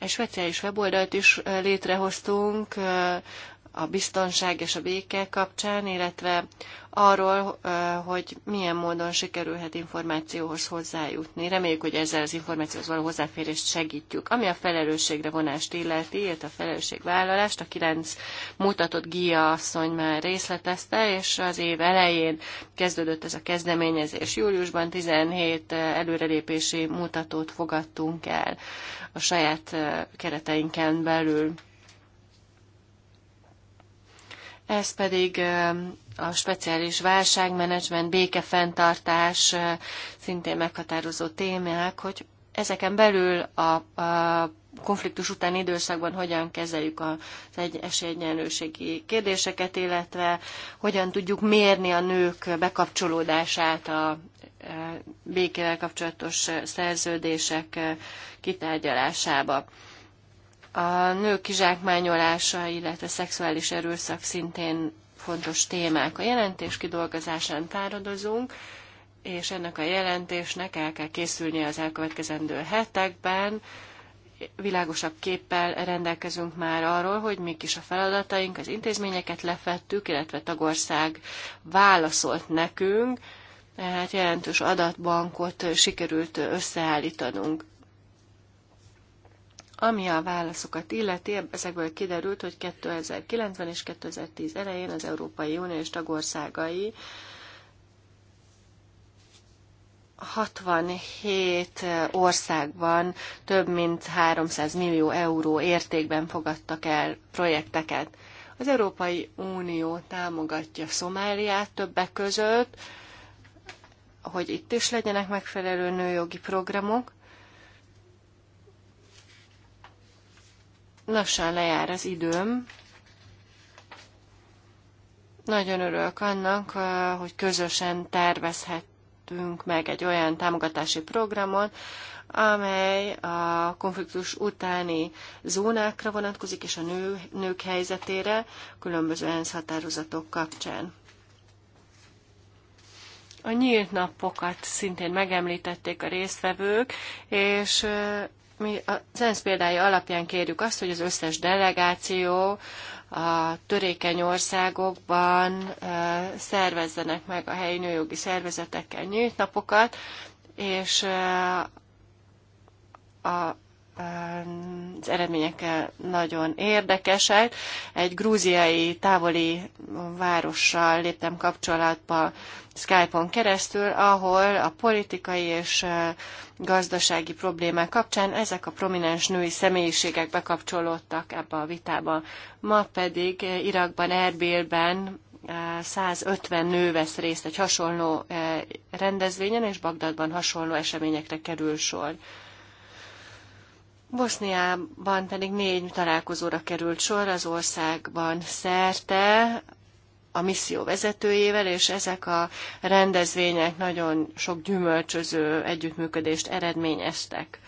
Egy speciális weboldalt is e, létrehoztunk e, a biztonság és a béke kapcsán, illetve arról, hogy milyen módon sikerülhet információhoz hozzájutni. Reméljük, hogy ezzel az információhoz való hozzáférést segítjük. Ami a felelősségre vonást illeti, illetve a felelősségvállalást, a kilenc mutatott Gia asszony már részletezte, és az év elején kezdődött ez a kezdeményezés. Júliusban 17 előrelépési mutatót fogadtunk el a saját kereteinken belül. Ez pedig a speciális válságmenedzsment, békefenntartás szintén meghatározó témák, hogy ezeken belül a, a konfliktus utáni időszakban hogyan kezeljük az egy esélyegyenlőségi kérdéseket, illetve hogyan tudjuk mérni a nők bekapcsolódását a békével kapcsolatos szerződések kitárgyalásába. A nők kizsákmányolása, illetve szexuális erőszak szintén fontos témák. A jelentés kidolgozásán fáradozunk, és ennek a jelentésnek el kell készülnie az elkövetkezendő hetekben. Világosabb képpel rendelkezünk már arról, hogy mik is a feladataink, az intézményeket lefettük, illetve tagország válaszolt nekünk, tehát jelentős adatbankot sikerült összeállítanunk. Ami a válaszokat illeti, ezekből kiderült, hogy 2090 és 2010 elején az Európai Unió és tagországai 67 országban több mint 300 millió euró értékben fogadtak el projekteket. Az Európai Unió támogatja Szomáliát többek között, hogy itt is legyenek megfelelő nőjogi programok, lassan lejár az időm. Nagyon örülök annak, hogy közösen tervezhettünk meg egy olyan támogatási programon, amely a konfliktus utáni zónákra vonatkozik, és a nő, nők helyzetére különböző ENSZ határozatok kapcsán. A nyílt napokat szintén megemlítették a résztvevők, és mi az ENSZ példája alapján kérjük azt, hogy az összes delegáció a törékeny országokban szervezzenek meg a helyi nőjogi szervezetekkel nyílt napokat, és a az eredményekkel nagyon érdekesek. Egy grúziai távoli várossal léptem kapcsolatba Skype-on keresztül, ahol a politikai és gazdasági problémák kapcsán ezek a prominens női személyiségek bekapcsolódtak ebbe a vitába. Ma pedig Irakban, Erbilben 150 nő vesz részt egy hasonló rendezvényen, és Bagdadban hasonló eseményekre kerül sor. Boszniában pedig négy találkozóra került sor az országban szerte a misszió vezetőjével, és ezek a rendezvények nagyon sok gyümölcsöző együttműködést eredményeztek.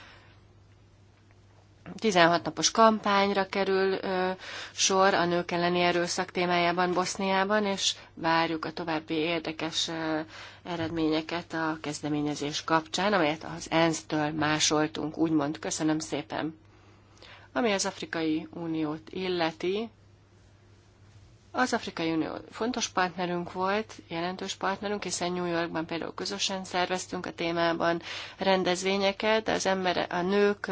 16 napos kampányra kerül ö, sor a nők elleni erőszak témájában Boszniában, és várjuk a további érdekes ö, eredményeket a kezdeményezés kapcsán, amelyet az ENSZ-től másoltunk, úgymond. Köszönöm szépen! Ami az Afrikai Uniót illeti, az Afrikai Unió fontos partnerünk volt, jelentős partnerünk, hiszen New Yorkban például közösen szerveztünk a témában rendezvényeket, de az ember, a nők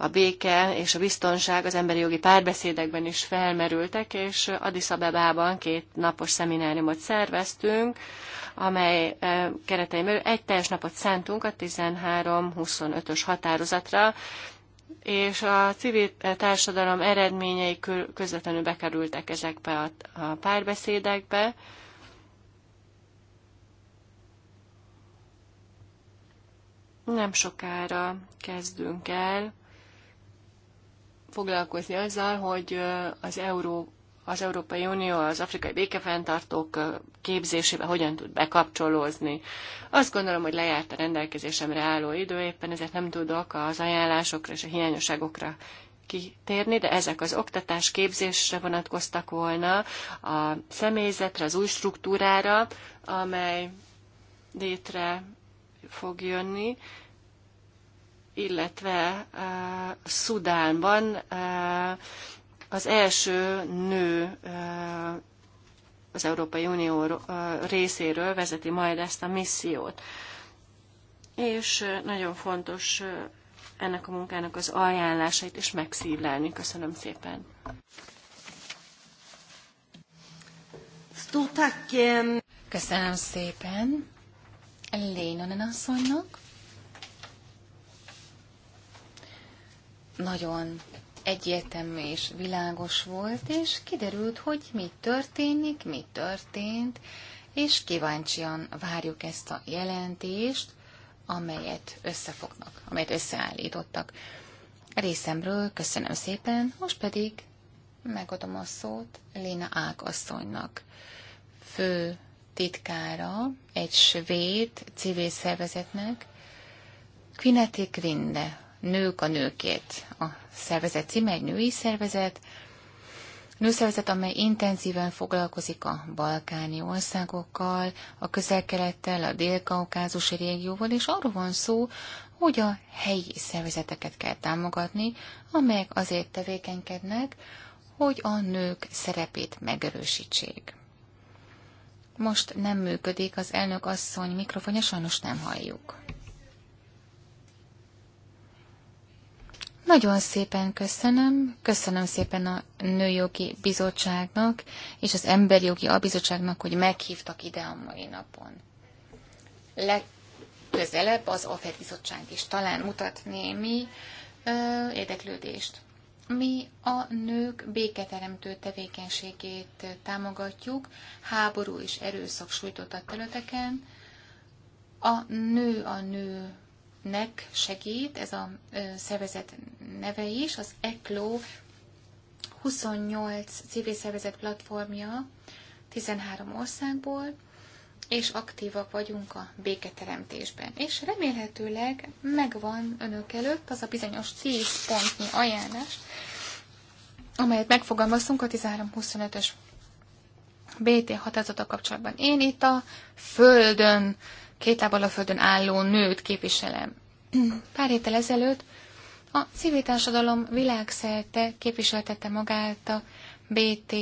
a béke és a biztonság az emberi jogi párbeszédekben is felmerültek, és Addis Abebában két napos szemináriumot szerveztünk, amely eh, keretein belül egy teljes napot szántunk a 13-25-ös határozatra, és a civil eh, társadalom eredményei közvetlenül bekerültek ezekbe a párbeszédekbe. Nem sokára kezdünk el foglalkozni azzal, hogy az, Euró, az Európai Unió az afrikai békefenntartók képzésébe hogyan tud bekapcsolózni. Azt gondolom, hogy lejárt a rendelkezésemre álló idő, éppen ezért nem tudok az ajánlásokra és a hiányosságokra kitérni, de ezek az oktatás képzésre vonatkoztak volna, a személyzetre, az új struktúrára, amely létre fog jönni, illetve uh, Szudánban uh, az első nő uh, az Európai Unió uh, részéről vezeti majd ezt a missziót. És uh, nagyon fontos uh, ennek a munkának az ajánlásait is megszívlelni. Köszönöm szépen. Köszönöm szépen Lénonen asszonynak. nagyon egyértelmű és világos volt, és kiderült, hogy mi történik, mi történt, és kíváncsian várjuk ezt a jelentést, amelyet összefognak, amelyet összeállítottak. Részemről köszönöm szépen, most pedig megadom a szót Léna Ágasszonynak, fő titkára egy svéd civil szervezetnek, Kvinetik Vinde nők a nőkét. A szervezet címe egy női szervezet, nőszervezet, amely intenzíven foglalkozik a balkáni országokkal, a közel-kelettel, a dél-kaukázusi régióval, és arról van szó, hogy a helyi szervezeteket kell támogatni, amelyek azért tevékenykednek, hogy a nők szerepét megerősítsék. Most nem működik az elnök asszony mikrofonja, sajnos nem halljuk. Nagyon szépen köszönöm, köszönöm szépen a Nőjogi Bizottságnak és az Emberi Jogi hogy meghívtak ide a mai napon. Legközelebb az AFED Bizottság is talán mutat némi ö, érdeklődést. Mi a nők béketeremtő tevékenységét támogatjuk háború és erőszak a területeken. A nő a nő nek segít, ez a szervezet neve is, az ECLO 28 civil szervezet platformja 13 országból, és aktívak vagyunk a béketeremtésben. És remélhetőleg megvan önök előtt az a bizonyos 10 pontnyi ajánlás, amelyet megfogalmaztunk a 13-25-ös BT határozata kapcsolatban. Én itt a földön két lábbal a földön álló nőt képviselem. Pár héttel ezelőtt a civil társadalom világszerte képviseltette magát a BT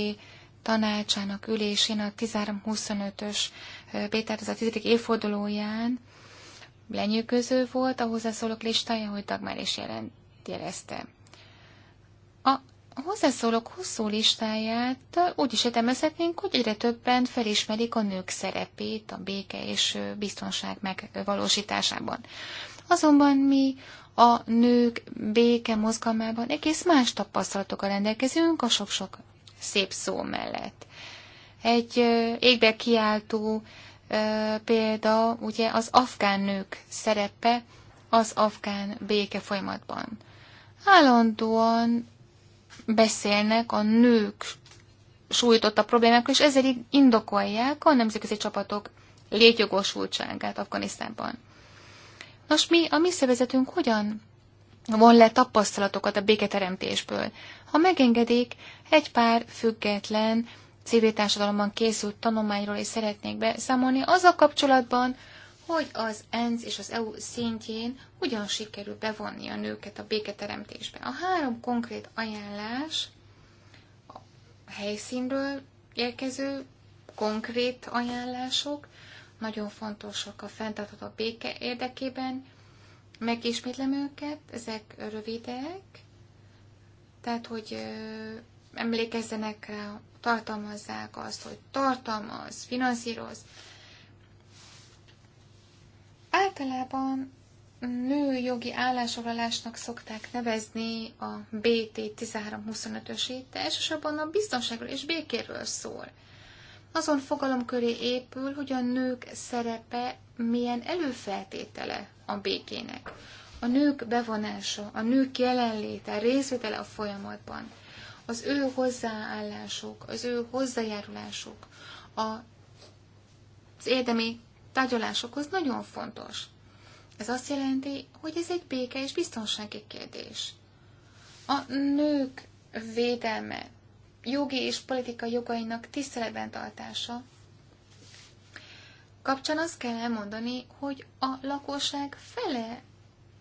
tanácsának ülésén a 13-25-ös az a tizedik évfordulóján lenyűgöző volt a hozzászólók listája, hogy Dagmár is jelent, jelezte. A a hozzászólók hosszú listáját úgy is értelmezhetnénk, hogy egyre többen felismerik a nők szerepét a béke és biztonság megvalósításában. Azonban mi a nők béke mozgalmában egész más tapasztalatokkal rendelkezünk a sok-sok szép szó mellett. Egy égbe kiáltó példa ugye az afgán nők szerepe az afgán béke folyamatban. Állandóan beszélnek a nők sújtotta problémákról, és ezzel indokolják a nemzetközi csapatok létjogosultságát Afganisztánban. Nos, mi, a mi szervezetünk hogyan von le tapasztalatokat a béketeremtésből? Ha megengedik, egy pár független civil társadalomban készült tanulmányról is szeretnék beszámolni az a kapcsolatban, hogy az ENSZ és az EU szintjén hogyan sikerül bevonni a nőket a béketeremtésbe. A három konkrét ajánlás a helyszínről érkező konkrét ajánlások, nagyon fontosak a fenntartható béke érdekében. Megismétlem őket, ezek rövidek, tehát hogy emlékezzenek rá, tartalmazzák azt, hogy tartalmaz, finanszíroz, Általában nőjogi állásfoglalásnak szokták nevezni a BT 1325-ösét, de elsősorban a biztonságról és békéről szól. Azon fogalom köré épül, hogy a nők szerepe milyen előfeltétele a békének. A nők bevonása, a nők jelenléte, részvétele a folyamatban, az ő hozzáállásuk, az ő hozzájárulásuk, a az érdemi tárgyalásokhoz nagyon fontos. Ez azt jelenti, hogy ez egy béke és biztonsági kérdés. A nők védelme, jogi és politikai jogainak tiszteletben tartása kapcsán azt kell elmondani, hogy a lakosság fele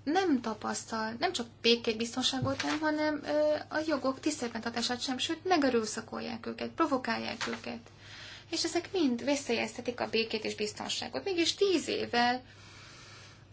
nem tapasztal nem csak békét, biztonságot, nem, hanem ö, a jogok tiszteletben tartását sem, sőt megerőszakolják őket, provokálják őket és ezek mind veszélyeztetik a békét és biztonságot. Mégis tíz évvel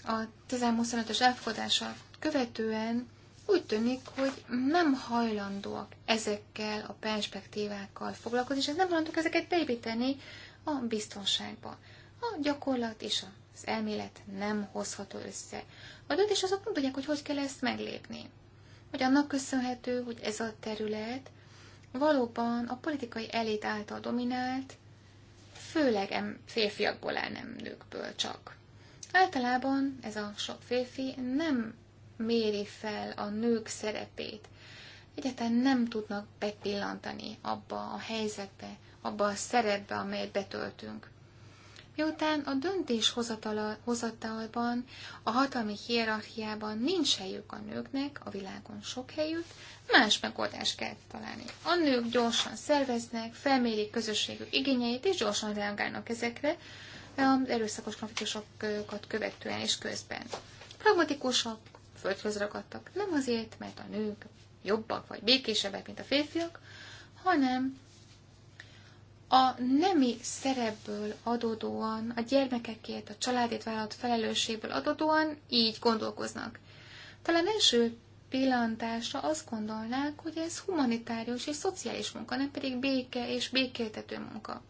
a 1025 ös elfogadása követően úgy tűnik, hogy nem hajlandóak ezekkel a perspektívákkal foglalkozni, és nem hajlandók ezeket beépíteni a biztonságba. A gyakorlat és az elmélet nem hozható össze. A döntés azok nem tudják, hogy hogy kell ezt meglépni. Hogy annak köszönhető, hogy ez a terület valóban a politikai elit által dominált, főleg férfiakból áll, nem nőkből csak. Általában ez a sok férfi nem méri fel a nők szerepét. Egyáltalán nem tudnak bepillantani abba a helyzetbe, abba a szerepbe, amelyet betöltünk miután a döntés hozatalban, a hatalmi hierarchiában nincs helyük a nőknek, a világon sok helyük, más megoldást kell találni. A nők gyorsan szerveznek, felmérik közösségük igényeit, és gyorsan reagálnak ezekre az erőszakos konfliktusokat követően és közben. Pragmatikusak, földhöz ragadtak, nem azért, mert a nők jobbak vagy békésebbek, mint a férfiak, hanem a nemi szerepből adódóan, a gyermekekért, a családét vállalt felelősségből adódóan így gondolkoznak. Talán első pillantásra azt gondolnák, hogy ez humanitárius és szociális munka, nem pedig béke és békéltető munka.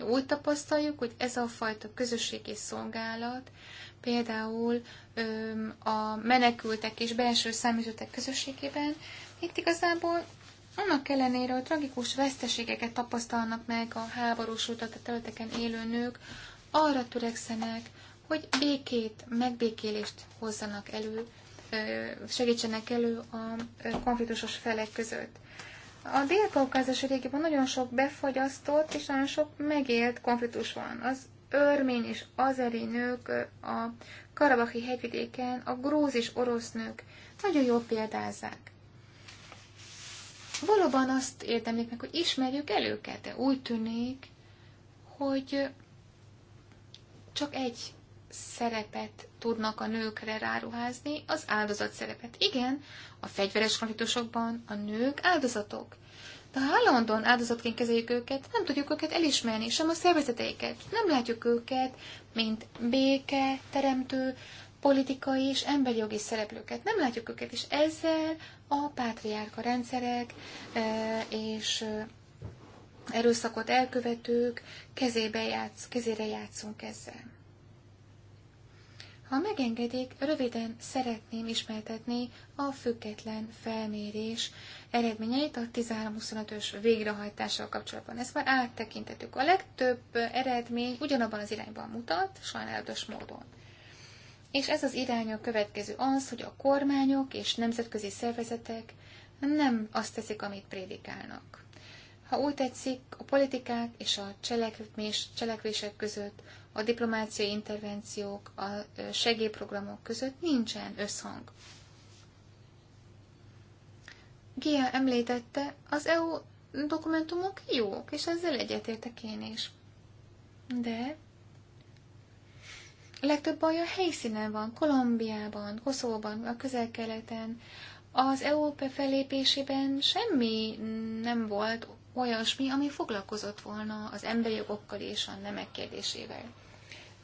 Úgy tapasztaljuk, hogy ez a fajta közösség és szolgálat, például a menekültek és belső számítőtek közösségében, itt igazából annak ellenére, hogy tragikus veszteségeket tapasztalnak meg a háborús utat a területeken élő nők, arra törekszenek, hogy békét, megbékélést hozzanak elő, segítsenek elő a konfliktusos felek között. A dél-kaukázas régióban nagyon sok befagyasztott és nagyon sok megélt konfliktus van. Az örmény és azeri nők a karabahi hegyvidéken, a grúz és orosz nők nagyon jól példázzák valóban azt érdemlik meg, hogy ismerjük el őket, de úgy tűnik, hogy csak egy szerepet tudnak a nőkre ráruházni, az áldozat szerepet. Igen, a fegyveres konfliktusokban a nők áldozatok. De ha állandóan áldozatként kezeljük őket, nem tudjuk őket elismerni, sem a szervezeteiket. Nem látjuk őket, mint béke, teremtő, politikai és emberi jogi szereplőket. Nem látjuk őket, és ezzel a pátriárka rendszerek e, és e, erőszakot elkövetők kezébe játsz, kezére játszunk ezzel. Ha megengedik, röviden szeretném ismertetni a független felmérés eredményeit a 13-25-ös végrehajtással kapcsolatban. Ezt már áttekintettük. A legtöbb eredmény ugyanabban az irányban mutat, sajnálatos módon. És ez az irány a következő az, hogy a kormányok és nemzetközi szervezetek nem azt teszik, amit prédikálnak. Ha úgy tetszik, a politikák és a cselekvés, cselekvések között, a diplomáciai intervenciók, a segélyprogramok között nincsen összhang. Gia említette, az EU dokumentumok jók, és ezzel egyetértek én is. De legtöbb baj a helyszínen van, Kolumbiában, Koszóban, a közel-keleten. Az EU felépésében semmi nem volt olyasmi, ami foglalkozott volna az emberi jogokkal és a nemek kérdésével.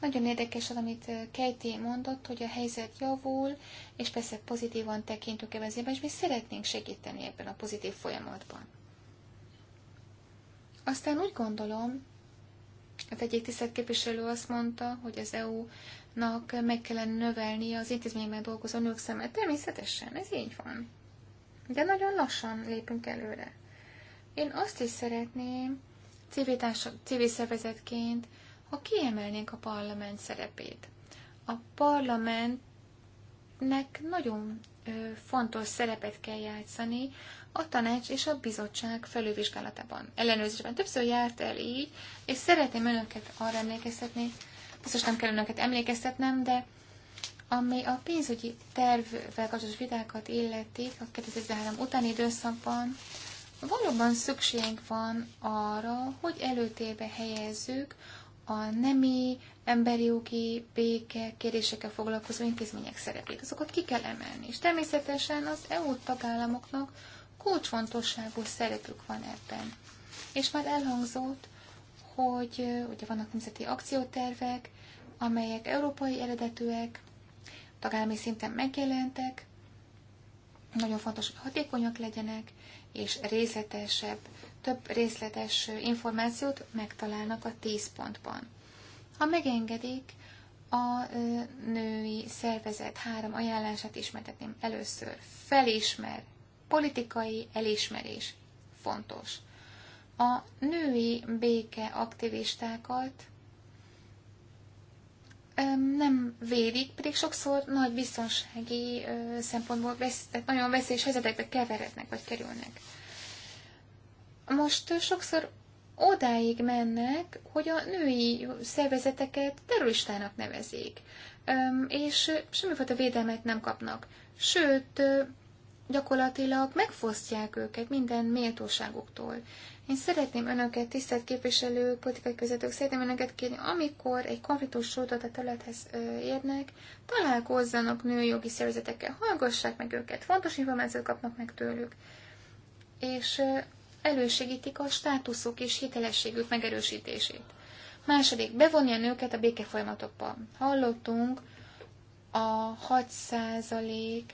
Nagyon érdekes az, amit Kejté mondott, hogy a helyzet javul, és persze pozitívan tekintünk ebben és mi szeretnénk segíteni ebben a pozitív folyamatban. Aztán úgy gondolom, az egyik tisztelt képviselő azt mondta, hogy az EU-nak meg kellene növelni az intézményekben dolgozó nők szemet. Természetesen, ez így van. De nagyon lassan lépünk előre. Én azt is szeretném, civil, társa, civil szervezetként, ha kiemelnénk a parlament szerepét. A parlamentnek nagyon fontos szerepet kell játszani a tanács és a bizottság felülvizsgálatában, ellenőrzésben. Többször járt el így, és szeretném önöket arra emlékeztetni, biztos nem kell önöket emlékeztetnem, de ami a pénzügyi tervvel kapcsolatos vitákat illeti a 2013 utáni időszakban, valóban szükségünk van arra, hogy előtérbe helyezzük a nemi, emberi jogi, béke kérdésekkel foglalkozó intézmények szerepét. Azokat ki kell emelni. És természetesen az EU tagállamoknak kulcsfontosságú szerepük van ebben. És már elhangzott, hogy eh, ugye vannak nemzeti akciótervek, amelyek európai eredetűek, tagállami szinten megjelentek, nagyon fontos, hogy hatékonyak legyenek, és részletesebb több részletes információt megtalálnak a 10 pontban. Ha megengedik, a női szervezet három ajánlását ismertetném először. Felismer, politikai elismerés fontos. A női béke aktivistákat nem védik, pedig sokszor nagy biztonsági szempontból vesz, tehát nagyon veszélyes helyzetekbe keverednek vagy kerülnek most sokszor odáig mennek, hogy a női szervezeteket terroristának nevezik, és semmifajta védelmet nem kapnak. Sőt, gyakorlatilag megfosztják őket minden méltóságuktól. Én szeretném önöket, tisztelt képviselők, politikai közvetők, szeretném önöket kérni, amikor egy konfliktus sódat a területhez érnek, találkozzanak nőjogi szervezetekkel, hallgassák meg őket, fontos információt kapnak meg tőlük. És elősegítik a státuszuk és hitelességük megerősítését. Második, bevonni a nőket a béke folyamatokba. Hallottunk a 6 százalék,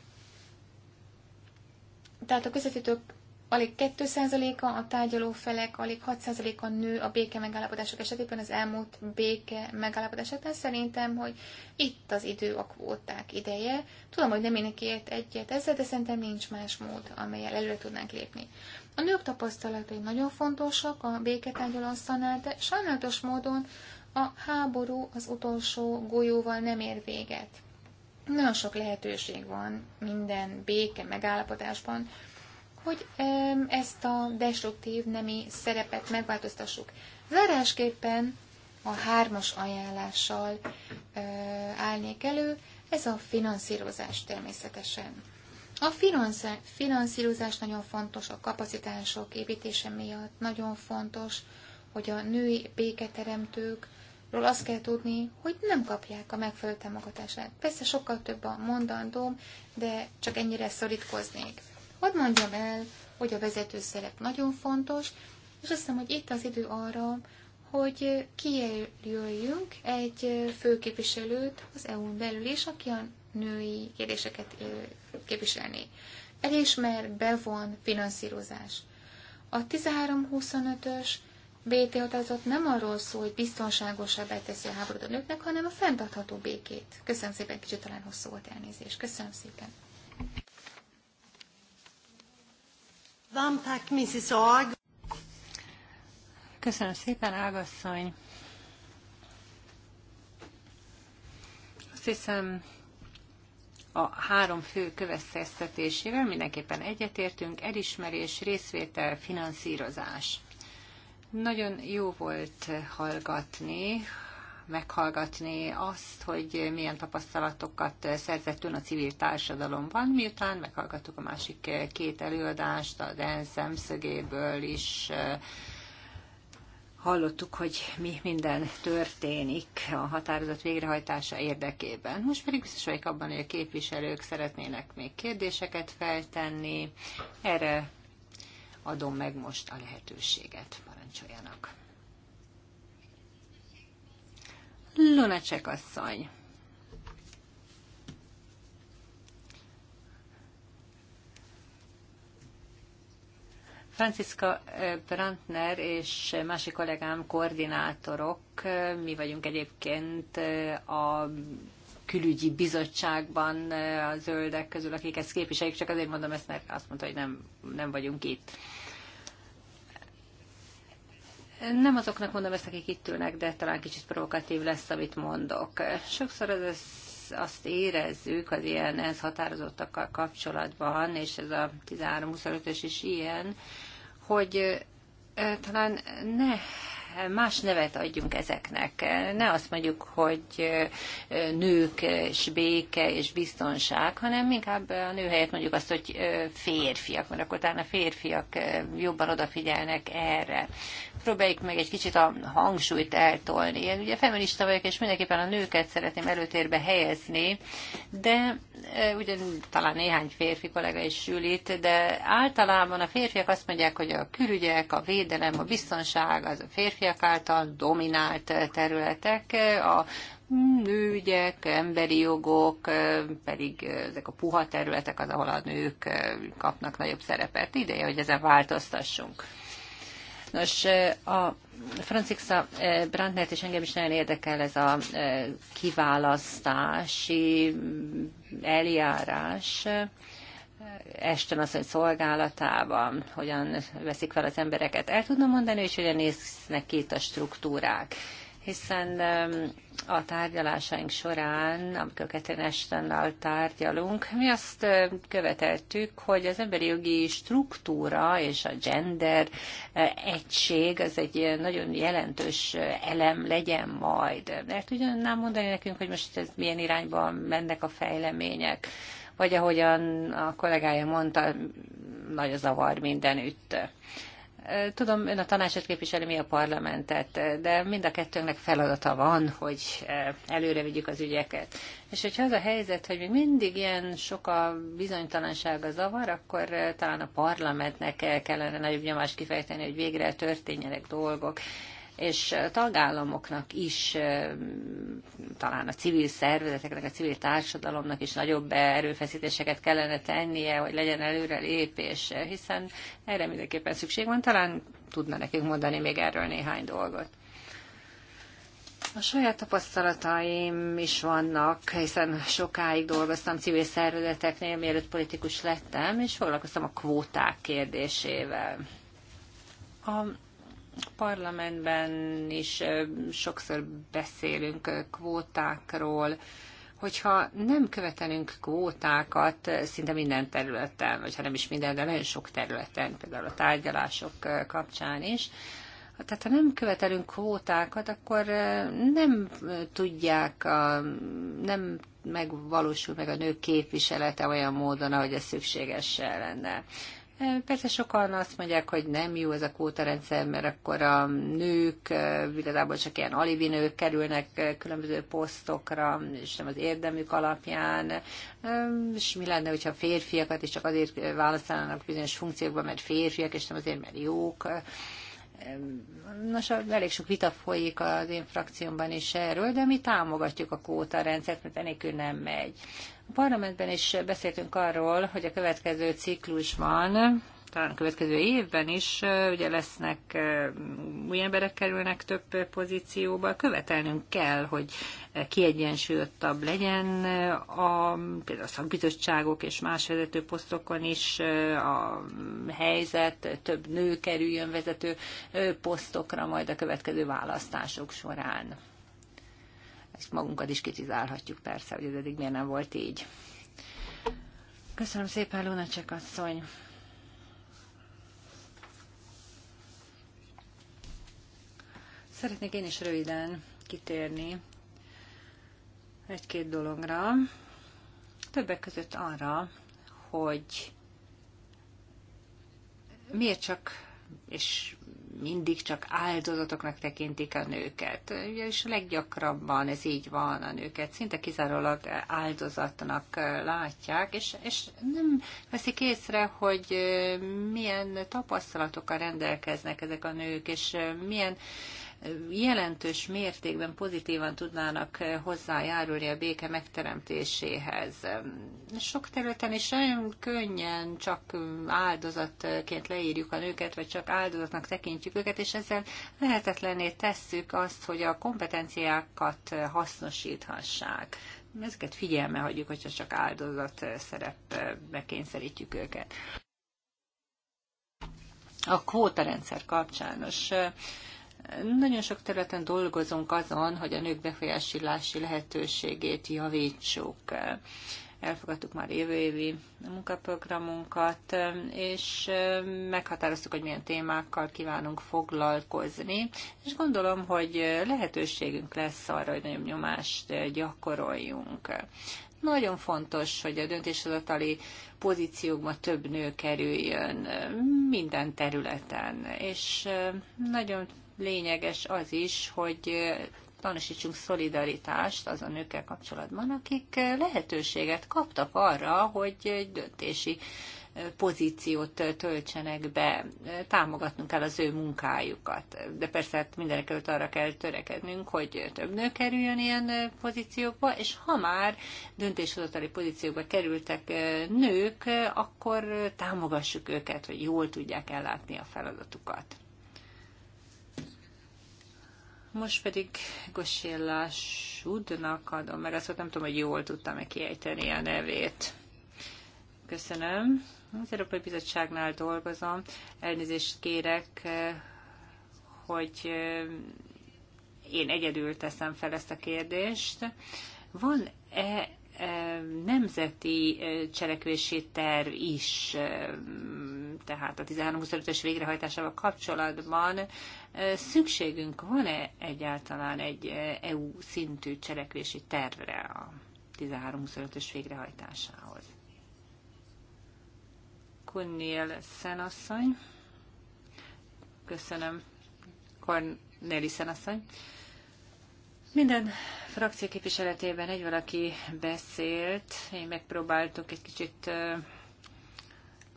tehát a közvetítők alig 2 a a tárgyaló felek alig 6 a nő a béke megállapodások esetében az elmúlt béke megállapodásoknál. Szerintem, hogy itt az idő a kvóták ideje. Tudom, hogy nem mindenki ért egyet ezzel, de szerintem nincs más mód, amelyel előre tudnánk lépni. A nők tapasztalatai nagyon fontosak a béketárgyalanszanál, de sajnálatos módon a háború az utolsó golyóval nem ér véget. Nagyon sok lehetőség van minden béke megállapodásban, hogy ezt a destruktív nemi szerepet megváltoztassuk. Zárásképpen a hármas ajánlással állnék elő, ez a finanszírozás természetesen. A finanszírozás nagyon fontos, a kapacitások építése miatt nagyon fontos, hogy a női béketeremtők, Ról azt kell tudni, hogy nem kapják a megfelelő támogatását. Persze sokkal több a mondandóm, de csak ennyire szorítkoznék. Hadd mondjam el, hogy a vezető szerep nagyon fontos, és azt hiszem, hogy itt az idő arra, hogy kijelöljünk egy főképviselőt az EU-n belül is, aki a női kérdéseket képviselni. Elismer, bevon, finanszírozás. A 1325 ös BT határozat nem arról szól, hogy biztonságosabb teszi a háborút a nőknek, hanem a fenntartható békét. Köszönöm szépen, kicsit talán hosszú volt elnézés. Köszönöm szépen. Van Köszönöm szépen, Ágasszony. Azt hiszem, a három fő következtetésével mindenképpen egyetértünk, elismerés, részvétel, finanszírozás. Nagyon jó volt hallgatni, meghallgatni azt, hogy milyen tapasztalatokat szerzett ön a civil társadalomban, miután meghallgattuk a másik két előadást, az ENSZ szemszögéből is, hallottuk, hogy mi minden történik a határozat végrehajtása érdekében. Most pedig biztos vagyok abban, hogy a képviselők szeretnének még kérdéseket feltenni. Erre adom meg most a lehetőséget. Parancsoljanak. Lunacek asszony. Franciska eh, Brandner és másik kollégám koordinátorok, eh, mi vagyunk egyébként eh, a külügyi bizottságban a zöldek közül, akik ezt képviseljük, csak azért mondom ezt, mert azt mondta, hogy nem, nem vagyunk itt. Nem azoknak mondom ezt, akik itt ülnek, de talán kicsit provokatív lesz, amit mondok. Sokszor az az azt érezzük az ilyen ENSZ határozottakkal kapcsolatban, és ez a 13-25-ös is ilyen, hogy eh, talán ne más nevet adjunk ezeknek. Ne azt mondjuk, hogy nők és béke és biztonság, hanem inkább a nő helyett mondjuk azt, hogy férfiak, mert akkor talán a férfiak jobban odafigyelnek erre. Próbáljuk meg egy kicsit a hangsúlyt eltolni. Én ugye feminista vagyok, és mindenképpen a nőket szeretném előtérbe helyezni, de ugye talán néhány férfi kollega is ül itt, de általában a férfiak azt mondják, hogy a külügyek, a védelem, a biztonság az a férfi férfiak által dominált területek, a nőügyek, emberi jogok, pedig ezek a puha területek az, ahol a nők kapnak nagyobb szerepet. Ideje, hogy ezen változtassunk. Nos, a Franciska Brandnert és engem is nagyon érdekel ez a kiválasztási eljárás. Esten hogy szolgálatában, hogyan veszik fel az embereket, el tudnom mondani, és hogyan néznek ki itt a struktúrák. Hiszen a tárgyalásaink során, amikor Catherine Estennel tárgyalunk, mi azt követeltük, hogy az emberi jogi struktúra és a gender e, egység az egy nagyon jelentős e, elem legyen majd. Mert tudnám mondani nekünk, hogy most ez milyen irányban mennek a fejlemények hogy ahogyan a kollégája mondta, nagy a zavar mindenütt. Tudom, ön a tanácsot képviseli, mi a parlamentet, de mind a kettőnknek feladata van, hogy előre vigyük az ügyeket. És hogyha az a helyzet, hogy még mindig ilyen sok a bizonytalanság, a zavar, akkor talán a parlamentnek kellene nagyobb nyomást kifejteni, hogy végre történjenek dolgok és tagállamoknak is, talán a civil szervezeteknek, a civil társadalomnak is nagyobb erőfeszítéseket kellene tennie, hogy legyen előrelépés, hiszen erre mindenképpen szükség van. Talán tudna nekünk mondani még erről néhány dolgot. A saját tapasztalataim is vannak, hiszen sokáig dolgoztam civil szervezeteknél, mielőtt politikus lettem, és foglalkoztam a kvóták kérdésével. A parlamentben is sokszor beszélünk kvótákról, hogyha nem követelünk kvótákat szinte minden területen, vagy ha nem is minden, de nagyon sok területen, például a tárgyalások kapcsán is, tehát ha nem követelünk kvótákat, akkor nem tudják, a, nem megvalósul meg a nők képviselete olyan módon, ahogy ez szükséges lenne. Persze sokan azt mondják, hogy nem jó ez a kótarendszer, mert akkor a nők igazából csak ilyen alibi nők kerülnek különböző posztokra, és nem az érdemük alapján. És mi lenne, hogyha férfiakat is csak azért választanának bizonyos funkciókban, mert férfiak, és nem azért, mert jók. Nos, elég sok vita folyik az én frakciómban is erről, de mi támogatjuk a kóta rendszert, mert enélkül nem megy parlamentben is beszéltünk arról, hogy a következő ciklusban, talán a következő évben is ugye lesznek, új emberek kerülnek több pozícióba, követelnünk kell, hogy kiegyensúlyozottabb legyen a, például a szakbizottságok és más vezető posztokon is a helyzet, több nő kerüljön vezető posztokra majd a következő választások során ezt magunkat is kritizálhatjuk persze, hogy ez eddig miért nem volt így. Köszönöm szépen, Lunacek asszony! Szeretnék én is röviden kitérni egy-két dologra. Többek között arra, hogy miért csak, és mindig csak áldozatoknak tekintik a nőket. És leggyakrabban ez így van, a nőket szinte kizárólag áldozatnak látják, és, és nem veszik észre, hogy milyen tapasztalatokkal rendelkeznek ezek a nők, és milyen uh, jelentős mértékben pozitívan tudnának hozzájárulni a béke megteremtéséhez. Sok területen is nagyon könnyen csak áldozatként leírjuk a nőket, vagy csak áldozatnak tekintjük őket, és ezzel lehetetlené tesszük azt, hogy a kompetenciákat hasznosíthassák. Ezeket figyelme hagyjuk, hogyha csak áldozat szerepbe kényszerítjük őket. A rendszer kapcsános nagyon sok területen dolgozunk azon, hogy a nők befolyásolási lehetőségét javítsuk. Elfogadtuk már jövő évi munkaprogramunkat, és meghatároztuk, hogy milyen témákkal kívánunk foglalkozni, és gondolom, hogy lehetőségünk lesz arra, hogy nagyobb nyomást gyakoroljunk. Nagyon fontos, hogy a döntéshozatali pozíciókba több nő kerüljön minden területen, és nagyon lényeges az is, hogy tanúsítsunk szolidaritást az a nőkkel kapcsolatban, akik lehetőséget kaptak arra, hogy egy döntési pozíciót töltsenek be, támogatnunk kell az ő munkájukat. De persze hát mindenek előtt arra kell törekednünk, hogy több nő kerüljön ilyen pozíciókba, és ha már döntéshozatali pozíciókba kerültek nők, akkor támogassuk őket, hogy jól tudják ellátni a feladatukat. Most pedig Gosillás Sudnak adom mert azt nem tudom, hogy jól tudtam-e kiejteni a nevét. Köszönöm. Az Európai Bizottságnál dolgozom. Elnézést kérek, eh, hogy eh, én egyedül teszem fel ezt a kérdést. Van-e nemzeti cselekvési terv is, tehát a 13-25-ös végrehajtásával kapcsolatban szükségünk van-e egyáltalán egy EU szintű cselekvési tervre a 13-25-ös végrehajtásához? Kunnél Szenasszony. Köszönöm. Kornéli Szenasszony. Minden frakció képviseletében egy valaki beszélt, én megpróbáltuk egy kicsit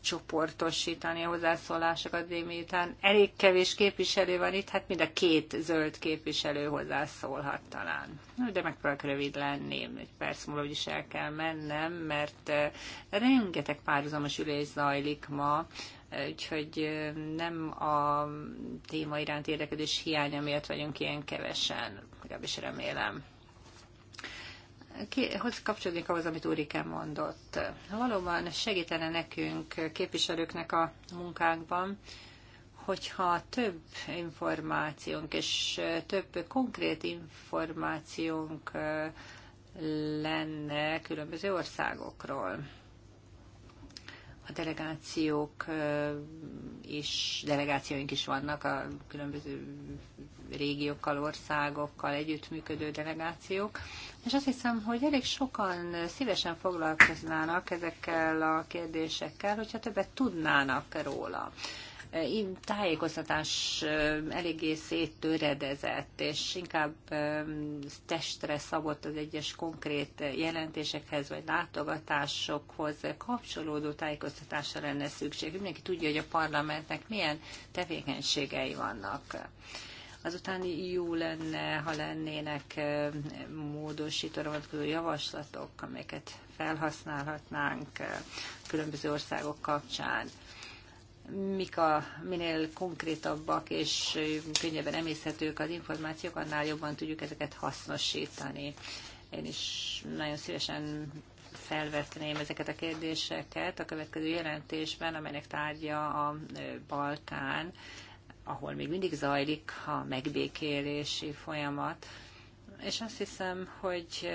csoportosítani a hozzászólásokat, de miután elég kevés képviselő van itt, hát mind a két zöld képviselő hozzászólhat talán. De megpróbálok rövid lenni, egy perc múlva úgyis el kell mennem, mert rengeteg párhuzamos ülés zajlik ma, úgyhogy nem a téma iránt érdeklődés hiánya miatt vagyunk ilyen kevesen, legalábbis remélem. hogy kapcsolódik ahhoz, amit Úriken mondott? Valóban segítene nekünk, képviselőknek a munkánkban, hogyha több információnk és több konkrét információnk lenne különböző országokról a delegációk és delegációink is vannak, a különböző régiókkal, országokkal együttműködő delegációk, és azt hiszem, hogy elég sokan szívesen foglalkoznának ezekkel a kérdésekkel, hogyha többet tudnának róla tájékoztatás eléggé széttöredezett, és inkább testre szabott az egyes konkrét jelentésekhez, vagy látogatásokhoz kapcsolódó tájékoztatásra lenne szükség. Mindenki tudja, hogy a parlamentnek milyen tevékenységei vannak. Azután jó lenne, ha lennének módosítóra vonatkozó javaslatok, amelyeket felhasználhatnánk különböző országok kapcsán mik a minél konkrétabbak és könnyebben emészhetők az információk, annál jobban tudjuk ezeket hasznosítani. Én is nagyon szívesen felvetném ezeket a kérdéseket a következő jelentésben, amelynek tárgya a Balkán, ahol még mindig zajlik a megbékélési folyamat. És azt hiszem, hogy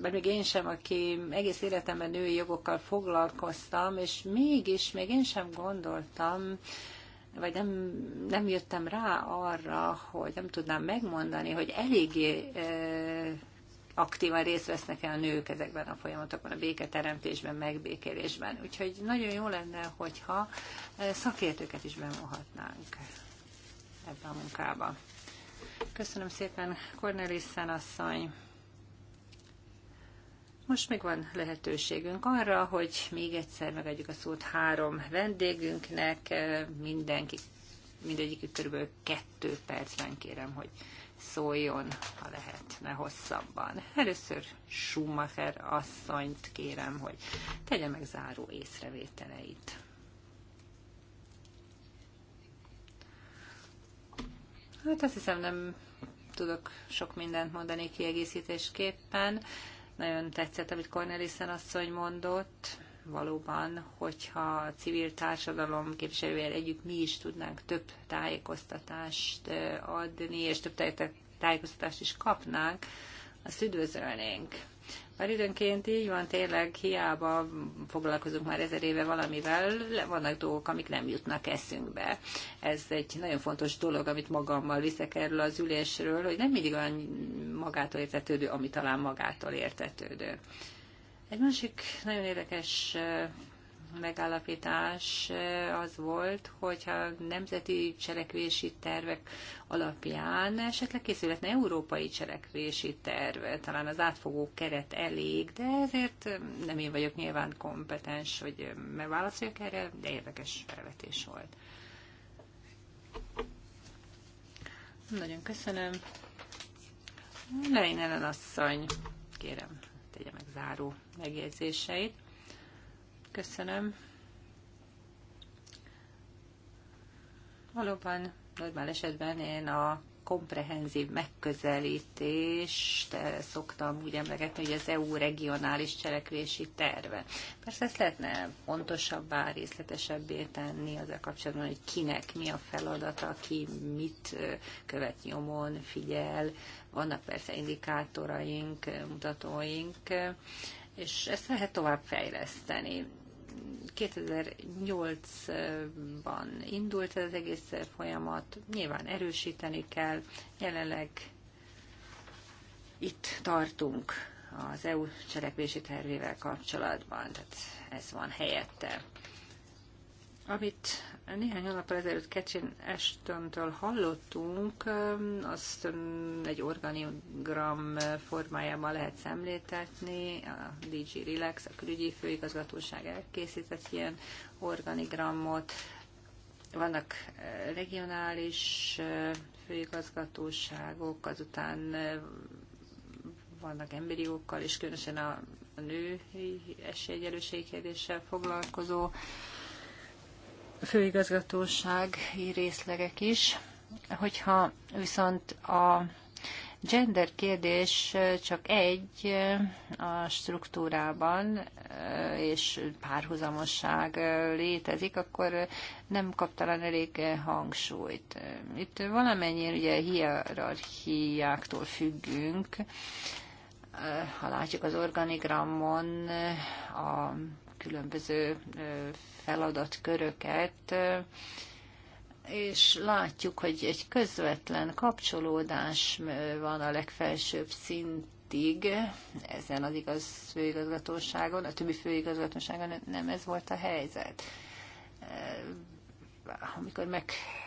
mert még én sem, aki egész életemben női jogokkal foglalkoztam, és mégis még én sem gondoltam, vagy nem, nem jöttem rá arra, hogy nem tudnám megmondani, hogy eléggé e, aktívan részt vesznek-e a nők ezekben a folyamatokban, a béketeremtésben, megbékélésben. Úgyhogy nagyon jó lenne, hogyha szakértőket is bevonhatnánk ebbe a munkába. Köszönöm szépen, Cornelissen asszony! Most még van lehetőségünk arra, hogy még egyszer megadjuk a szót három vendégünknek, mindenki, mindegyikük körülbelül kettő percben kérem, hogy szóljon, ha lehet, ne hosszabban. Először Schumacher asszonyt kérem, hogy tegye meg záró észrevételeit. Hát azt hiszem nem tudok sok mindent mondani kiegészítésképpen. Nagyon tetszett, amit Cornelissen asszony mondott, valóban, hogyha a civil társadalom képviselővel együtt mi is tudnánk több tájékoztatást eh, adni, és több tájékoztatást is kapnánk, azt üdvözölnénk. Mert időnként így van, tényleg hiába foglalkozunk már ezer éve valamivel, vannak dolgok, amik nem jutnak eszünkbe. Ez egy nagyon fontos dolog, amit magammal viszek erről az ülésről, hogy nem mindig olyan magától értetődő, ami talán magától értetődő. Egy másik nagyon érdekes megállapítás eh, az volt, hogyha nemzeti cselekvési tervek alapján esetleg készülhetne európai cselekvési terv, talán az átfogó keret elég, de ezért eh, nem én vagyok nyilván kompetens, hogy eh, megválaszoljak erre, de érdekes felvetés volt. Nagyon köszönöm. Leinen asszony, kérem, tegye meg záró megjegyzéseit. Köszönöm. Valóban normál esetben én a komprehenzív megközelítést eh, szoktam úgy emlegetni, hogy az EU regionális cselekvési terve. Persze ezt lehetne pontosabbá, részletesebbé tenni azzal kapcsolatban, hogy kinek mi a feladata, ki mit eh, követ nyomon, figyel. Vannak persze indikátoraink, eh, mutatóink, és ezt lehet tovább fejleszteni. 2008-ban indult ez az egész folyamat, nyilván erősíteni kell, jelenleg itt tartunk az EU cselekvési tervével kapcsolatban, tehát ez van helyette. Amit néhány hónappal ezelőtt Kecsin Estontól hallottunk, azt egy organigram formájában lehet szemléltetni. A DG Relax, a külügyi főigazgatóság elkészített ilyen organigramot. Vannak regionális főigazgatóságok, azután vannak embriókkal, és különösen a női esélyegyelőség kérdéssel foglalkozó főigazgatósági részlegek is. Hogyha viszont a gender kérdés csak egy a struktúrában, és párhuzamosság létezik, akkor nem kaptalan elég hangsúlyt. Itt valamennyire ugye hierarchiáktól függünk, ha látjuk az organigramon a különböző feladatköröket, és látjuk, hogy egy közvetlen kapcsolódás van a legfelsőbb szintig ezen az igaz főigazgatóságon, a többi főigazgatóságon nem ez volt a helyzet. Amikor meg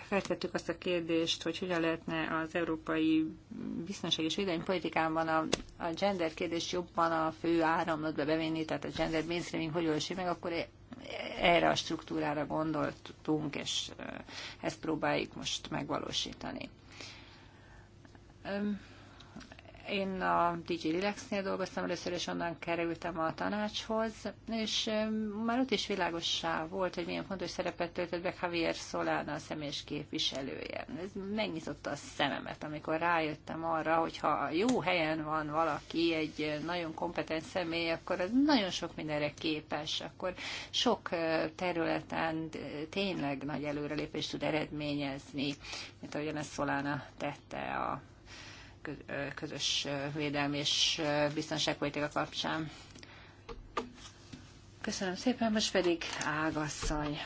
feltettük azt a kérdést, hogy hogyan lehetne az európai biztonság és védelmi politikában a, a gender kérdést jobban a fő áramlatba bevenni, tehát a gender mainstreaming hogy olvasi meg, akkor e, erre a struktúrára gondoltunk, és ezt próbáljuk most megvalósítani. Én a DG Relaxnél dolgoztam először, és onnan kerültem a tanácshoz, és már ott is világossá volt, hogy milyen fontos szerepet töltött be Javier Solana a személyes képviselője. Ez megnyitotta a szememet, amikor rájöttem arra, hogy ha jó helyen van valaki, egy nagyon kompetens személy, akkor az nagyon sok mindenre képes, akkor sok területen tényleg nagy előrelépést tud eredményezni, mint ahogyan ezt Solana tette a közös védelmi és biztonságpolitika kapcsán. Köszönöm szépen, most pedig Ágasszony.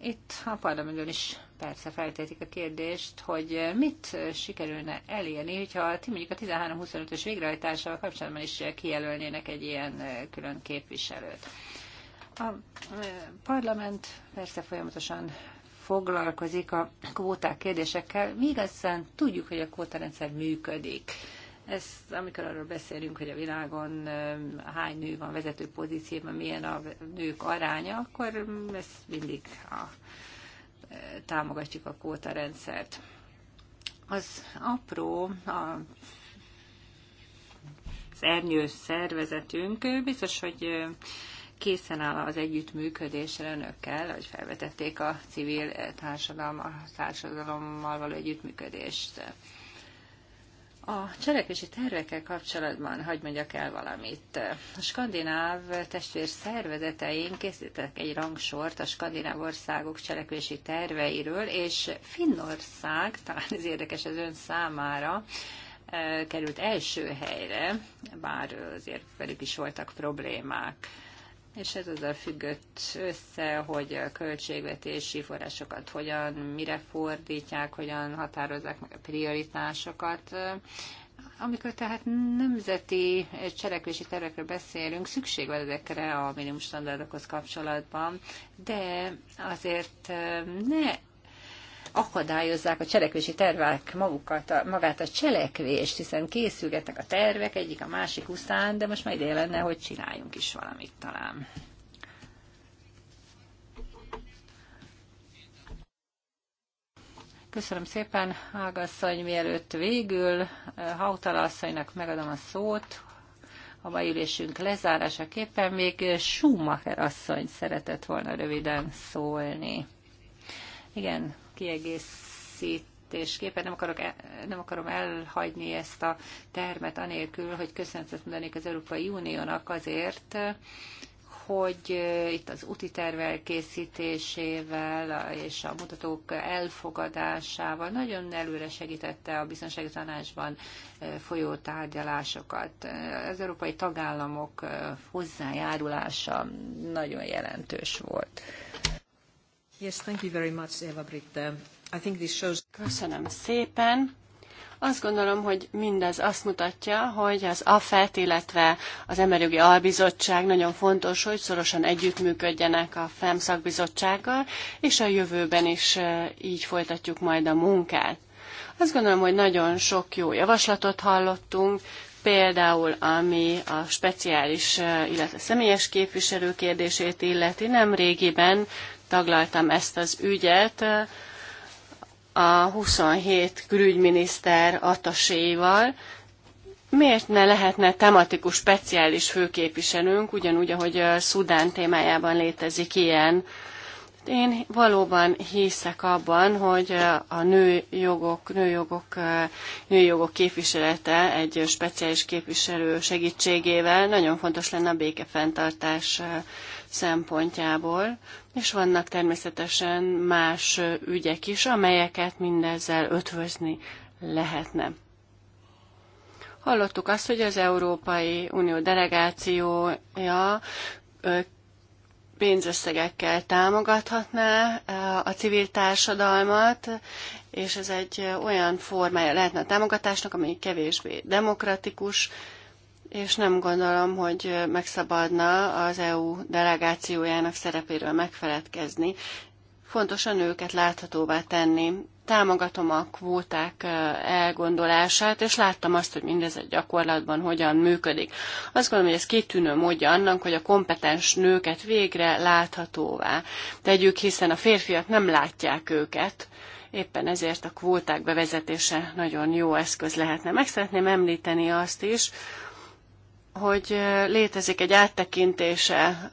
Itt a parlamentben is persze feltétik a kérdést, hogy mit sikerülne elérni, hogyha ti mondjuk a 13-25-ös végrehajtásával kapcsolatban is kijelölnének egy ilyen külön képviselőt. A parlament persze folyamatosan foglalkozik a kvóták kérdésekkel, mi igazán tudjuk, hogy a kvótarendszer működik. Ez, amikor arról beszélünk, hogy a világon eh, hány nő van vezető pozícióban, milyen a nők aránya, akkor mm, ezt mindig a, eh, támogatjuk a kvótarendszert. Az apró, a az ernyő szervezetünk eh, biztos, hogy készen áll az együttműködésre önökkel, hogy felvetették a civil társadalom, a társadalommal való együttműködést. A cselekvési tervekkel kapcsolatban hagyd mondjak el valamit. A skandináv testvér szervezeteink készítettek egy rangsort a skandináv országok cselekvési terveiről, és Finnország, talán ez érdekes az ön számára, eh, került első helyre, bár azért velük is voltak problémák és ez azzal függött össze, hogy a költségvetési forrásokat hogyan, mire fordítják, hogyan határozzák meg a prioritásokat. Amikor tehát nemzeti cselekvési tervekről beszélünk, szükség van ezekre a minimum standardokhoz kapcsolatban, de azért ne akadályozzák a cselekvési tervek magukat, a, magát a cselekvést, hiszen készülgetnek a tervek egyik a másik után, de most már ideje lenne, hogy csináljunk is valamit talán. Köszönöm szépen, Ágasszony, mielőtt végül eh, Hautala asszonynak megadom a szót, a mai ülésünk lezárásaképpen még Schumacher asszony szeretett volna röviden szólni. Igen, kiegészítés jelentésképpen, nem, akarok, e- nem akarom elhagyni ezt a termet anélkül, hogy köszönetet mondanék az Európai Uniónak azért, hogy itt az úti tervel készítésével és a mutatók elfogadásával nagyon előre segítette a biztonsági tanácsban folyó tárgyalásokat. Az európai tagállamok hozzájárulása nagyon jelentős volt. Yes, thank you very much, Eva I think this shows... Köszönöm szépen. Azt gondolom, hogy mindez azt mutatja, hogy az AFET, illetve az Emberjogi Albizottság nagyon fontos, hogy szorosan együttműködjenek a FEM szakbizottsággal, és a jövőben is eh, így folytatjuk majd a munkát. Azt gondolom, hogy nagyon sok jó javaslatot hallottunk, például ami a speciális, eh, illetve személyes képviselő kérdését illeti, nem régiben taglaltam ezt az ügyet eh, a 27 külügyminiszter ataséval, miért ne lehetne tematikus, speciális főképviselőnk, ugyanúgy, ahogy a eh, Szudán témájában létezik ilyen. Én valóban hiszek abban, hogy eh, a nőjogok, nőjogok, nőjogok képviselete egy speciális képviselő segítségével nagyon fontos lenne a békefenntartás szempontjából, és vannak természetesen más ügyek is, amelyeket mindezzel ötvözni lehetne. Hallottuk azt, hogy az Európai Unió delegációja pénzösszegekkel támogathatná a civil társadalmat, és ez egy olyan formája lehetne a támogatásnak, ami kevésbé demokratikus, és nem gondolom, hogy megszabadna az EU delegációjának szerepéről megfeledkezni. Fontos a nőket láthatóvá tenni. Támogatom a kvóták elgondolását, és láttam azt, hogy mindez egy gyakorlatban hogyan működik. Azt gondolom, hogy ez kitűnő módja annak, hogy a kompetens nőket végre láthatóvá tegyük, hiszen a férfiak nem látják őket, Éppen ezért a kvóták bevezetése nagyon jó eszköz lehetne. Meg szeretném említeni azt is, hogy létezik egy áttekintése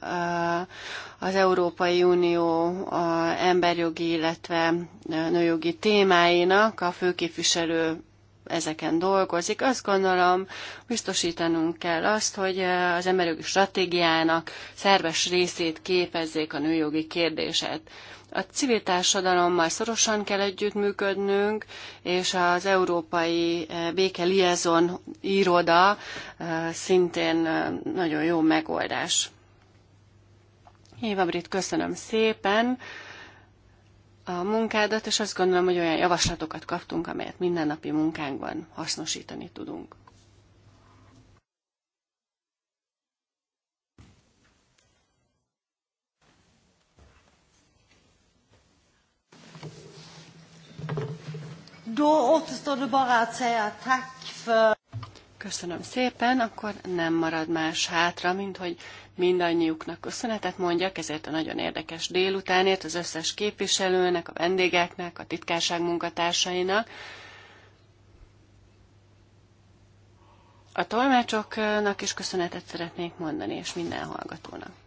az Európai Unió emberjogi, illetve nőjogi témáinak, a főképviselő ezeken dolgozik. Azt gondolom, biztosítanunk kell azt, hogy az emberjogi stratégiának szerves részét képezzék a nőjogi kérdéset. A civil társadalommal szorosan kell együttműködnünk, és az Európai eh, Béke Liaison iroda eh, szintén eh, nagyon jó megoldás. Éva Brit, köszönöm szépen a munkádat, és azt gondolom, hogy olyan javaslatokat kaptunk, amelyet mindennapi munkánkban hasznosítani tudunk. Då återstår det bara att säga tack för... Köszönöm szépen, akkor nem marad más hátra, mint hogy mindannyiuknak köszönetet mondjak ezért a nagyon érdekes délutánért az összes képviselőnek, a vendégeknek, a titkárság munkatársainak. A tolmácsoknak is köszönetet szeretnék mondani, és minden hallgatónak.